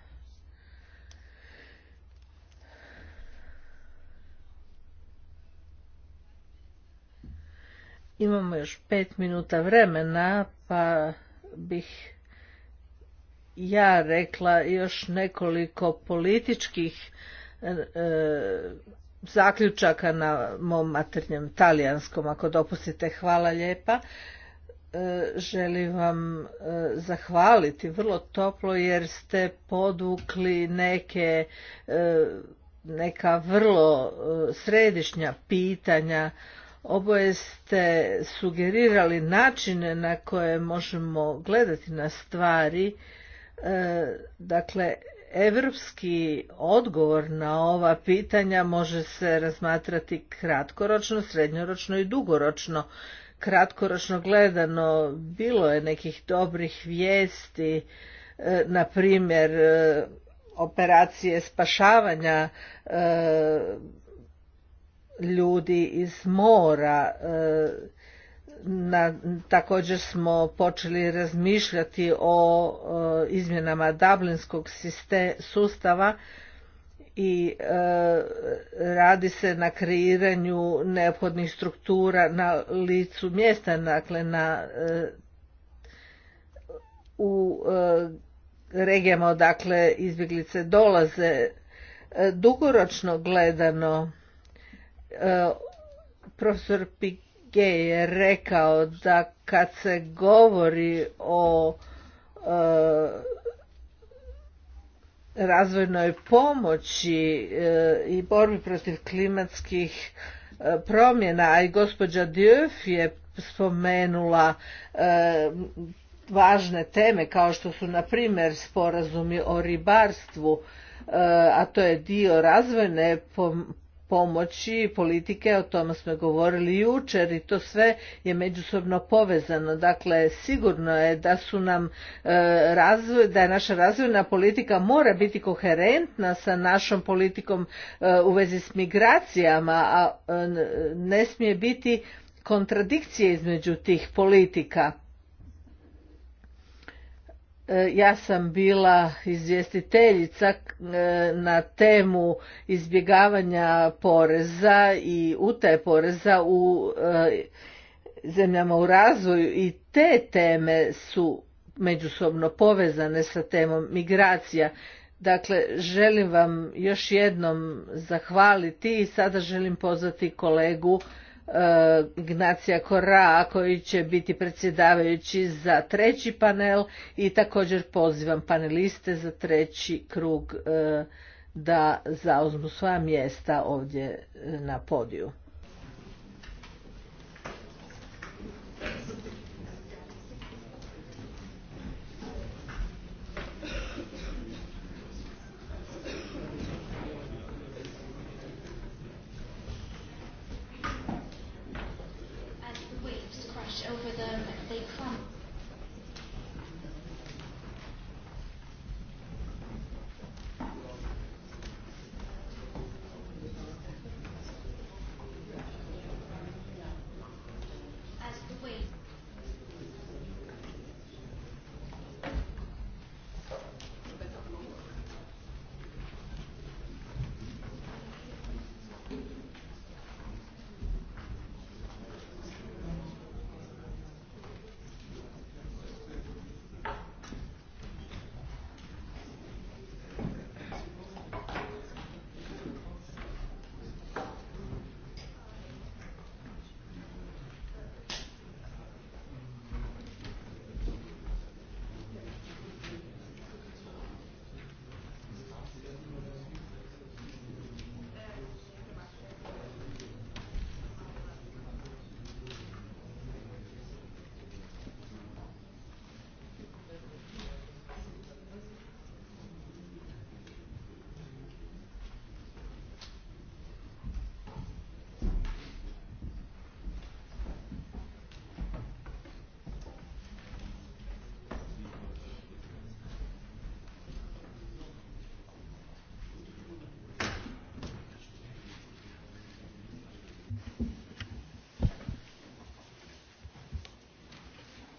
Imamo još pet minuta vremena, pa bih ja rekla još nekoliko političkih e, e, zaključaka na mom maternjem talijanskom, ako dopustite. Hvala lijepa. E, želim vam zahvaliti vrlo toplo jer ste podvukli neke neka vrlo središnja pitanja Oboje ste sugerirali načine na koje možemo gledati na stvari. E, dakle, Europski odgovor na ova pitanja može se razmatrati kratkoročno, srednjoročno i dugoročno. Kratkoročno gledano bilo je nekih dobrih vijesti, e, na primjer e, operacije spašavanja ljudi iz mora e, na, također smo počeli razmišljati o e, izmjenama Dublinskog sustava i e, radi se na kreiranju neophodnih struktura na licu mjesta, dakle na u regijama odakle izbjeglice dolaze. Dugoročno gledano E, profesor Piquet je rekao da kad se govori o e, razvojnoj pomoći e, i borbi protiv klimatskih promjena, a i gospođa Djöf je spomenula važne teme kao što su na primjer sporazumi o ribarstvu, a to je dio razvojne pomoći politike, o tome smo govorili jučer i to sve je međusobno povezano. Dakle, sigurno je da su nam e, razvoj, da je naša razvojna politika mora biti koherentna sa našom politikom e, u vezi s migracijama, a e, ne smije biti kontradikcije između tih politika. E, ja sam bila izvjestiteljica e, na temu izbjegavanja poreza i utaje poreza u e, zemljama u razvoju i te teme su međusobno povezane sa temom migracija. Dakle, želim vam još jednom zahvaliti i sada želim pozvati kolegu E, Ignacija Kora koji će biti predsjedavajući za treći panel i također pozivam paneliste za treći krug e, da zauzmu svoja mjesta ovdje e, na podiju.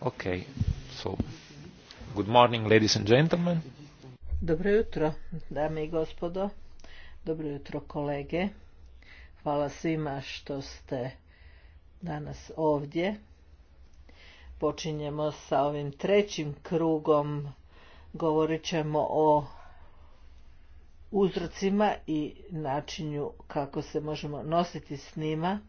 Okay, so good morning ladies and gentlemen.
Dobro jutro, dame i gospodo. Dobro jutro kolege. Hvala svima što ste danas ovdje. Počinjemo sa ovim trećim krugom. Govorit ćemo o uzrocima i načinju kako se možemo nositi s njima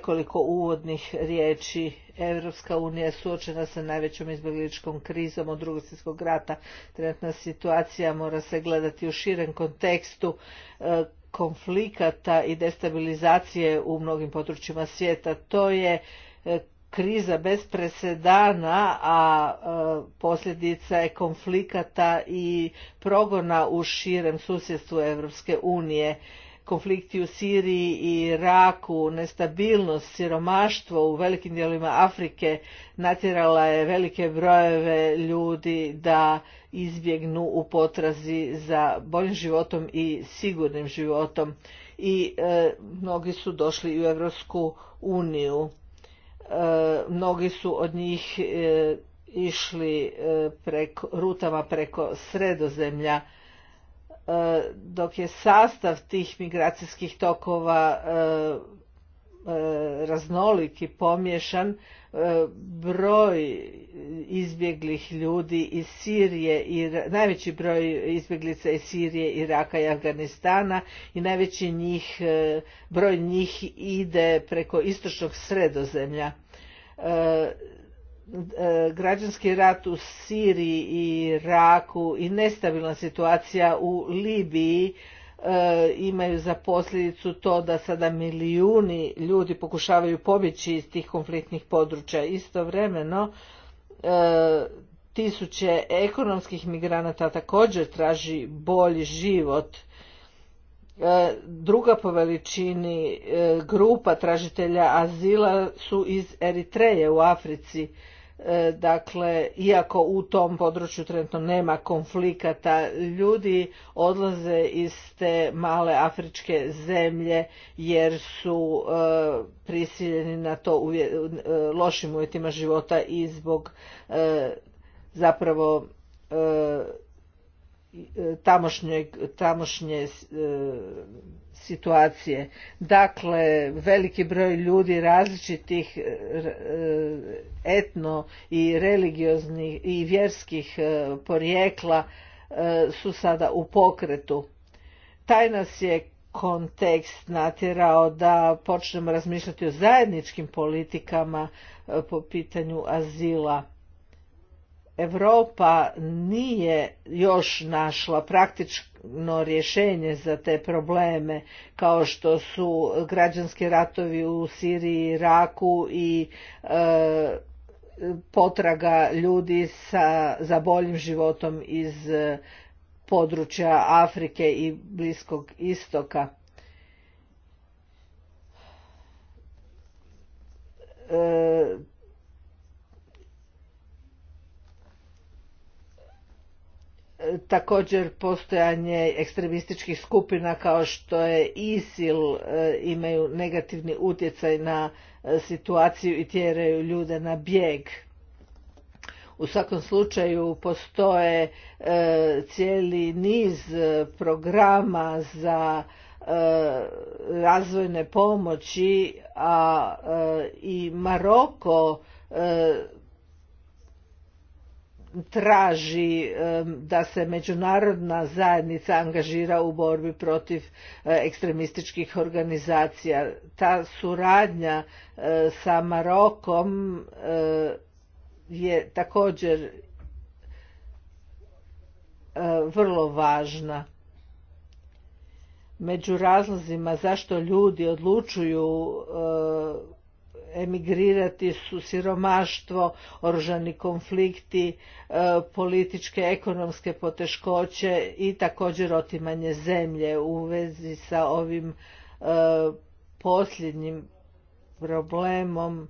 nekoliko uvodnih riječi. Europska unija suočena sa najvećom izbjegličkom krizom od drugog svjetskog rata. Trenutna situacija mora se gledati u širem kontekstu e, konflikata i destabilizacije u mnogim područjima svijeta. To je e, kriza bez presedana, a e, posljedica je konflikata i progona u širem susjedstvu Europske unije konflikti u Siriji i Iraku, nestabilnost, siromaštvo u velikim dijelovima Afrike natjerala je velike brojeve ljudi da izbjegnu u potrazi za boljim životom i sigurnim životom i e, mnogi su došli u Europsku uniju. E, mnogi su od njih e, išli rutama preko sredozemlja E, dok je sastav tih migracijskih tokova e, e, raznolik i pomješan broj izbjeglih ljudi iz Sirije i najveći broj izbjeglica iz Sirije, Iraka i Afganistana i najveći njih, broj njih ide preko istočnog sredozemlja. E, građanski rat u Siriji i Iraku i nestabilna situacija u Libiji e, imaju za posljedicu to da sada milijuni ljudi pokušavaju pobjeći iz tih konfliktnih područja. Istovremeno e, tisuće ekonomskih migranata također traži bolji život. druga po veličini grupa tražitelja azila su iz Eritreje u Africi E, dakle iako u tom području trenutno nema konflikata ljudi odlaze iz te male afričke zemlje jer su e, prisiljeni na to e, lošim uvjetima života i zbog zapravo tamošnje, tamošnje situacije. Dakle, veliki broj ljudi različitih e, e, etno i religioznih i vjerskih e, porijekla su sada u pokretu. Taj nas je kontekst natjerao da počnemo razmišljati o zajedničkim politikama po pitanju azila Europa nije još našla praktično rješenje za te probleme kao što su građanski ratovi u Siriji, Iraku i e, potraga ljudi za boljim životom iz e, područja Afrike i Bliskog istoka. E, E, također postojanje ekstremističkih skupina kao što je ISIL e, imaju negativni utjecaj na e, situaciju i tjeraju ljude na bijeg. U svakom slučaju postoje cijeli niz programa za razvojne pomoći, a i Maroko traži da se međunarodna zajednica angažira u borbi protiv e, ekstremističkih organizacija. Ta suradnja e, sa Marokom e, je također vrlo važna. Među razlozima zašto ljudi odlučuju emigrirati su siromaštvo, oružani konflikti, e, političke, ekonomske poteškoće i također otimanje zemlje u vezi sa ovim e, posljednjim problemom.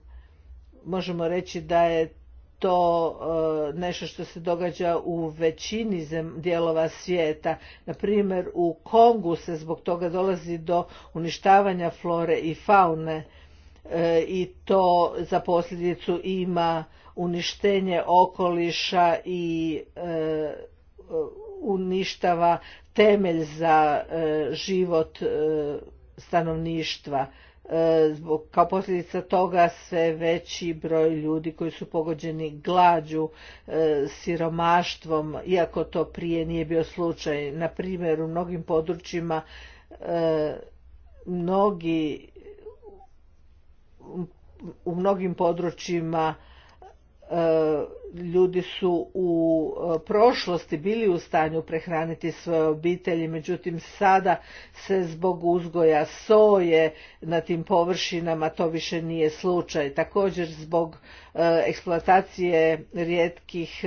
Možemo reći da je to e, nešto što se događa u većini dijelova svijeta. Na primjer u Kongu se zbog toga dolazi do uništavanja flore i faune E, i to za posljedicu ima uništenje okoliša i e, e, uništava temelj za život stanovništva. Kao posljedica toga sve veći broj ljudi koji su pogođeni glađu, siromaštvom, iako to prije nije bio slučaj. Na primjer, u mnogim područjima mnogi u mnogim područjima e, ljudi su u e, prošlosti bili u stanju prehraniti svoje obitelji, međutim sada se zbog uzgoja soje na tim površinama to više nije slučaj. Također zbog e, eksploatacije rijetkih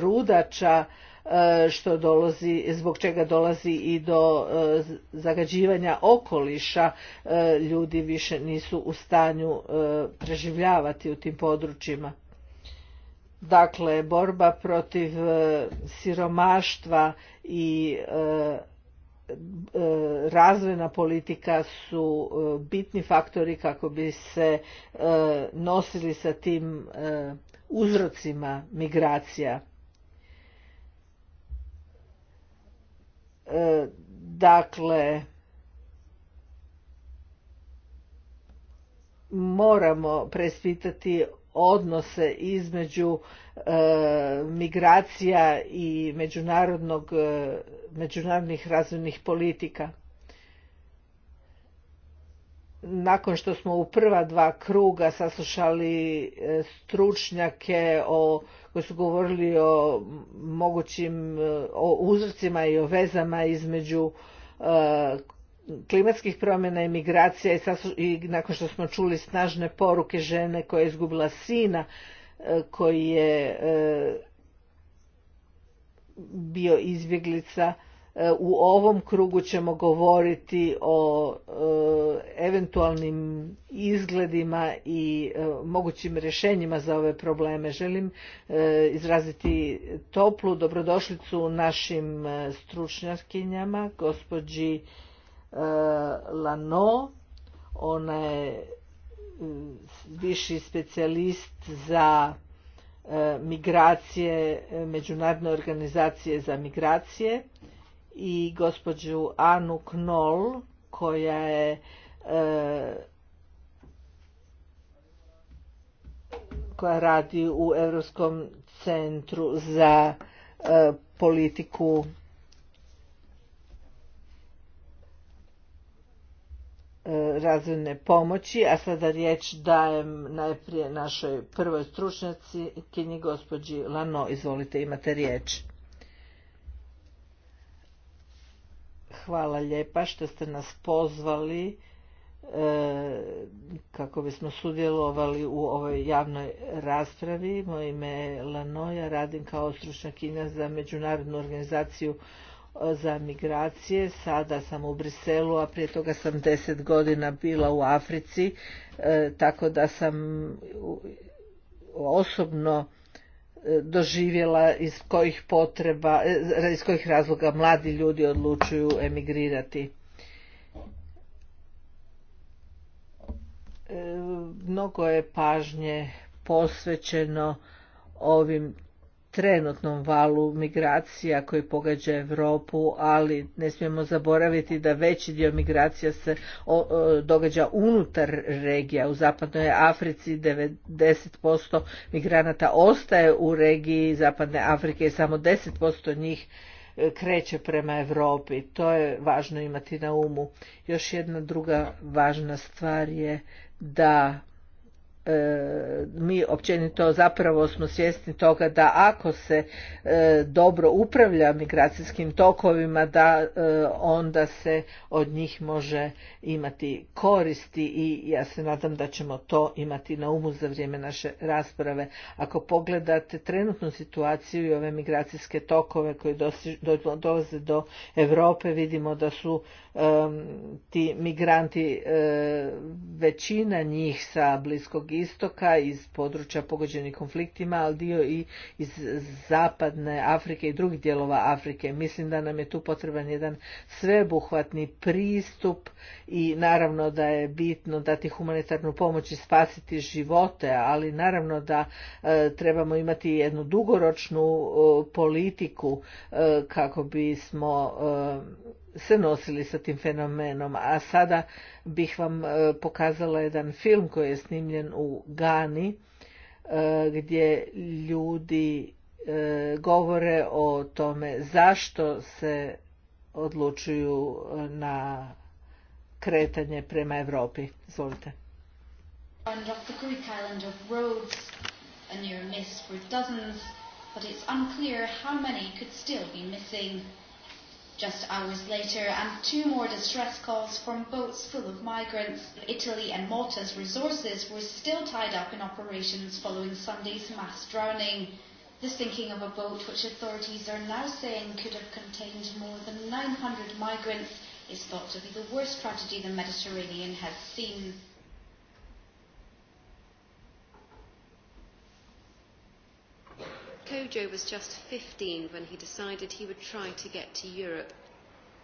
rudača E, što dolazi, zbog čega dolazi i do e, zagađivanja okoliša, e, ljudi više nisu u stanju preživljavati u tim područjima. Dakle, borba protiv siromaštva i razvojna politika su bitni faktori kako bi se nosili sa tim uzrocima migracija E, dakle, moramo prespitati odnose između e, migracija i međunarodnog, e, međunarodnih razvojnih politika. Nakon što smo u prva dva kruga saslušali stručnjake o koji su govorili o mogućim e, o uzrocima i o vezama između e, klimatskih promjena i migracija i nakon što smo čuli snažne poruke žene koja je izgubila sina e, koji je bio izbjeglica E, u ovom krugu ćemo govoriti o e, eventualnim izgledima i e, mogućim rješenjima za ove probleme. Želim izraziti toplu dobrodošlicu našim stručnjakinjama, gospođi Lano. Ona je viši specijalist za migracije, međunarodne organizacije za migracije i gospođu Anu Knoll koja je e, koja radi u Europskom centru za e, politiku e, razvojne pomoći, a sada riječ dajem najprije našoj prvoj stručnjaci, kinji gospođi Lano, izvolite, imate riječ. Hvala lijepa što ste nas pozvali e, kako bismo sudjelovali u ovoj javnoj raspravi. Moje ime je Lanoja, radim kao stručnjakinja za Međunarodnu organizaciju e, za migracije. Sada sam u Briselu, a prije toga sam deset godina bila u Africi, e, tako da sam osobno E, doživjela iz kojih potreba, e, iz kojih razloga mladi ljudi odlučuju emigrirati. E, mnogo je pažnje posvećeno ovim trenutnom valu migracija koji pogađa Europu, ali ne smijemo zaboraviti da veći dio migracija se događa unutar regija. U zapadnoj Africi 90% migranata ostaje u regiji zapadne Afrike i samo 10% njih e, kreće prema Europi. To je važno imati na umu. Još jedna druga važna stvar je da E, mi općenito zapravo smo svjesni toga da ako se e, dobro upravlja migracijskim tokovima da e, onda se od njih može imati koristi i ja se nadam da ćemo to imati na umu za vrijeme naše rasprave. Ako pogledate trenutnu situaciju i ove migracijske tokove koji dolaze do Europe vidimo da su ti migranti većina njih sa bliskog istoka, iz područja pogođenih konfliktima, ali dio i iz zapadne Afrike i drugih dijelova Afrike. Mislim da nam je tu potreban jedan svebuhvatni pristup i naravno da je bitno dati humanitarnu pomoć i spasiti živote, ali naravno da e, trebamo imati jednu dugoročnu e, politiku e, kako bismo se nosili sa tim fenomenom. A sada bih vam e, pokazala jedan film koji je snimljen u Gani e, gdje ljudi e, govore o tome zašto se odlučuju na kretanje prema Europi. Izvolite.
could still be missing just hours later, and two more distress calls from boats full of migrants. Italy and Malta's resources were still tied up in operations following Sunday's mass drowning. The sinking of a boat, which authorities are now saying could have contained more than 900 migrants, is thought to be the worst tragedy the Mediterranean has seen. Kojo was just 15 when he decided he would try to get to Europe.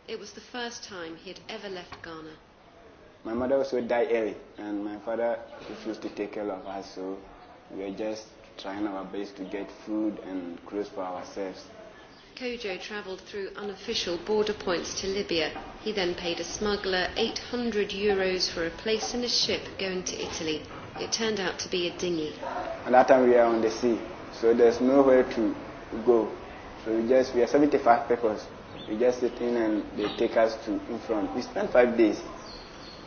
It was the first time he had ever left Ghana. My mother also died early, and my father refused to take care of us, so we were just trying our best to get food and clothes for ourselves. Kojo travelled through unofficial border points to Libya. He then paid a smuggler 800 euros for a place in a ship going to Italy. It turned out to be a dinghy. At that time we were on the sea, So there's nowhere to go. So we just, we are 75 people. We just sit in and they take us to in front. We spent five days.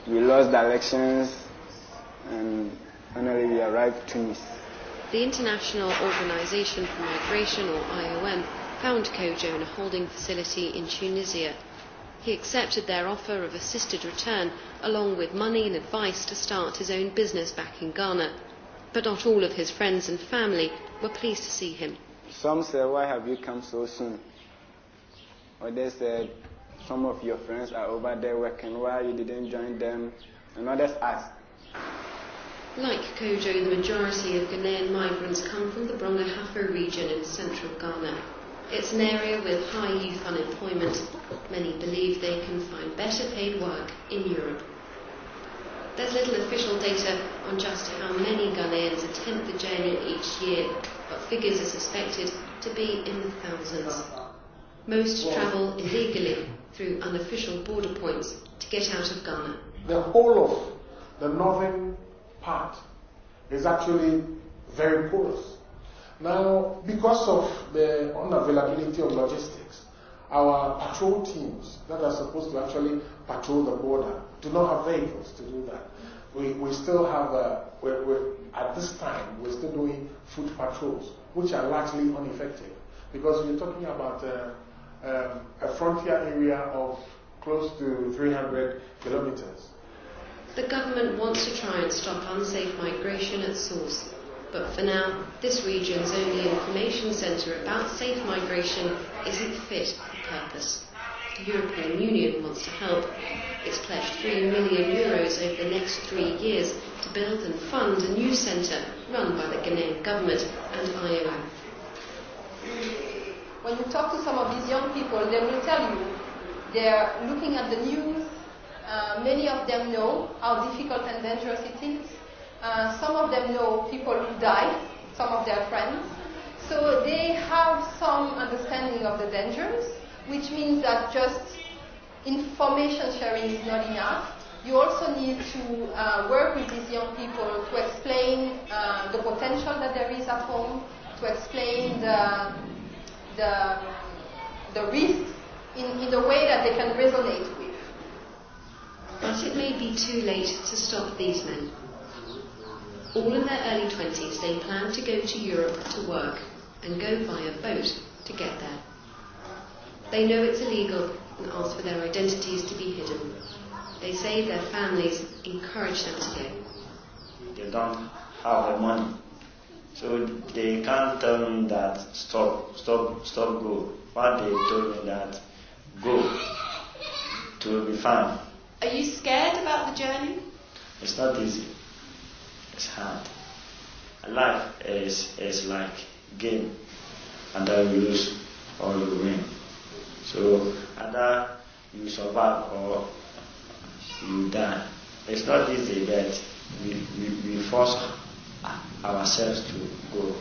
We lost directions and finally we arrived to Tunis. The International Organization for Migration, or IOM, found Kojo in a holding facility in Tunisia. He accepted their offer of assisted return, along with money and advice to start his own business back in Ghana. But not all of his friends and family were pleased to see him. Some said, Why have you come so soon? Others said, Some of your friends are over there working. Why you didn't join them? And others asked. Like Kojo, the majority of Ghanaian migrants come from the Hafo region in central Ghana. It's an area with high youth unemployment. Many believe they can find better paid work in Europe. There's little official data on just how many Ghanaians attempt the journey each year, but figures are suspected to be in the thousands. Most travel illegally through unofficial border points to get out of Ghana.
The whole of the northern part is actually very porous. Now, because of the unavailability of logistics, our patrol teams that are supposed to actually patrol the border do not have vehicles to do that. We, we still have, a, uh, we're, we're, at this time, we're still doing foot patrols, which are largely ineffective. Because we're talking about uh, um, a frontier area of close to 300 kilometers.
The government wants to try and stop unsafe migration at source. But for now, this region's only information centre about safe migration isn't fit for purpose the European Union wants to help. It's pledged 3 million euros over the next three years to build and fund a new centre run by the Ghanaian government and IOM.
When you talk to some of these young people, they will tell you they're looking at the news. Uh, many of them know how difficult and dangerous it is. Uh, some of them know people who die, some of their friends. So they have some understanding of the dangers which means that just information sharing is not enough. You also need to uh, work with these young people to explain uh, the potential that there is at home, to explain the, the, the risks in, in a way that they can resonate with.
But it may be too late to stop these men. All in their early 20s, they plan to go to Europe to work and go by a boat to get there. They know it's illegal and ask for their identities to be hidden. They say their families encourage them to go.
They don't have the money. So they can't tell me that stop, stop, stop, go. But they told me that go to be fine.
Are you scared about the journey?
It's not easy. It's hard. Life is, is like game, and I lose all you win. So Ada, you survive or you die. It's not easy, that we, we, we force ourselves
to go.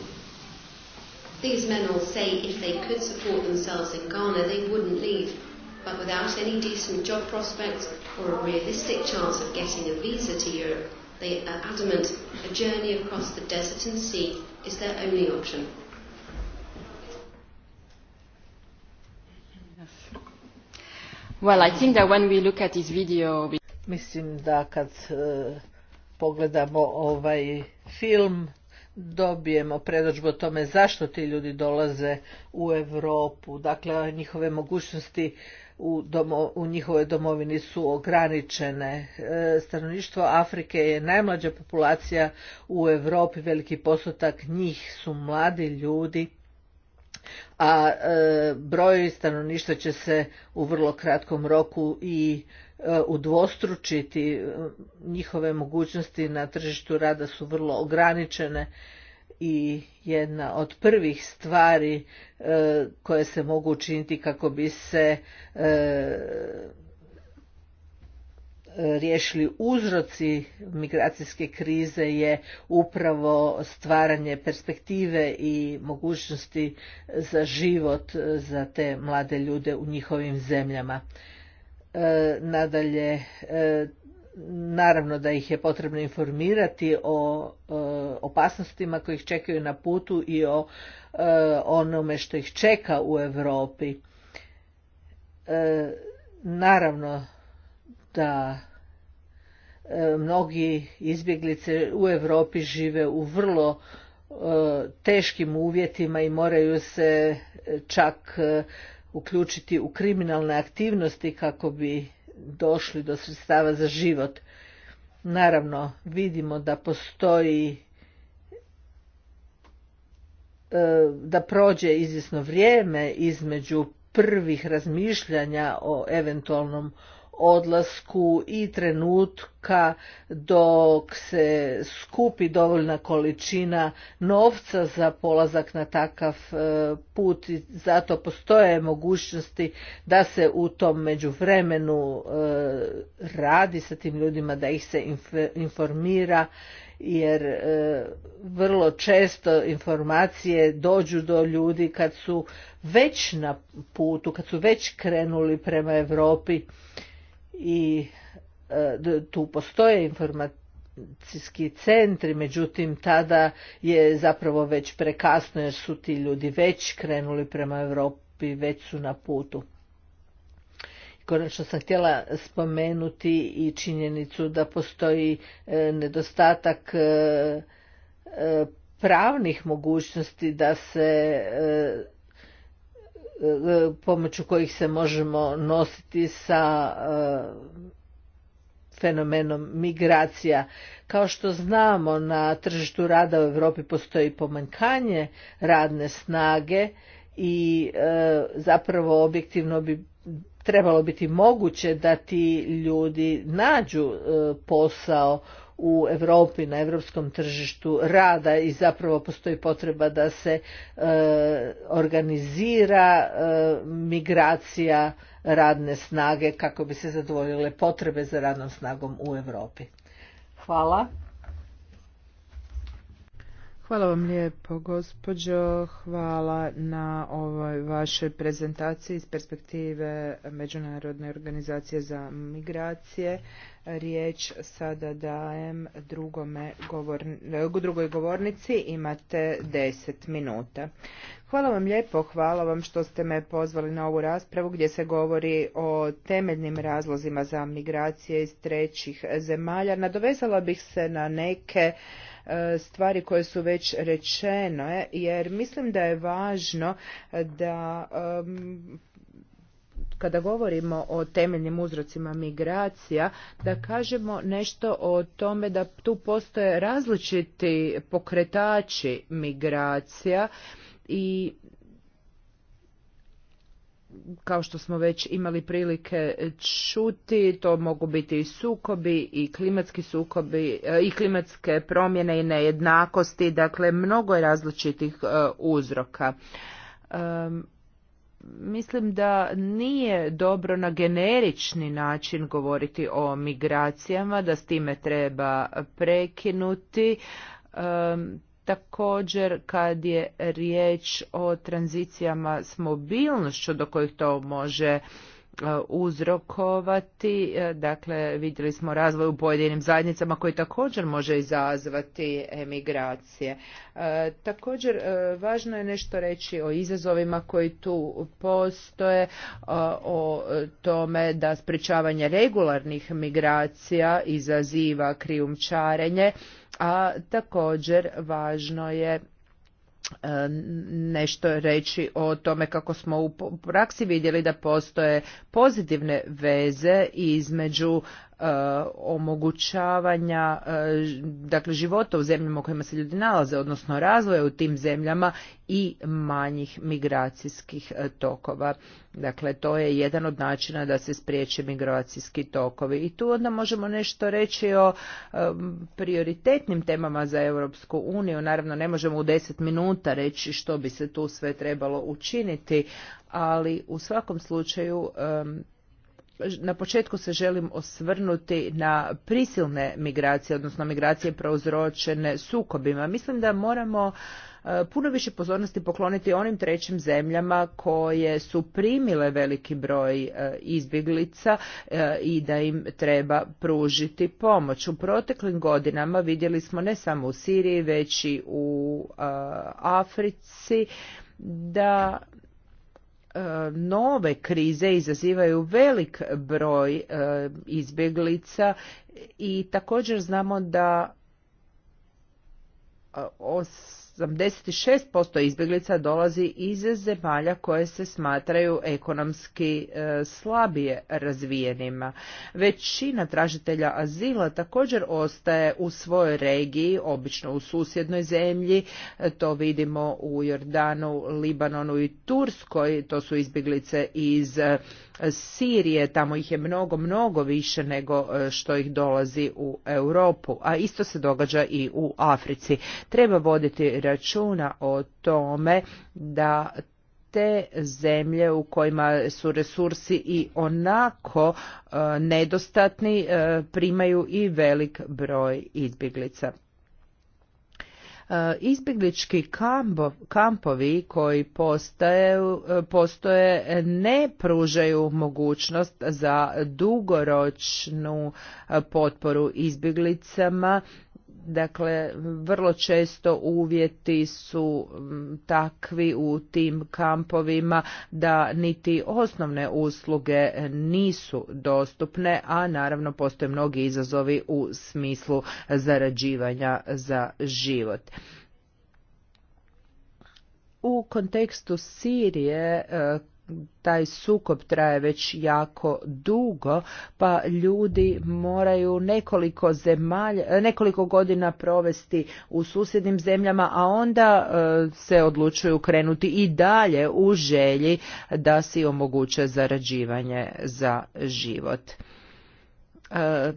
These men all say if they could support themselves in Ghana, they wouldn't leave. But without any decent job prospects or a realistic chance of getting a visa to Europe, they are adamant a journey across the desert and sea is their only option.
Well, I video... Mislim da kad e, pogledamo ovaj film, dobijemo predođbu o tome zašto ti ljudi dolaze u Europu. Dakle, njihove mogućnosti u, njihovoj domovini su ograničene. E, stanovništvo Afrike je najmlađa populacija u Europi, veliki postotak njih su mladi ljudi a e, broj stanovništva će se u vrlo kratkom roku i e, udvostručiti. Njihove mogućnosti na tržištu rada su vrlo ograničene i jedna od prvih stvari e, koje se mogu učiniti kako bi se riješili uzroci migracijske krize je upravo stvaranje perspektive i mogućnosti za život za te mlade ljude u njihovim zemljama. E, nadalje, e, naravno da ih je potrebno informirati o e, opasnostima koji ih čekaju na putu i o onome što ih čeka u Europi. Naravno, da e, mnogi izbjeglice u Europi žive u vrlo e, teškim uvjetima i moraju se čak e, uključiti u kriminalne aktivnosti kako bi došli do sredstava za život. Naravno, vidimo da postoji da prođe izvjesno vrijeme između prvih razmišljanja o eventualnom odlasku i trenutka dok se skupi dovoljna količina novca za polazak na takav e, put i zato postoje mogućnosti da se u tom međuvremenu e, radi sa tim ljudima da ih se informira jer e, vrlo često informacije dođu do ljudi kad su već na putu kad su već krenuli prema Europi i e, tu postoje informacijski centri, međutim tada je zapravo već prekasno jer su ti ljudi već krenuli prema Europi, već su na putu. Konačno sam htjela spomenuti i činjenicu da postoji e, nedostatak e, pravnih mogućnosti da se pomoću kojih se možemo nositi sa e, fenomenom migracija. Kao što znamo na tržištu rada u Europi postoji pomanjkanje radne snage i e, zapravo objektivno bi trebalo biti moguće da ti ljudi nađu e, posao u Europi na europskom tržištu rada i zapravo postoji potreba da se e, organizira e, migracija radne snage kako bi se zadovoljile potrebe za radnom snagom
u Europi. Hvala. Hvala vam lijepo, gospođo. Hvala na ovoj vašoj prezentaciji iz perspektive Međunarodne organizacije za migracije. Riječ sada dajem drugome drugoj govornici. Imate deset minuta. Hvala vam lijepo, hvala vam što ste me pozvali na ovu raspravu gdje se govori o temeljnim razlozima za migracije iz trećih zemalja. Nadovezala bih se na neke E, stvari koje su već rečene jer mislim da je važno da kada govorimo o temeljnim uzrocima migracija, da kažemo nešto o tome da tu postoje različiti pokretači migracija i kao što smo već imali prilike čuti, to mogu biti i sukobi i klimatski sukobi e, i klimatske promjene i nejednakosti, dakle mnogo je različitih e, uzroka. mislim da nije dobro na generični način govoriti o migracijama, da s time treba prekinuti. Također, kad je riječ o tranzicijama s mobilnošću do kojih to može e, uzrokovati, e, dakle vidjeli smo razvoj u pojedinim zajednicama koji također može izazvati emigracije. E, također važno je nešto reći o izazovima koji tu postoje, o tome da sprečavanje regularnih migracija izaziva krijumčarenje a također važno je e, nešto reći o tome kako smo u praksi vidjeli da postoje pozitivne veze između E, omogućavanja e, dakle života u zemljama u kojima se ljudi nalaze odnosno razvoja u tim zemljama i manjih migracijskih e, tokova dakle to je jedan od načina da se spriječe migracijski tokovi i tu onda možemo nešto reći o prioritetnim temama za Europsku uniju naravno ne možemo u deset minuta reći što bi se tu sve trebalo učiniti ali u svakom slučaju na početku se želim osvrnuti na prisilne migracije, odnosno migracije prouzročene sukobima. Mislim da moramo e, puno više pozornosti pokloniti onim trećim zemljama koje su primile veliki broj e, izbjeglica e, i da im treba pružiti pomoć. U proteklim godinama vidjeli smo ne samo u Siriji, već i u Africi da E, nove krize izazivaju velik broj e, izbjeglica i također znamo da e, 86% izbjeglica dolazi iz zemalja koje se smatraju ekonomski e, slabije razvijenima. Većina tražitelja azila također ostaje u svojoj regiji, obično u susjednoj zemlji, e, to vidimo u Jordanu, Libanonu i Turskoj, to su izbjeglice iz Sirije, tamo ih je mnogo, mnogo više nego e, što ih dolazi u Europu, a isto se događa i u Africi. Treba voditi računa o tome da te zemlje u kojima su resursi i onako e, nedostatni e, primaju i velik broj izbjeglica. E, izbjeglički kampovi koji postaje, e, postoje ne pružaju mogućnost za dugoročnu e, potporu izbjeglicama Dakle, vrlo često uvjeti su takvi u tim kampovima da niti osnovne usluge nisu dostupne, a naravno postoje mnogi izazovi u smislu zarađivanja za život. U kontekstu Sirije e, taj sukob traje već jako dugo, pa ljudi moraju nekoliko nekoliko godina provesti u susjednim zemljama, a onda e, se odlučuju krenuti i dalje u želji da si omoguće zarađivanje za život. Eh,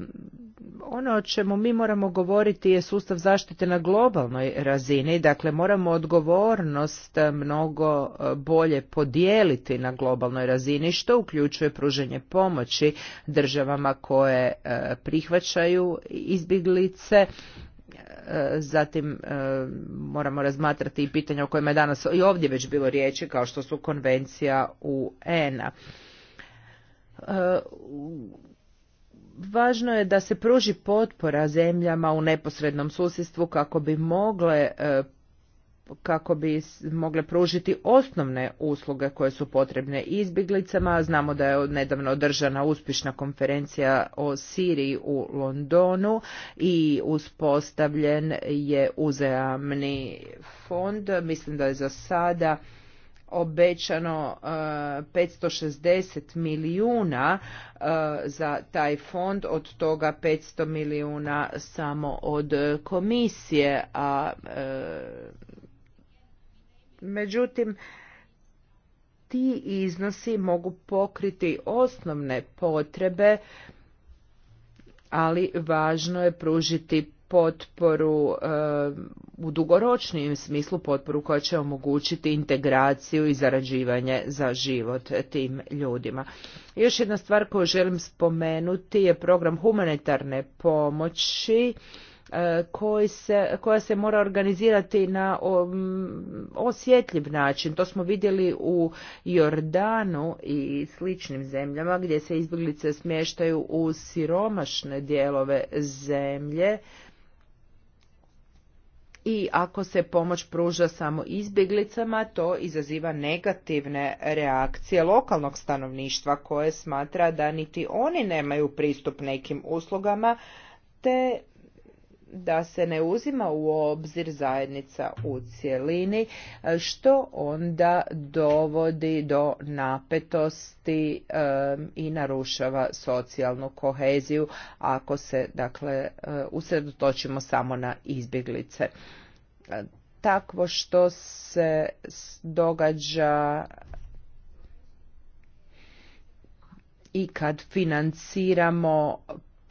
ono o čemu mi moramo govoriti je sustav zaštite na globalnoj razini, dakle moramo odgovornost eh, mnogo eh, bolje podijeliti na globalnoj razini što uključuje pruženje pomoći državama koje prihvaćaju izbjeglice zatim moramo razmatrati i pitanja o kojima je danas i ovdje već bilo riječi kao što su konvencija UN-a Važno je da se pruži potpora zemljama u neposrednom susjedstvu kako bi mogle e, kako bi mogle pružiti osnovne usluge koje su potrebne izbjeglicama. Znamo da je nedavno održana uspješna konferencija o Siriji u Londonu i uspostavljen je uzajamni fond. Mislim da je za sada obećano 560 e, milijuna e, za taj fond, od toga 500 milijuna samo od komisije, a e, međutim ti iznosi mogu pokriti osnovne potrebe ali važno je pružiti potporu eh, u dugoročnijem smislu potporu koja će omogućiti integraciju i zarađivanje za život tim ljudima. Još jedna stvar koju želim spomenuti je program humanitarne pomoći eh, koja se mora organizirati na mm, osjetljiv način. To smo vidjeli u Jordanu i sličnim zemljama gdje se izbjeglice smještaju u siromašne dijelove zemlje i ako se pomoć pruža samo izbjeglicama, to izaziva negativne reakcije lokalnog stanovništva koje smatra da niti oni nemaju pristup nekim uslugama, te da se ne uzima u obzir zajednica u cjelini, što onda dovodi do napetosti i narušava socijalnu koheziju ako se dakle usredotočimo samo na izbjeglice. Takvo što se događa i kad financiramo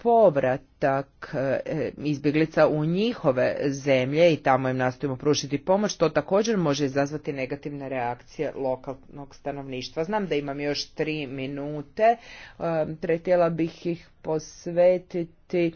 povratak e, izbjeglica u njihove zemlje i tamo im nastojimo prušiti pomoć, to također može izazvati negativne reakcije lokalnog stanovništva. Znam da imam još tri minute, e, pretjela bih ih posvetiti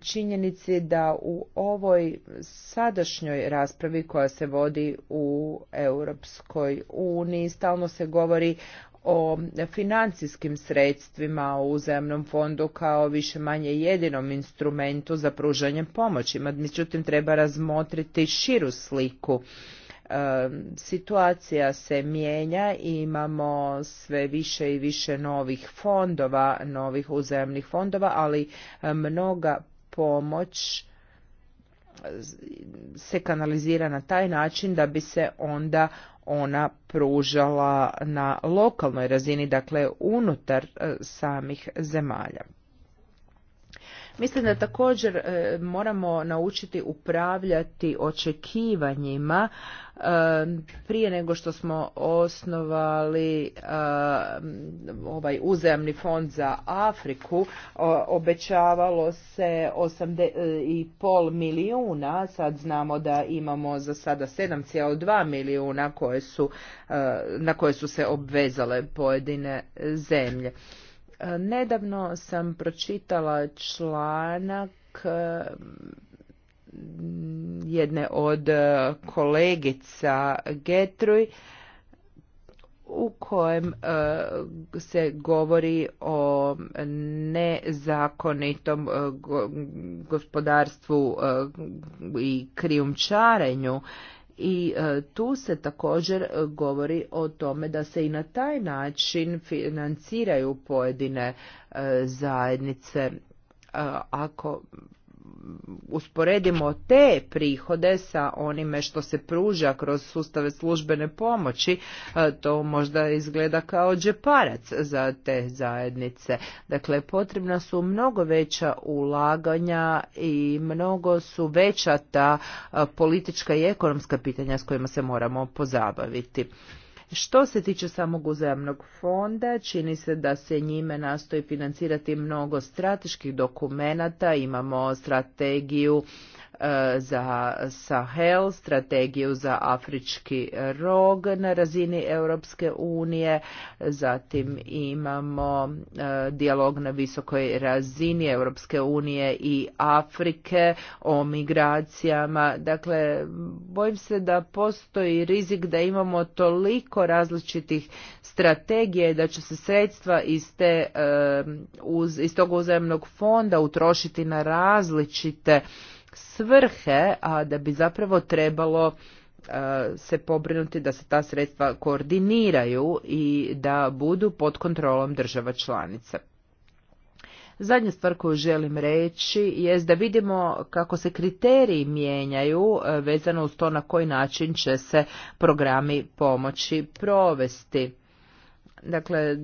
činjenici da u ovoj sadašnjoj raspravi koja se vodi u Europskoj uniji stalno se govori o financijskim sredstvima u uzajamnom fondu kao više manje jedinom instrumentu za pružanje pomoći. Međutim, treba razmotriti širu sliku. E, situacija se mijenja, imamo sve više i više novih fondova, novih uzajamnih fondova, ali e, mnoga pomoć se kanalizira na taj način da bi se onda ona pružala na lokalnoj razini, dakle unutar e, samih zemalja. Mislim da također e, moramo naučiti upravljati očekivanjima e, prije nego što smo osnovali e, ovaj uzajamni fond za Afriku obećavalo se 8,5 milijuna, sad znamo da imamo za sada 7,2 milijuna koje su, na koje su se obvezale pojedine zemlje. Nedavno sam pročitala članak mm, jedne od e, kolegica Getruj u kojem e, se govori o nezakonitom e, gospodarstvu i krijumčarenju i e, tu se također e, govori o tome da se i na taj način financiraju pojedine e, zajednice ako usporedimo te prihode sa onime što se pruža kroz sustave službene pomoći, e, to možda izgleda kao džeparac za te zajednice. Dakle, potrebna su mnogo veća ulaganja i mnogo su veća ta e, politička i ekonomska pitanja s kojima se moramo pozabaviti. Što se tiče samog uzajamnog fonda, čini se da se njime nastoji financirati mnogo strateških dokumenata, imamo strategiju E, za Sahel, strategiju za afrički rog na razini Europske unije, zatim imamo e, dijalog na visokoj razini Europske unije i Afrike o migracijama. Dakle, bojim se da postoji rizik da imamo toliko različitih strategija da će se sredstva iz, te, e, iz tog uzajemnog fonda utrošiti na različite svrhe, a da bi zapravo trebalo e, se pobrinuti da se ta sredstva koordiniraju i da budu pod kontrolom država članica. Zadnja stvar koju želim reći je da vidimo kako se kriteriji mijenjaju e, vezano uz to na koji način će se programi pomoći provesti. Dakle,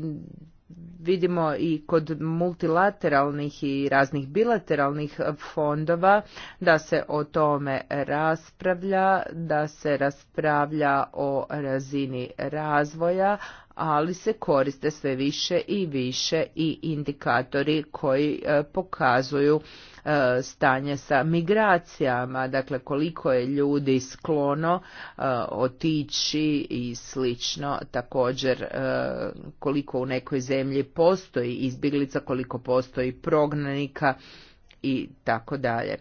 vidimo i kod multilateralnih i raznih bilateralnih fondova da se o tome raspravlja, da se raspravlja o razini razvoja, ali se koriste sve više i više i indikatori koji e, pokazuju e, stanje sa migracijama, dakle koliko je ljudi sklono e, otići i slično, također koliko u nekoj zemlji postoji izbjeglica, koliko postoji prognanika i tako dalje.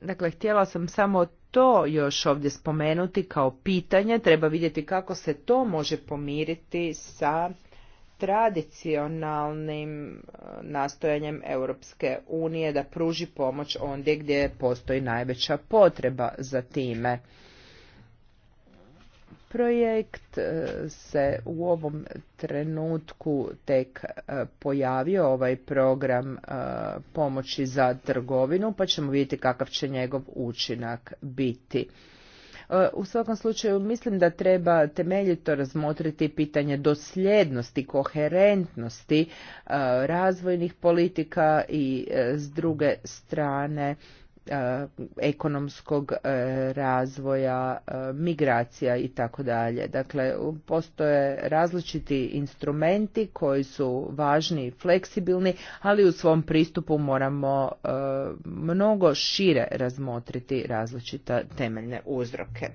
Dakle, htjela sam samo to još ovdje spomenuti kao pitanje, treba vidjeti kako se to može pomiriti sa tradicionalnim eh, nastojanjem Europske unije da pruži pomoć ondje gdje postoji najveća potreba za time. Projekt e, se u ovom trenutku tek e, pojavio, ovaj program e, pomoći za trgovinu, pa ćemo vidjeti kakav će njegov učinak biti. U svakom slučaju mislim da treba temeljito razmotriti pitanje dosljednosti, koherentnosti razvojnih politika i s druge strane E, ekonomskog e, razvoja, e, migracija i tako dalje. Dakle, postoje različiti instrumenti koji su važni i fleksibilni, ali u svom pristupu moramo mnogo šire razmotriti različite temeljne uzroke.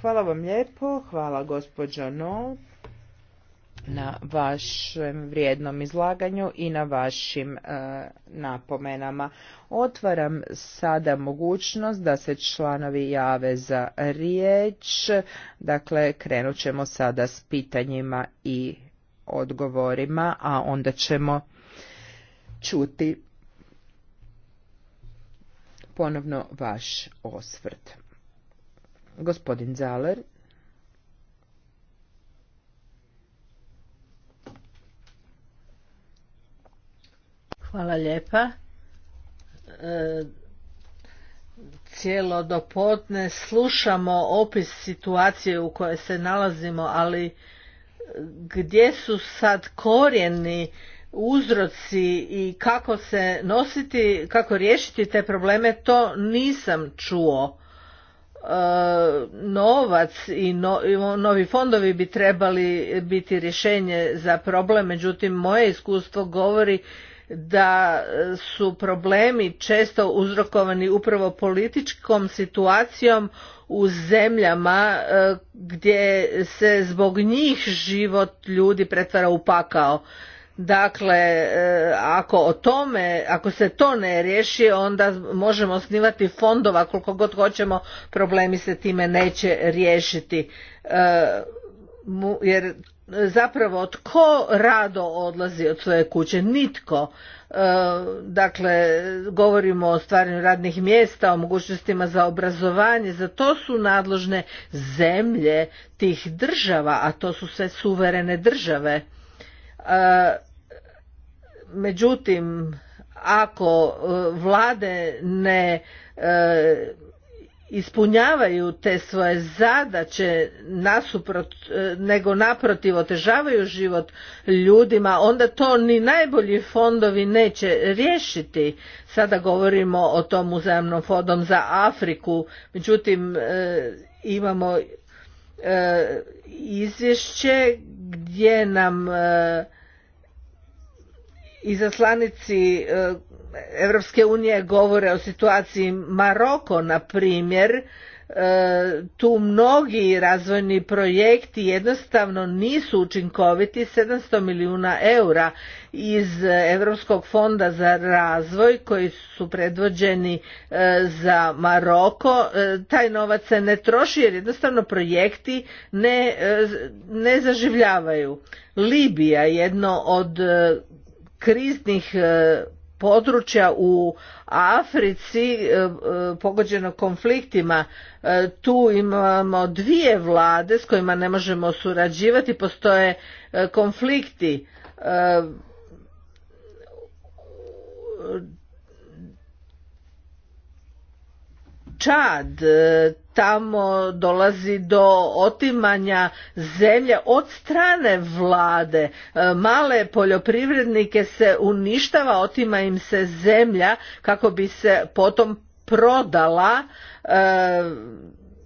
Hvala vam lijepo, hvala gospođo No na vašem vrijednom izlaganju i na vašim e, napomenama. Otvaram sada mogućnost da se članovi jave za riječ. Dakle, krenut ćemo sada s pitanjima i odgovorima, a onda ćemo čuti ponovno vaš osvrt. Gospodin Zaler.
Hvala lijepa. E, cijelo cijelo potne slušamo opis situacije u kojoj se nalazimo, ali gdje su sad korijeni uzroci i kako se nositi, kako riješiti te probleme, to nisam čuo. E, novac i, i novi fondovi bi trebali biti rješenje za problem, međutim moje iskustvo govori da su problemi često uzrokovani upravo političkom situacijom u zemljama e, gdje se zbog njih život ljudi pretvara u pakao. Dakle, e, ako o tome, ako se to ne riješi, onda možemo osnivati fondova koliko god hoćemo, problemi se time neće riješiti. E, jer e, zapravo tko rado odlazi od svoje kuće? Nitko. E, dakle, govorimo o stvaranju radnih mjesta, o mogućnostima za obrazovanje, za to su nadložne zemlje tih država, a to su sve suverene države. E, međutim, ako vlade ne ispunjavaju te svoje zadaće nasuprot, e, nego naprotiv otežavaju život ljudima, onda to ni najbolji fondovi neće riješiti. Sada govorimo o tom uzajamnom fondom za Afriku, međutim e, imamo e, izvješće gdje nam izaslanici Europske unije govore o situaciji Maroko, na primjer, e, tu mnogi razvojni projekti jednostavno nisu učinkoviti 700 milijuna eura iz Europskog fonda za razvoj koji su predvođeni e, za Maroko e, taj novac se ne troši jer jednostavno projekti ne, ne zaživljavaju Libija jedno od kriznih područja u Africi e, e, pogođeno konfliktima. E, tu imamo dvije vlade s kojima ne možemo surađivati, postoje konflikti Čad, e, tamo dolazi do otimanja zemlje od strane vlade. E, male poljoprivrednike se uništava, otima im se zemlja kako bi se potom prodala e,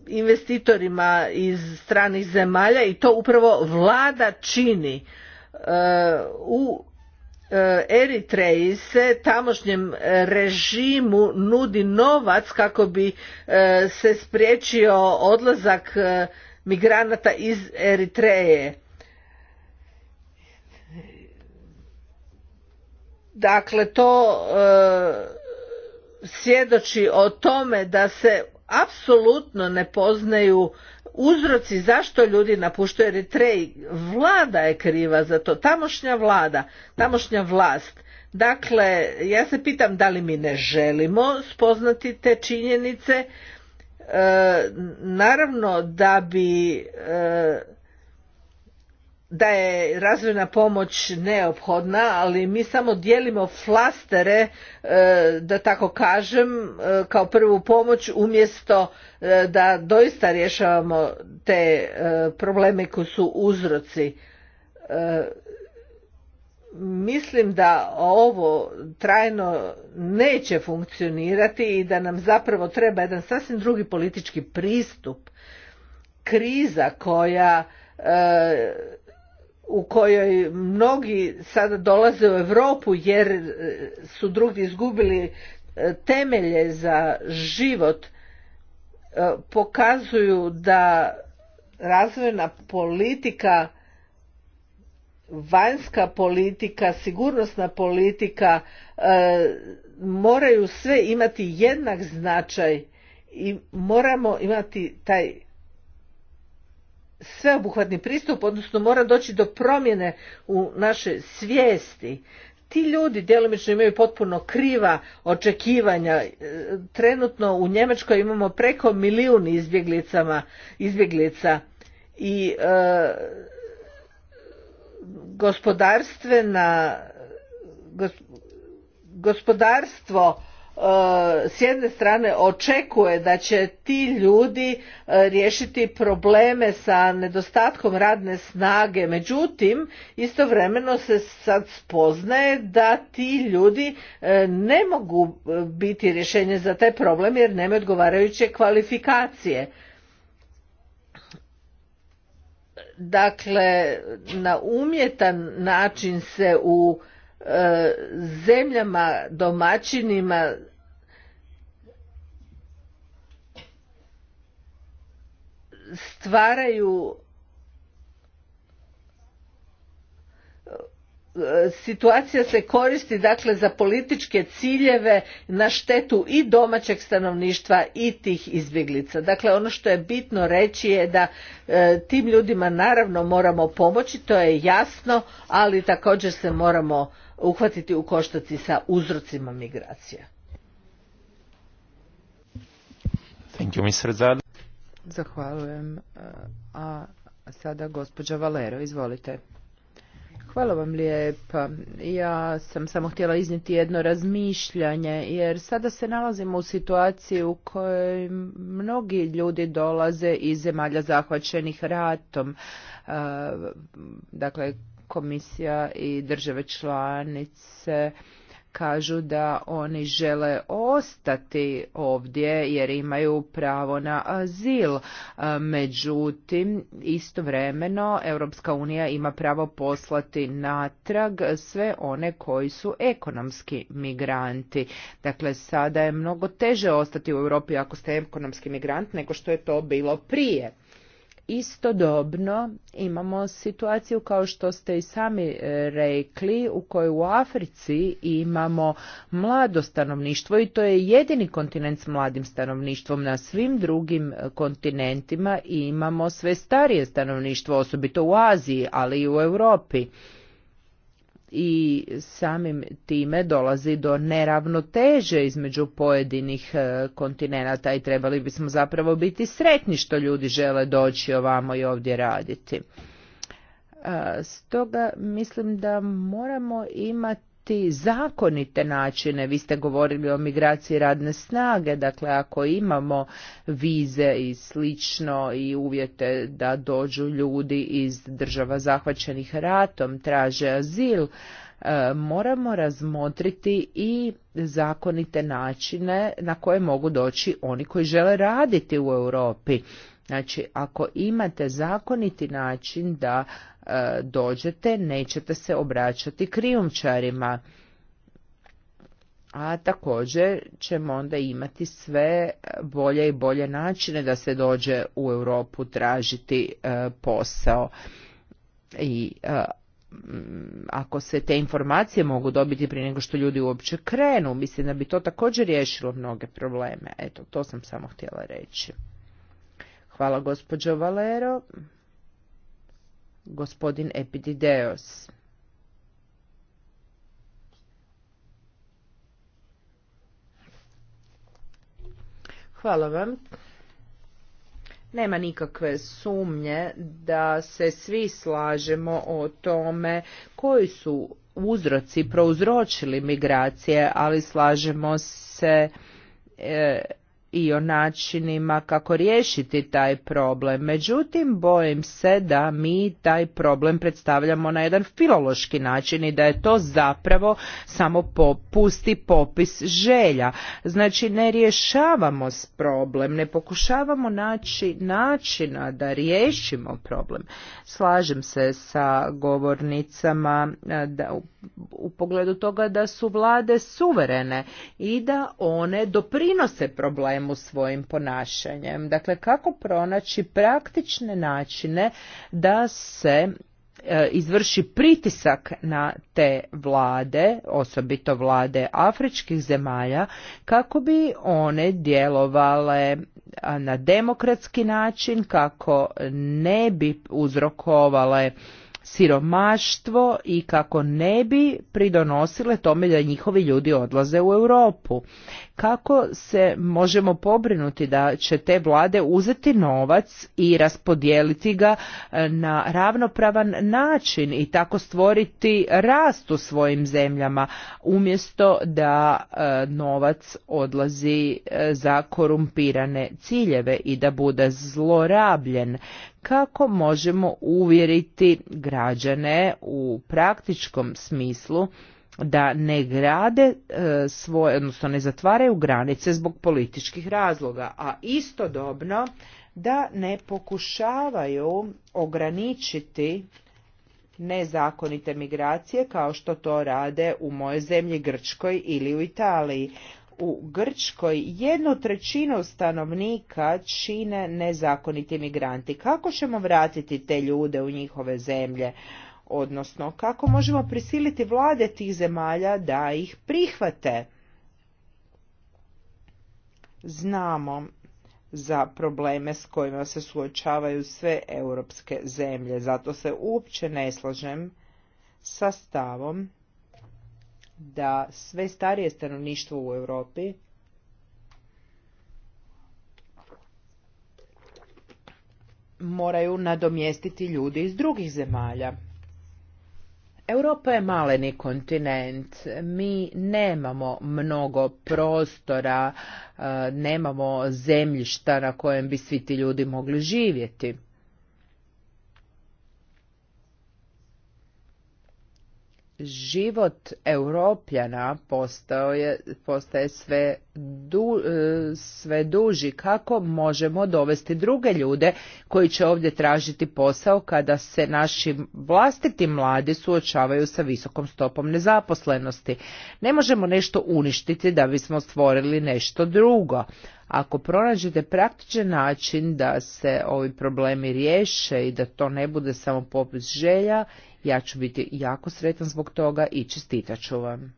investitorima iz stranih zemalja i to upravo vlada čini. U Eritreji se tamošnjem režimu nudi novac kako bi e, se spriječio odlazak e, migranata iz Eritreje. Dakle, to e, svjedoči o tome da se apsolutno ne poznaju uzroci zašto ljudi napuštaju Eritreji. Vlada je kriva za to, tamošnja vlada, tamošnja vlast. Dakle, ja se pitam da li mi ne želimo spoznati te činjenice. E, naravno da bi e, da je razvojna pomoć neophodna, ali mi samo dijelimo flastere, e, da tako kažem, e, kao prvu pomoć umjesto e, da doista rješavamo te probleme koji su uzroci. Mislim da ovo trajno neće funkcionirati i da nam zapravo treba jedan sasvim drugi politički pristup. Kriza koja u kojoj mnogi sada dolaze u Europu jer e, su drugi izgubili e, temelje za život e, pokazuju da razvojna politika vanjska politika sigurnosna politika moraju sve imati jednak značaj i moramo imati taj sveobuhvatni pristup, odnosno mora doći do promjene u naše svijesti. Ti ljudi djelomično imaju potpuno kriva očekivanja. E, trenutno u Njemačkoj imamo preko milijun izbjeglicama, izbjeglica i e, gospodarstvena gospodarstvo s jedne strane očekuje da će ti ljudi e, riješiti probleme sa nedostatkom radne snage međutim istovremeno se sad spoznaje da ti ljudi e, ne mogu e, biti rješenje za taj problem jer nemaju odgovarajuće kvalifikacije dakle na umjetan način se u zemljama domaćinima stvaraju situacija se koristi dakle za političke ciljeve na štetu i domaćeg stanovništva i tih izbjeglica. Dakle ono što je bitno reći je da e, tim ljudima naravno moramo pomoći, to je jasno, ali također se moramo uhvatiti u koštaci sa uzrocima
migracija. Thank A sada gospođa Valero, izvolite. Hvala vam lijepa. Ja sam samo htjela izniti jedno razmišljanje, jer sada se nalazimo u situaciji u kojoj mnogi ljudi dolaze iz zemalja zahvaćenih ratom. Dakle, komisija i države članice kažu da oni žele ostati ovdje jer imaju pravo na azil. E, međutim, istovremeno Europska unija ima pravo poslati natrag sve one koji su ekonomski migranti. Dakle, sada je mnogo teže ostati u Europi ako ste ekonomski migrant nego što je to bilo prije. Istodobno imamo situaciju kao što ste i sami e, rekli u kojoj u Africi imamo mlado stanovništvo i to je jedini kontinent s mladim stanovništvom. Na svim drugim e, kontinentima i imamo sve starije stanovništvo, osobito u Aziji, ali i u Europi i samim time dolazi do neravnoteže između pojedinih e, kontinenata i trebali bismo zapravo biti sretni što ljudi žele doći ovamo i ovdje raditi. E, stoga mislim da moramo imati imati zakonite načine. Vi ste govorili o migraciji radne snage, dakle ako imamo vize i slično i uvjete da dođu ljudi iz država zahvaćenih ratom, traže azil, e, moramo razmotriti i zakonite načine na koje mogu doći oni koji žele raditi u Europi. Znači, ako imate zakoniti način da E, dođete nećete se obraćati krijumčarima a također ćemo onda imati sve bolje i bolje načine da se dođe u Europu tražiti e, posao i e, ako se te informacije mogu dobiti prije nego što ljudi uopće krenu, mislim da bi to također riješilo mnoge probleme. Eto, to sam samo htjela reći. Hvala gospođo Valero gospodin Epidideos. Hvala vam. Nema nikakve sumnje da se svi slažemo o tome koji su uzroci prouzročili migracije, ali slažemo se e, i o načinima kako riješiti taj problem. Međutim, bojim se da mi taj problem predstavljamo na jedan filološki način i da je to zapravo samo pusti popis želja. Znači, ne rješavamo s problem, ne pokušavamo naći načina da riješimo problem. Slažem se sa govornicama da, u, u pogledu toga da su vlade suverene i da one doprinose problem problemu svojim ponašanjem. Dakle, kako pronaći praktične načine da se e, izvrši pritisak na te vlade, osobito vlade afričkih zemalja, kako bi one djelovale na demokratski način, kako ne bi uzrokovale siromaštvo i kako ne bi pridonosile tome da njihovi ljudi odlaze u Europu kako se možemo pobrinuti da će te vlade uzeti novac i raspodijeliti ga e, na ravnopravan način i tako stvoriti rast u svojim zemljama umjesto da e, novac odlazi e, za korumpirane ciljeve i da bude zlorabljen kako možemo uvjeriti građane u praktičkom smislu da ne grade e, svoje, odnosno ne zatvaraju granice zbog političkih razloga, a istodobno da ne pokušavaju ograničiti nezakonite migracije kao što to rade u moje zemlji Grčkoj ili u Italiji. U Grčkoj jednu trećinu stanovnika čine nezakoniti migranti. Kako ćemo vratiti te ljude u njihove zemlje? odnosno kako možemo prisiliti vlade tih zemalja da ih prihvate. Znamo za probleme s kojima se suočavaju sve europske zemlje, zato se uopće ne slažem sa stavom da sve starije stanovništvo u Europi moraju nadomjestiti ljudi iz drugih zemalja. Europa je maleni kontinent, mi nemamo mnogo prostora, e, nemamo zemljišta na kojem bi svi ti ljudi mogli živjeti. Život europljana postao je, postaje sve E, sve duži, kako možemo dovesti druge ljude koji će ovdje tražiti posao kada se naši vlastiti mladi suočavaju sa visokom stopom nezaposlenosti. Ne možemo nešto uništiti da bismo stvorili nešto drugo. Ako pronađete praktičan način da se ovi problemi riješe i da to ne bude samo popis želja, ja ću biti jako sretan zbog toga i čestitat ću vam.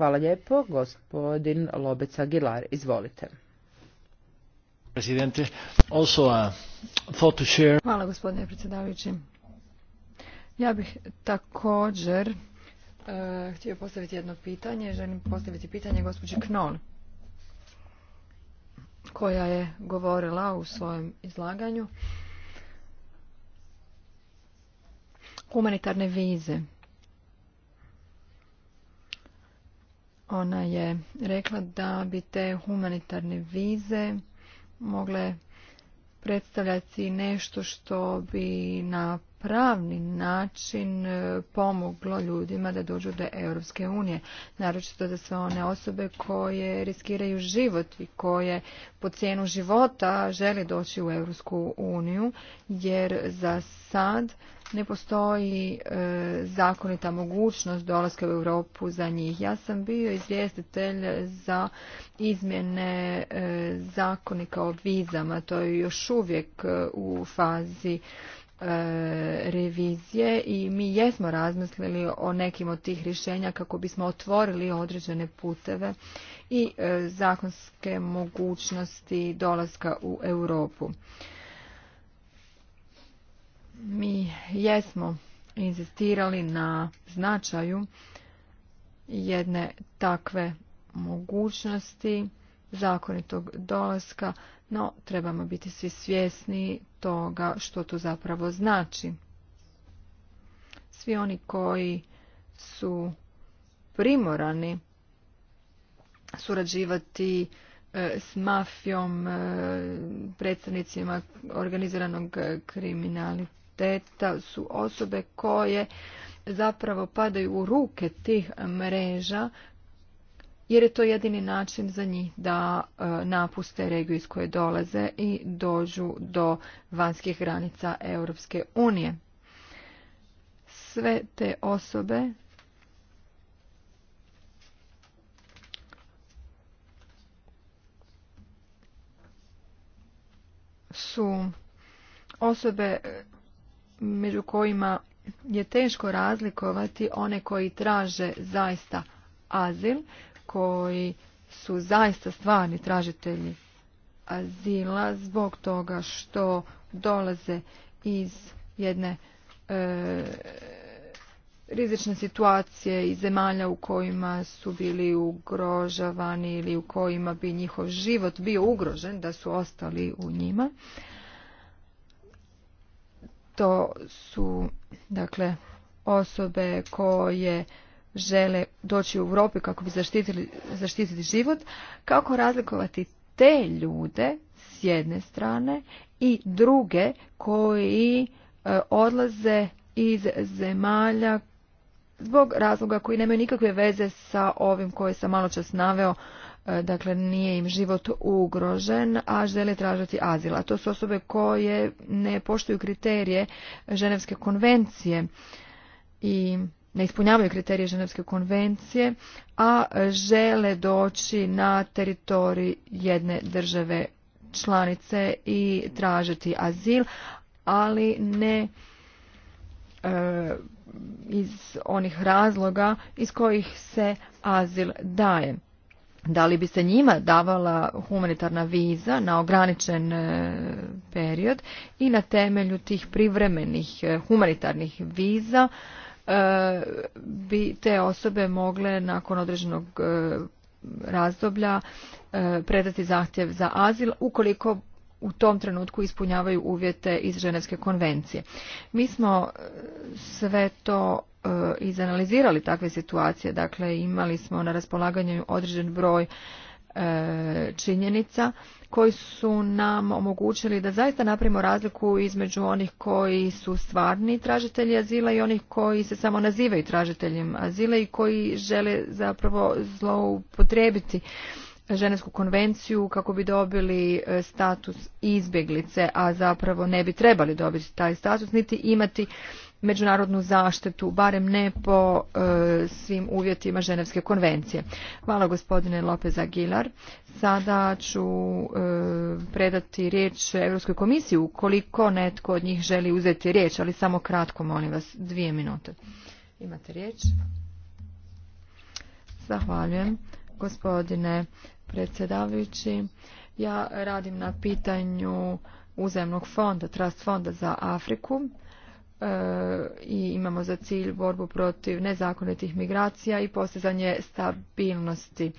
Hvala lijepo, gospodin Lobec Aguilar, izvolite.
Hvala
gospodine predsjedavajući. Ja bih također e, htio postaviti jedno pitanje. Želim postaviti pitanje gospođi Knol koja je govorila u svojem izlaganju humanitarne vize Ona je rekla da bi te humanitarne vize mogle predstavljati nešto što bi na pravni način e, pomoglo ljudima da dođu do Europske unije. Naročito da sve one osobe koje riskiraju život i koje po cijenu života žele doći u Europsku uniju, jer za sad ne postoji e, zakonita mogućnost dolaska u Europu za njih. Ja sam bio izvjestitelj za izmjene e, zakonika o vizama, to je još uvijek e, u fazi E, revizije i mi jesmo razmislili o nekim od tih rješenja kako bismo otvorili određene puteve i e, zakonske mogućnosti dolaska u Europu. Mi jesmo inzistirali na značaju jedne takve mogućnosti zakonitog dolaska, no trebamo biti svi svjesni toga što to zapravo znači. Svi oni koji su primorani surađivati e, s mafijom, e, predstavnicima organiziranog kriminaliteta su osobe koje zapravo padaju u ruke tih mreža jer je to jedini način za njih da e, napuste regiju iz koje dolaze i dođu do vanjskih granica Europske unije. Sve te osobe su osobe e, među kojima je teško razlikovati one koji traže zaista azil koji su zaista stvarni tražitelji azila zbog toga što dolaze iz jedne e, rizične situacije i zemalja u kojima su bili ugrožavani ili u kojima bi njihov život bio ugrožen da su ostali u njima. To su dakle osobe koje žele doći u Europu kako bi zaštitili, zaštitili život, kako razlikovati te ljude s jedne strane i druge koji e, odlaze iz zemalja zbog razloga koji nemaju nikakve veze sa ovim koje sam malo čas naveo, e, dakle nije im život ugrožen, a žele tražiti azil. A to su osobe koje ne poštuju kriterije Ženevske konvencije i ne ispunjavaju kriterije Ženevske konvencije, a e, žele doći na teritorij jedne države članice i tražiti azil, ali ne e, iz onih razloga iz kojih se azil daje. Da li bi se njima davala humanitarna viza na ograničen e, period i na temelju tih privremenih humanitarnih viza E, bi te osobe mogle nakon određenog e, razdoblja e, predati zahtjev za azil ukoliko u tom trenutku ispunjavaju uvjete iz Ženevske konvencije. Mi smo sve to izanalizirali takve situacije, dakle imali smo na raspolaganju određen broj činjenica koji su nam omogućili da zaista napravimo razliku između onih koji su stvarni tražitelji azila i onih koji se samo nazivaju tražiteljem azila i koji žele zapravo zloupotrijebiti ženevsku konvenciju kako bi dobili e, status izbjeglice, a zapravo ne bi trebali dobiti taj status niti imati međunarodnu zaštitu, barem ne po e, svim uvjetima Ženevske konvencije. Hvala gospodine Lopez Aguilar. Sada ću e, predati riječ Europskoj komisiji ukoliko netko od njih želi uzeti riječ, ali samo kratko molim vas, dvije minute. Imate riječ. Zahvaljujem gospodine predsjedavajući. Ja radim na pitanju uzemnog fonda, Trust fonda za Afriku. E, i imamo za cilj borbu protiv nezakonitih migracija i postizanje stabilnosti.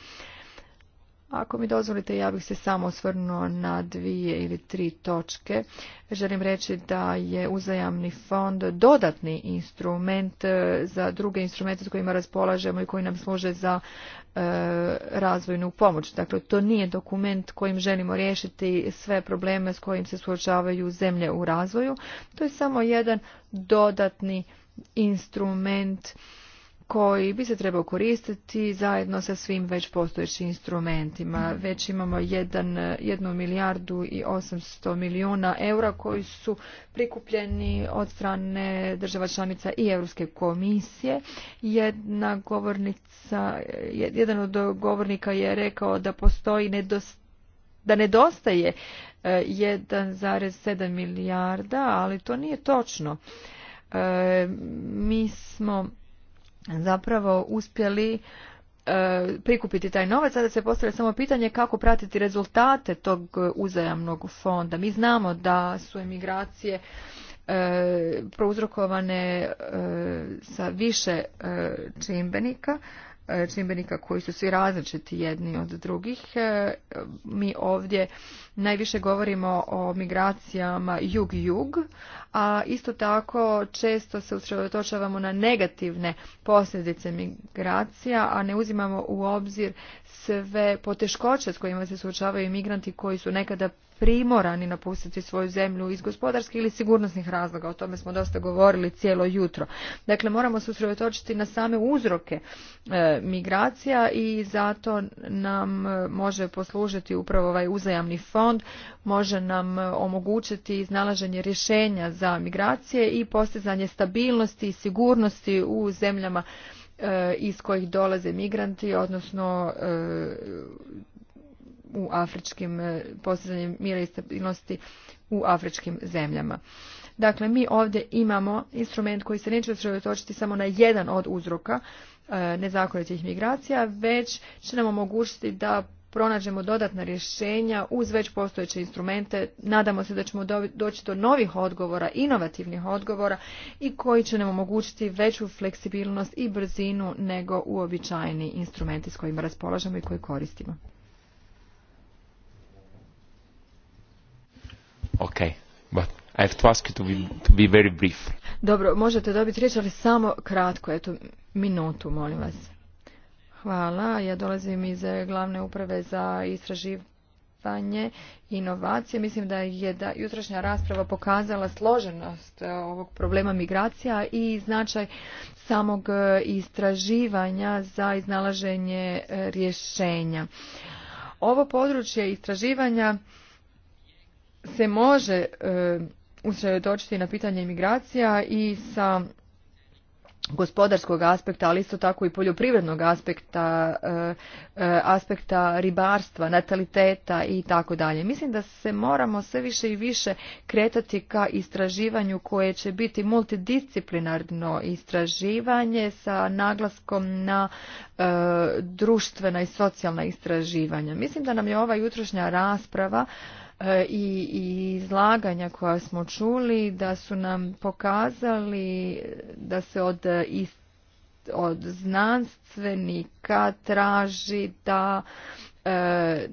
Ako mi dozvolite, ja bih se samo osvrnuo na dvije ili tri točke. Želim reći da je uzajamni fond dodatni instrument za druge instrumente s kojima raspolažemo i koji nam služe za E, razvojnu pomoć. Dakle, to nije dokument kojim želimo riješiti sve probleme s kojim se suočavaju zemlje u razvoju. To je samo jedan dodatni instrument koji bi se trebao koristiti zajedno sa svim već postojećim instrumentima. Već imamo jedan, jednu milijardu i osamsto milijuna eura koji su prikupljeni od strane država članica i Europske komisije. Jedna govornica, jedan od govornika je rekao da postoji nedostatak da nedostaje 1,7 e, milijarda, ali to nije točno. E, mi smo zapravo uspjeli e, prikupiti taj novac, sada se postavlja samo pitanje kako pratiti rezultate tog e, uzajamnog fonda. Mi znamo da su emigracije e, prouzrokovane sa više čimbenika, čimbenika koji su svi različiti jedni od drugih. Mi ovdje najviše govorimo o migracijama jug-jug, a isto tako često se usredotočavamo na negativne posljedice migracija, a ne uzimamo u obzir sve poteškoće s kojima se suočavaju migranti koji su nekada primorani napustiti svoju zemlju iz gospodarskih ili sigurnosnih razloga. O tome smo dosta govorili cijelo jutro. Dakle, moramo se usredotočiti na same uzroke e, migracija i zato nam e, može poslužiti upravo ovaj uzajamni fond fond može nam omogućiti iznalaženje rješenja za migracije i postizanje stabilnosti i sigurnosti u zemljama e, iz kojih dolaze migranti, odnosno e, u afričkim e, postizanjem mira i stabilnosti u afričkim zemljama. Dakle, mi ovdje imamo instrument koji se neće usredotočiti samo na jedan od uzroka nezakonitih migracija, već će nam omogućiti da pronađemo dodatna rješenja uz već postojeće instrumente. Nadamo se da ćemo doći do novih odgovora, inovativnih odgovora i koji će nam omogućiti veću fleksibilnost i brzinu nego uobičajeni instrumenti s kojima raspolažemo i koji koristimo.
ok but I have to ask you to be,
very brief. Dobro, možete dobiti riječ, ali samo kratko, eto, minutu, molim vas. Hvala. Ja dolazim iz glavne uprave za istraživanje i inovacije. Mislim da je da jutrašnja rasprava pokazala složenost e, ovog problema migracija i značaj samog e, istraživanja za iznalaženje e, rješenja. Ovo područje istraživanja se može usredotočiti na pitanje migracija i sa gospodarskog aspekta, ali isto tako i poljoprivrednog aspekta, e, e, aspekta ribarstva, nataliteta i tako dalje. Mislim da se moramo sve više i više kretati ka istraživanju koje će biti multidisciplinarno istraživanje sa naglaskom na e, društvena i socijalna istraživanja. Mislim da nam je ova jutrošnja rasprava i izlaganja koja smo čuli da su nam pokazali da se od, od znanstvenika traži da e,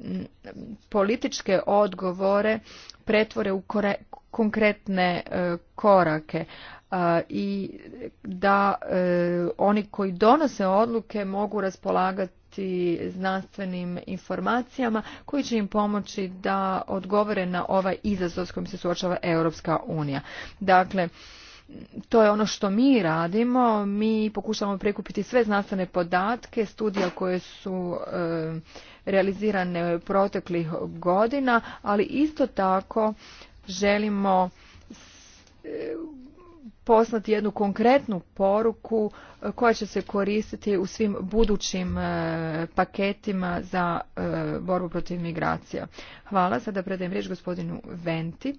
političke odgovore pretvore u konkretne e, korake i da e, oni koji donose odluke mogu raspolagati i znanstvenim informacijama koji će im pomoći da odgovore na ovaj izazov s kojim se suočava Europska unija. Dakle, to je ono što mi radimo. Mi pokušavamo prikupiti sve znanstvene podatke, studija koje su e, realizirane proteklih godina, ali isto tako želimo e, poslati jednu konkretnu poruku e, koja će se koristiti u svim budućim e, paketima za e, borbu protiv migracija. Hvala. Sada predajem riječ gospodinu Venti.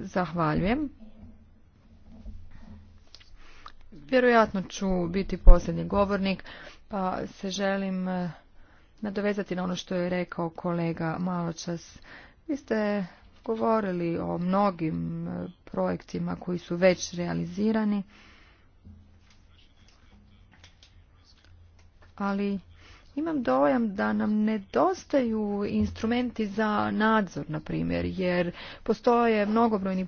Zahvaljujem. Vjerojatno ću biti posljednji govornik, pa se želim nadovezati na ono što je rekao kolega Maločas. Vi ste govorili o mnogim e, projektima koji su već realizirani, ali imam dojam da nam nedostaju instrumenti za nadzor, na primjer, jer postoje mnogobrojni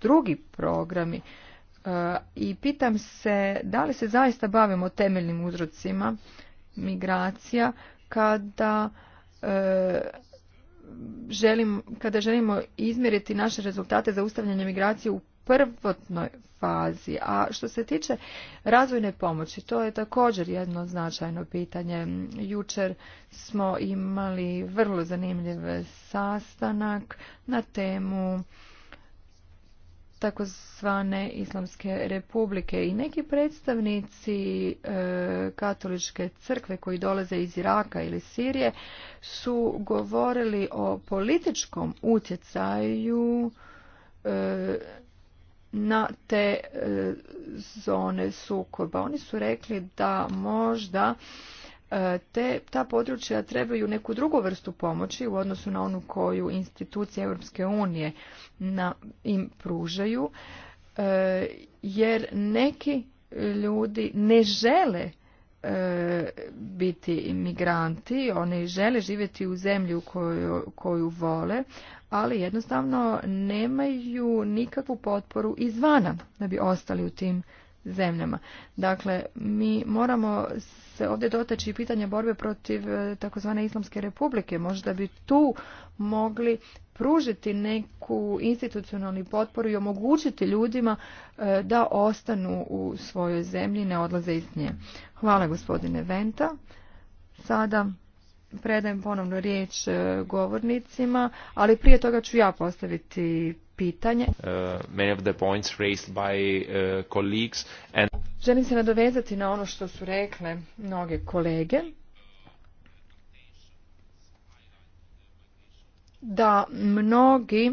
drugi programi e, i pitam se da li se zaista bavimo temeljnim uzrocima migracija kada e, želim, kada želimo izmjeriti naše rezultate za ustavljanje migracije u prvotnoj fazi. A što se tiče razvojne pomoći, to je također jedno značajno pitanje. Jučer smo imali vrlo zanimljiv sastanak na temu takozvane islamske republike i neki predstavnici e, katoličke crkve koji dolaze iz Iraka ili Sirije su govorili o političkom utjecaju e, na te e, zone sukoba. Oni su rekli da možda E, te, ta područja trebaju neku drugu vrstu pomoći u odnosu na onu koju institucije Europske unije im pružaju, e, jer neki ljudi ne žele e, biti imigranti, oni žele živjeti u zemlji koju, koju vole, ali jednostavno nemaju nikakvu potporu izvana da bi ostali u tim zemljama. Dakle, mi moramo se ovdje dotaći pitanja borbe protiv e, takozvane Islamske republike. Možda bi tu mogli pružiti neku institucionalnu potporu i omogućiti ljudima e, da ostanu u svojoj zemlji i ne odlaze iz nje. Hvala gospodine Venta. Sada predajem ponovno riječ e, govornicima, ali prije toga ću ja postaviti pitanje. Uh,
many of the points raised by uh, colleagues and...
Želim se nadovezati na ono što su rekle mnoge kolege. Da mnogi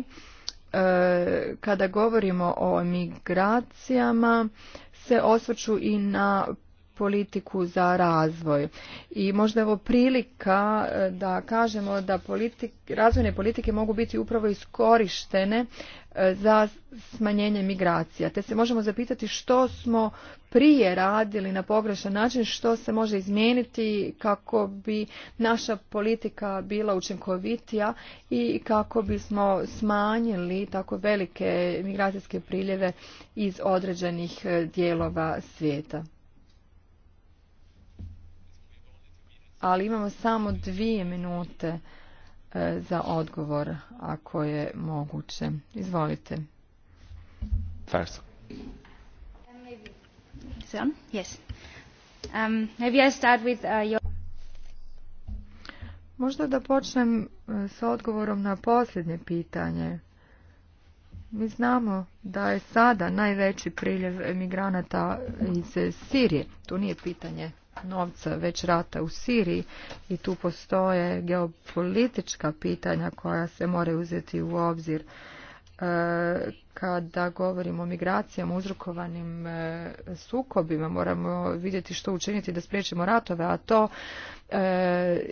e, kada govorimo o migracijama se osvrću i na politiku za razvoj. I možda evo prilika e, da kažemo da razvojne politike mogu biti upravo iskorištene e, za smanjenje migracija. Te se možemo zapitati što smo prije radili na pogrešan način, što se može izmijeniti kako bi naša politika bila učinkovitija i kako bismo smanjili tako velike migracijske priljeve iz određenih e, dijelova svijeta. ali imamo samo dvije minute e, za odgovor, ako je moguće. Izvolite.
First.
Um, uh,
Možda da počnem e, s odgovorom na posljednje pitanje. Mi znamo da je sada najveći priljev emigranata iz Sirije. Tu nije pitanje novca već rata u Siriji i tu postoje geopolitička pitanja koja se moraju uzeti u obzir e, kada govorimo o migracijama uzrokovanim e, sukobima moramo vidjeti što učiniti da spriječimo ratove a to E,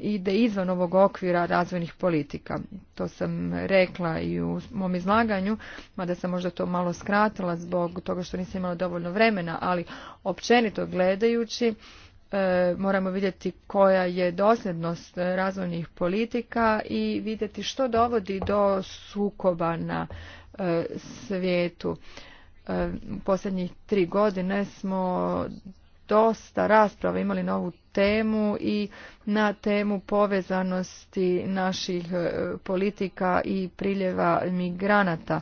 ide izvan ovog okvira razvojnih politika. To sam rekla i u mom izlaganju, mada sam možda to malo skratila zbog toga što nisam imala dovoljno vremena, ali općenito gledajući e, moramo vidjeti koja je dosljednost razvojnih politika i vidjeti što dovodi do sukoba na e, svijetu. posljednjih tri godine smo dosta rasprava imali novu temu i na temu povezanosti naših e, politika i priljeva migranata.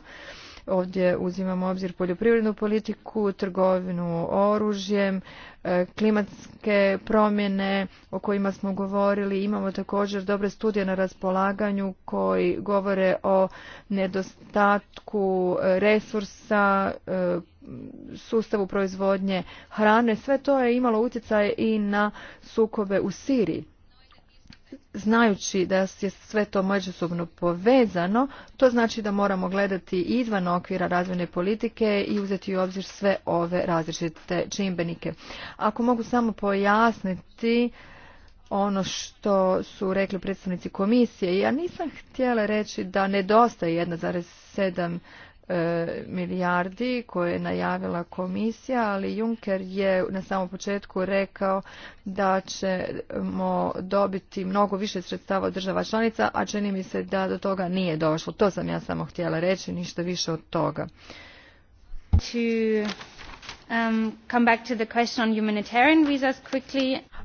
Ovdje uzimamo obzir poljoprivrednu politiku, trgovinu oružjem, e, klimatske promjene o kojima smo govorili. Imamo također dobre studije na raspolaganju koji govore o nedostatku resursa, e, sustavu proizvodnje hrane, sve to je imalo utjecaj i na sukobe u Siriji. Znajući da je sve to međusobno povezano, to znači da moramo gledati izvan okvira razvojne politike i uzeti u obzir sve ove različite čimbenike. Ako mogu samo pojasniti ono što su rekli predstavnici komisije, ja nisam htjela reći da nedostaje 1,7 E, milijardi koje je najavila komisija, ali Juncker je na samom početku rekao da ćemo dobiti mnogo više sredstava od država članica, a čini mi se da do toga nije došlo. To sam ja samo htjela reći, ništa više od toga.
To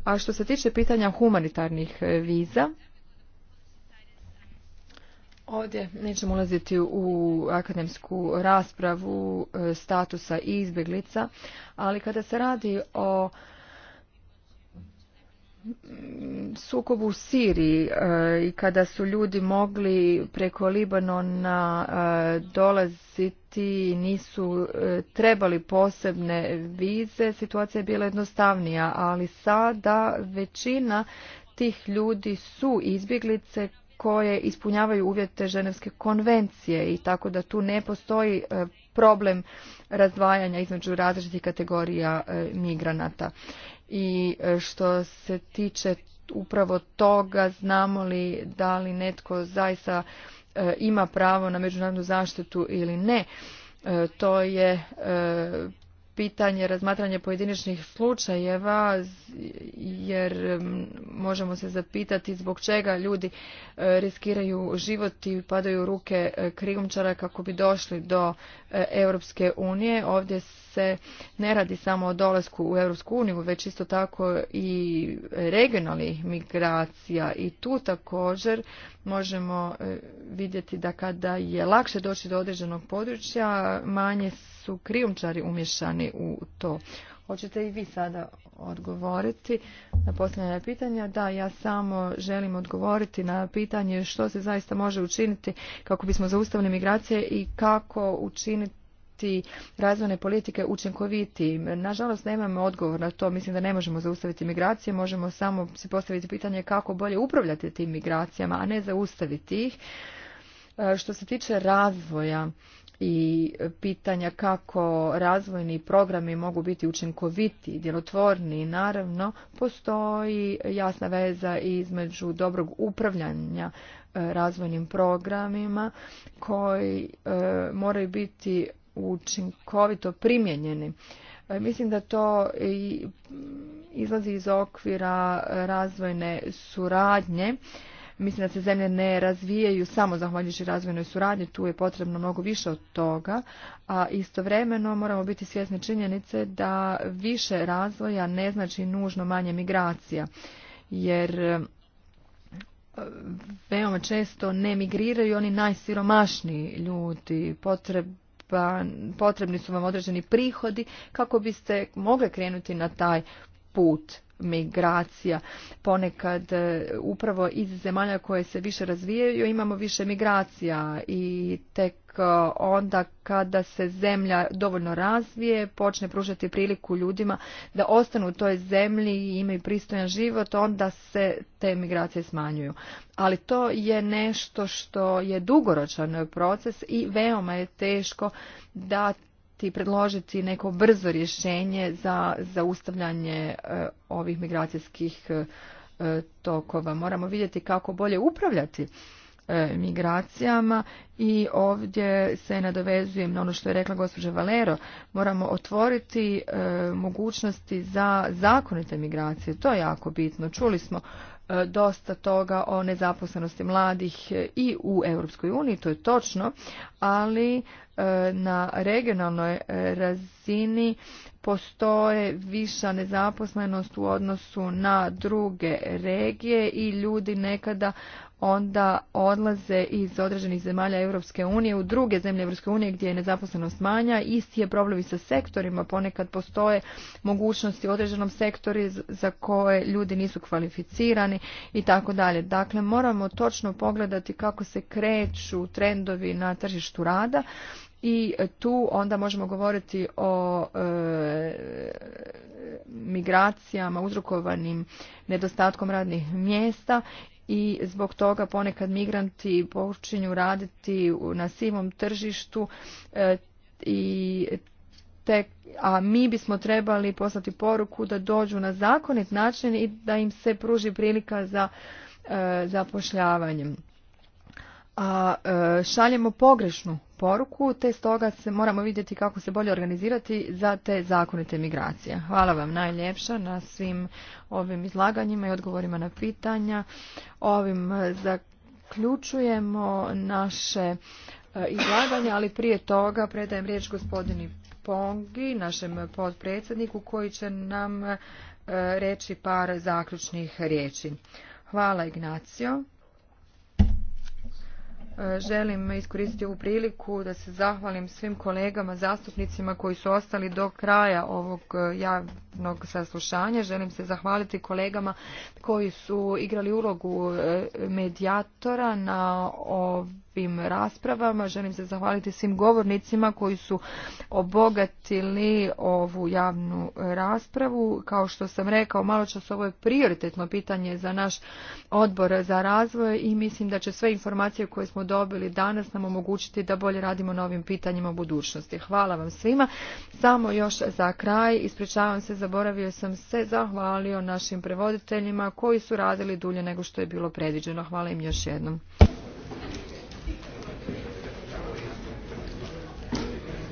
A što se tiče pitanja humanitarnih viza, Ovdje nećemo ulaziti u akademsku raspravu e, statusa i izbjeglica, ali kada se radi o mm, sukobu u Siriji e, i kada su ljudi mogli preko Libanona e, dolaziti nisu trebali posebne vize, situacija je bila jednostavnija, ali sada većina tih ljudi su izbjeglice koje ispunjavaju uvjete Ženevske konvencije i tako da tu ne postoji e, problem razdvajanja između različitih kategorija e, migranata. I e, što se tiče upravo toga, znamo li da li netko zaista ima pravo na međunarodnu zaštitu ili ne, to je pitanje razmatranje pojedinačnih slučajeva jer možemo se zapitati zbog čega ljudi e, riskiraju život i padaju u ruke e, krijumčara kako bi došli do e, Europske unije. Ovdje se ne radi samo o dolasku u Europsku uniju, već isto tako i regionalnih migracija i tu također možemo e, vidjeti da kada je lakše doći do određenog područja, manje su krijumčari umješani u to. Hoćete i vi sada odgovoriti na posljednje pitanja? Da, ja samo želim odgovoriti na pitanje što se zaista može učiniti kako bismo zaustavili migracije i kako učiniti učiniti razvojne politike učinkovitijim. Nažalost, nemamo odgovor na to. Mislim da ne možemo zaustaviti migracije, možemo samo se postaviti pitanje kako bolje upravljati tim migracijama, a ne zaustaviti ih. E, što se tiče razvoja i pitanja kako razvojni programi mogu biti učinkoviti, djelotvorni, naravno, postoji jasna veza između dobrog upravljanja e, razvojnim programima koji e, moraju biti učinkovito primjenjeni. E, mislim da to izlazi iz okvira e, razvojne suradnje. Mislim da se zemlje ne razvijaju samo zahvaljujući razvojnoj suradnji, tu je potrebno mnogo više od toga, a istovremeno moramo biti svjesni činjenice da više razvoja ne znači nužno manje migracija, jer e, veoma često ne migriraju oni najsiromašniji ljudi, Potrebno pa potrebni su vam određeni prihodi kako biste mogli krenuti na taj put migracija. Ponekad e, upravo iz zemalja koje se više razvijaju imamo više migracija i tek onda kada se zemlja dovoljno razvije, počne pružati priliku ljudima da ostanu u toj zemlji i imaju pristojan život, onda se te migracije smanjuju. Ali to je nešto što je dugoročan proces i veoma je teško da ti predložiti neko brzo rješenje za zaustavljanje e, ovih migracijskih e, tokova. Moramo vidjeti kako bolje upravljati E, migracijama i ovdje se nadovezujem na ono što je rekla gospođa Valero. Moramo otvoriti e, mogućnosti za zakonite migracije. To je jako bitno. Čuli smo e, dosta toga o nezaposlenosti mladih i u Europskoj uniji, to je točno, ali na regionalnoj razini postoje viša nezaposlenost u odnosu na druge regije i ljudi nekada onda odlaze iz određenih zemalja Europske unije u druge zemlje Europske unije gdje je nezaposlenost manja. Isti je problem i sa sektorima. Ponekad postoje mogućnosti u određenom sektoru za koje ljudi nisu kvalificirani i tako dalje. Dakle, moramo točno pogledati kako se kreću trendovi na tržištu rada i tu onda možemo govoriti o e, migracijama uzrokovanim nedostatkom radnih mjesta i zbog toga ponekad migranti počinju raditi na sivom tržištu e, i te, a mi bismo trebali poslati poruku da dođu na zakonit način i da im se pruži prilika za e, zapošljavanjem a e, šaljemo pogrešnu poruku, te stoga se moramo vidjeti kako se bolje organizirati za te zakonite migracije. Hvala vam najljepša na svim ovim izlaganjima i odgovorima na pitanja. Ovim e, zaključujemo naše e, izlaganje, ali prije toga predajem riječ gospodini Pongi, našem podpredsjedniku, koji će nam reći par zaključnih riječi. Hvala Ignacio želim iskoristiti ovu priliku da se zahvalim svim kolegama zastupnicima koji su ostali do kraja ovog e, javnog saslušanja. Želim se zahvaliti kolegama koji su igrali ulogu e, medijatora na ovom ovim raspravama. Želim se zahvaliti svim govornicima koji su obogatili ovu javnu raspravu. Kao što sam rekao, malo čas ovo je prioritetno pitanje za naš odbor za razvoj i mislim da će sve informacije koje smo dobili danas nam omogućiti da bolje radimo na ovim pitanjima u budućnosti. Hvala vam svima. Samo još za kraj, ispričavam se, zaboravio sam se, zahvalio našim prevoditeljima koji su radili dulje nego što je bilo predviđeno. Hvala im još jednom.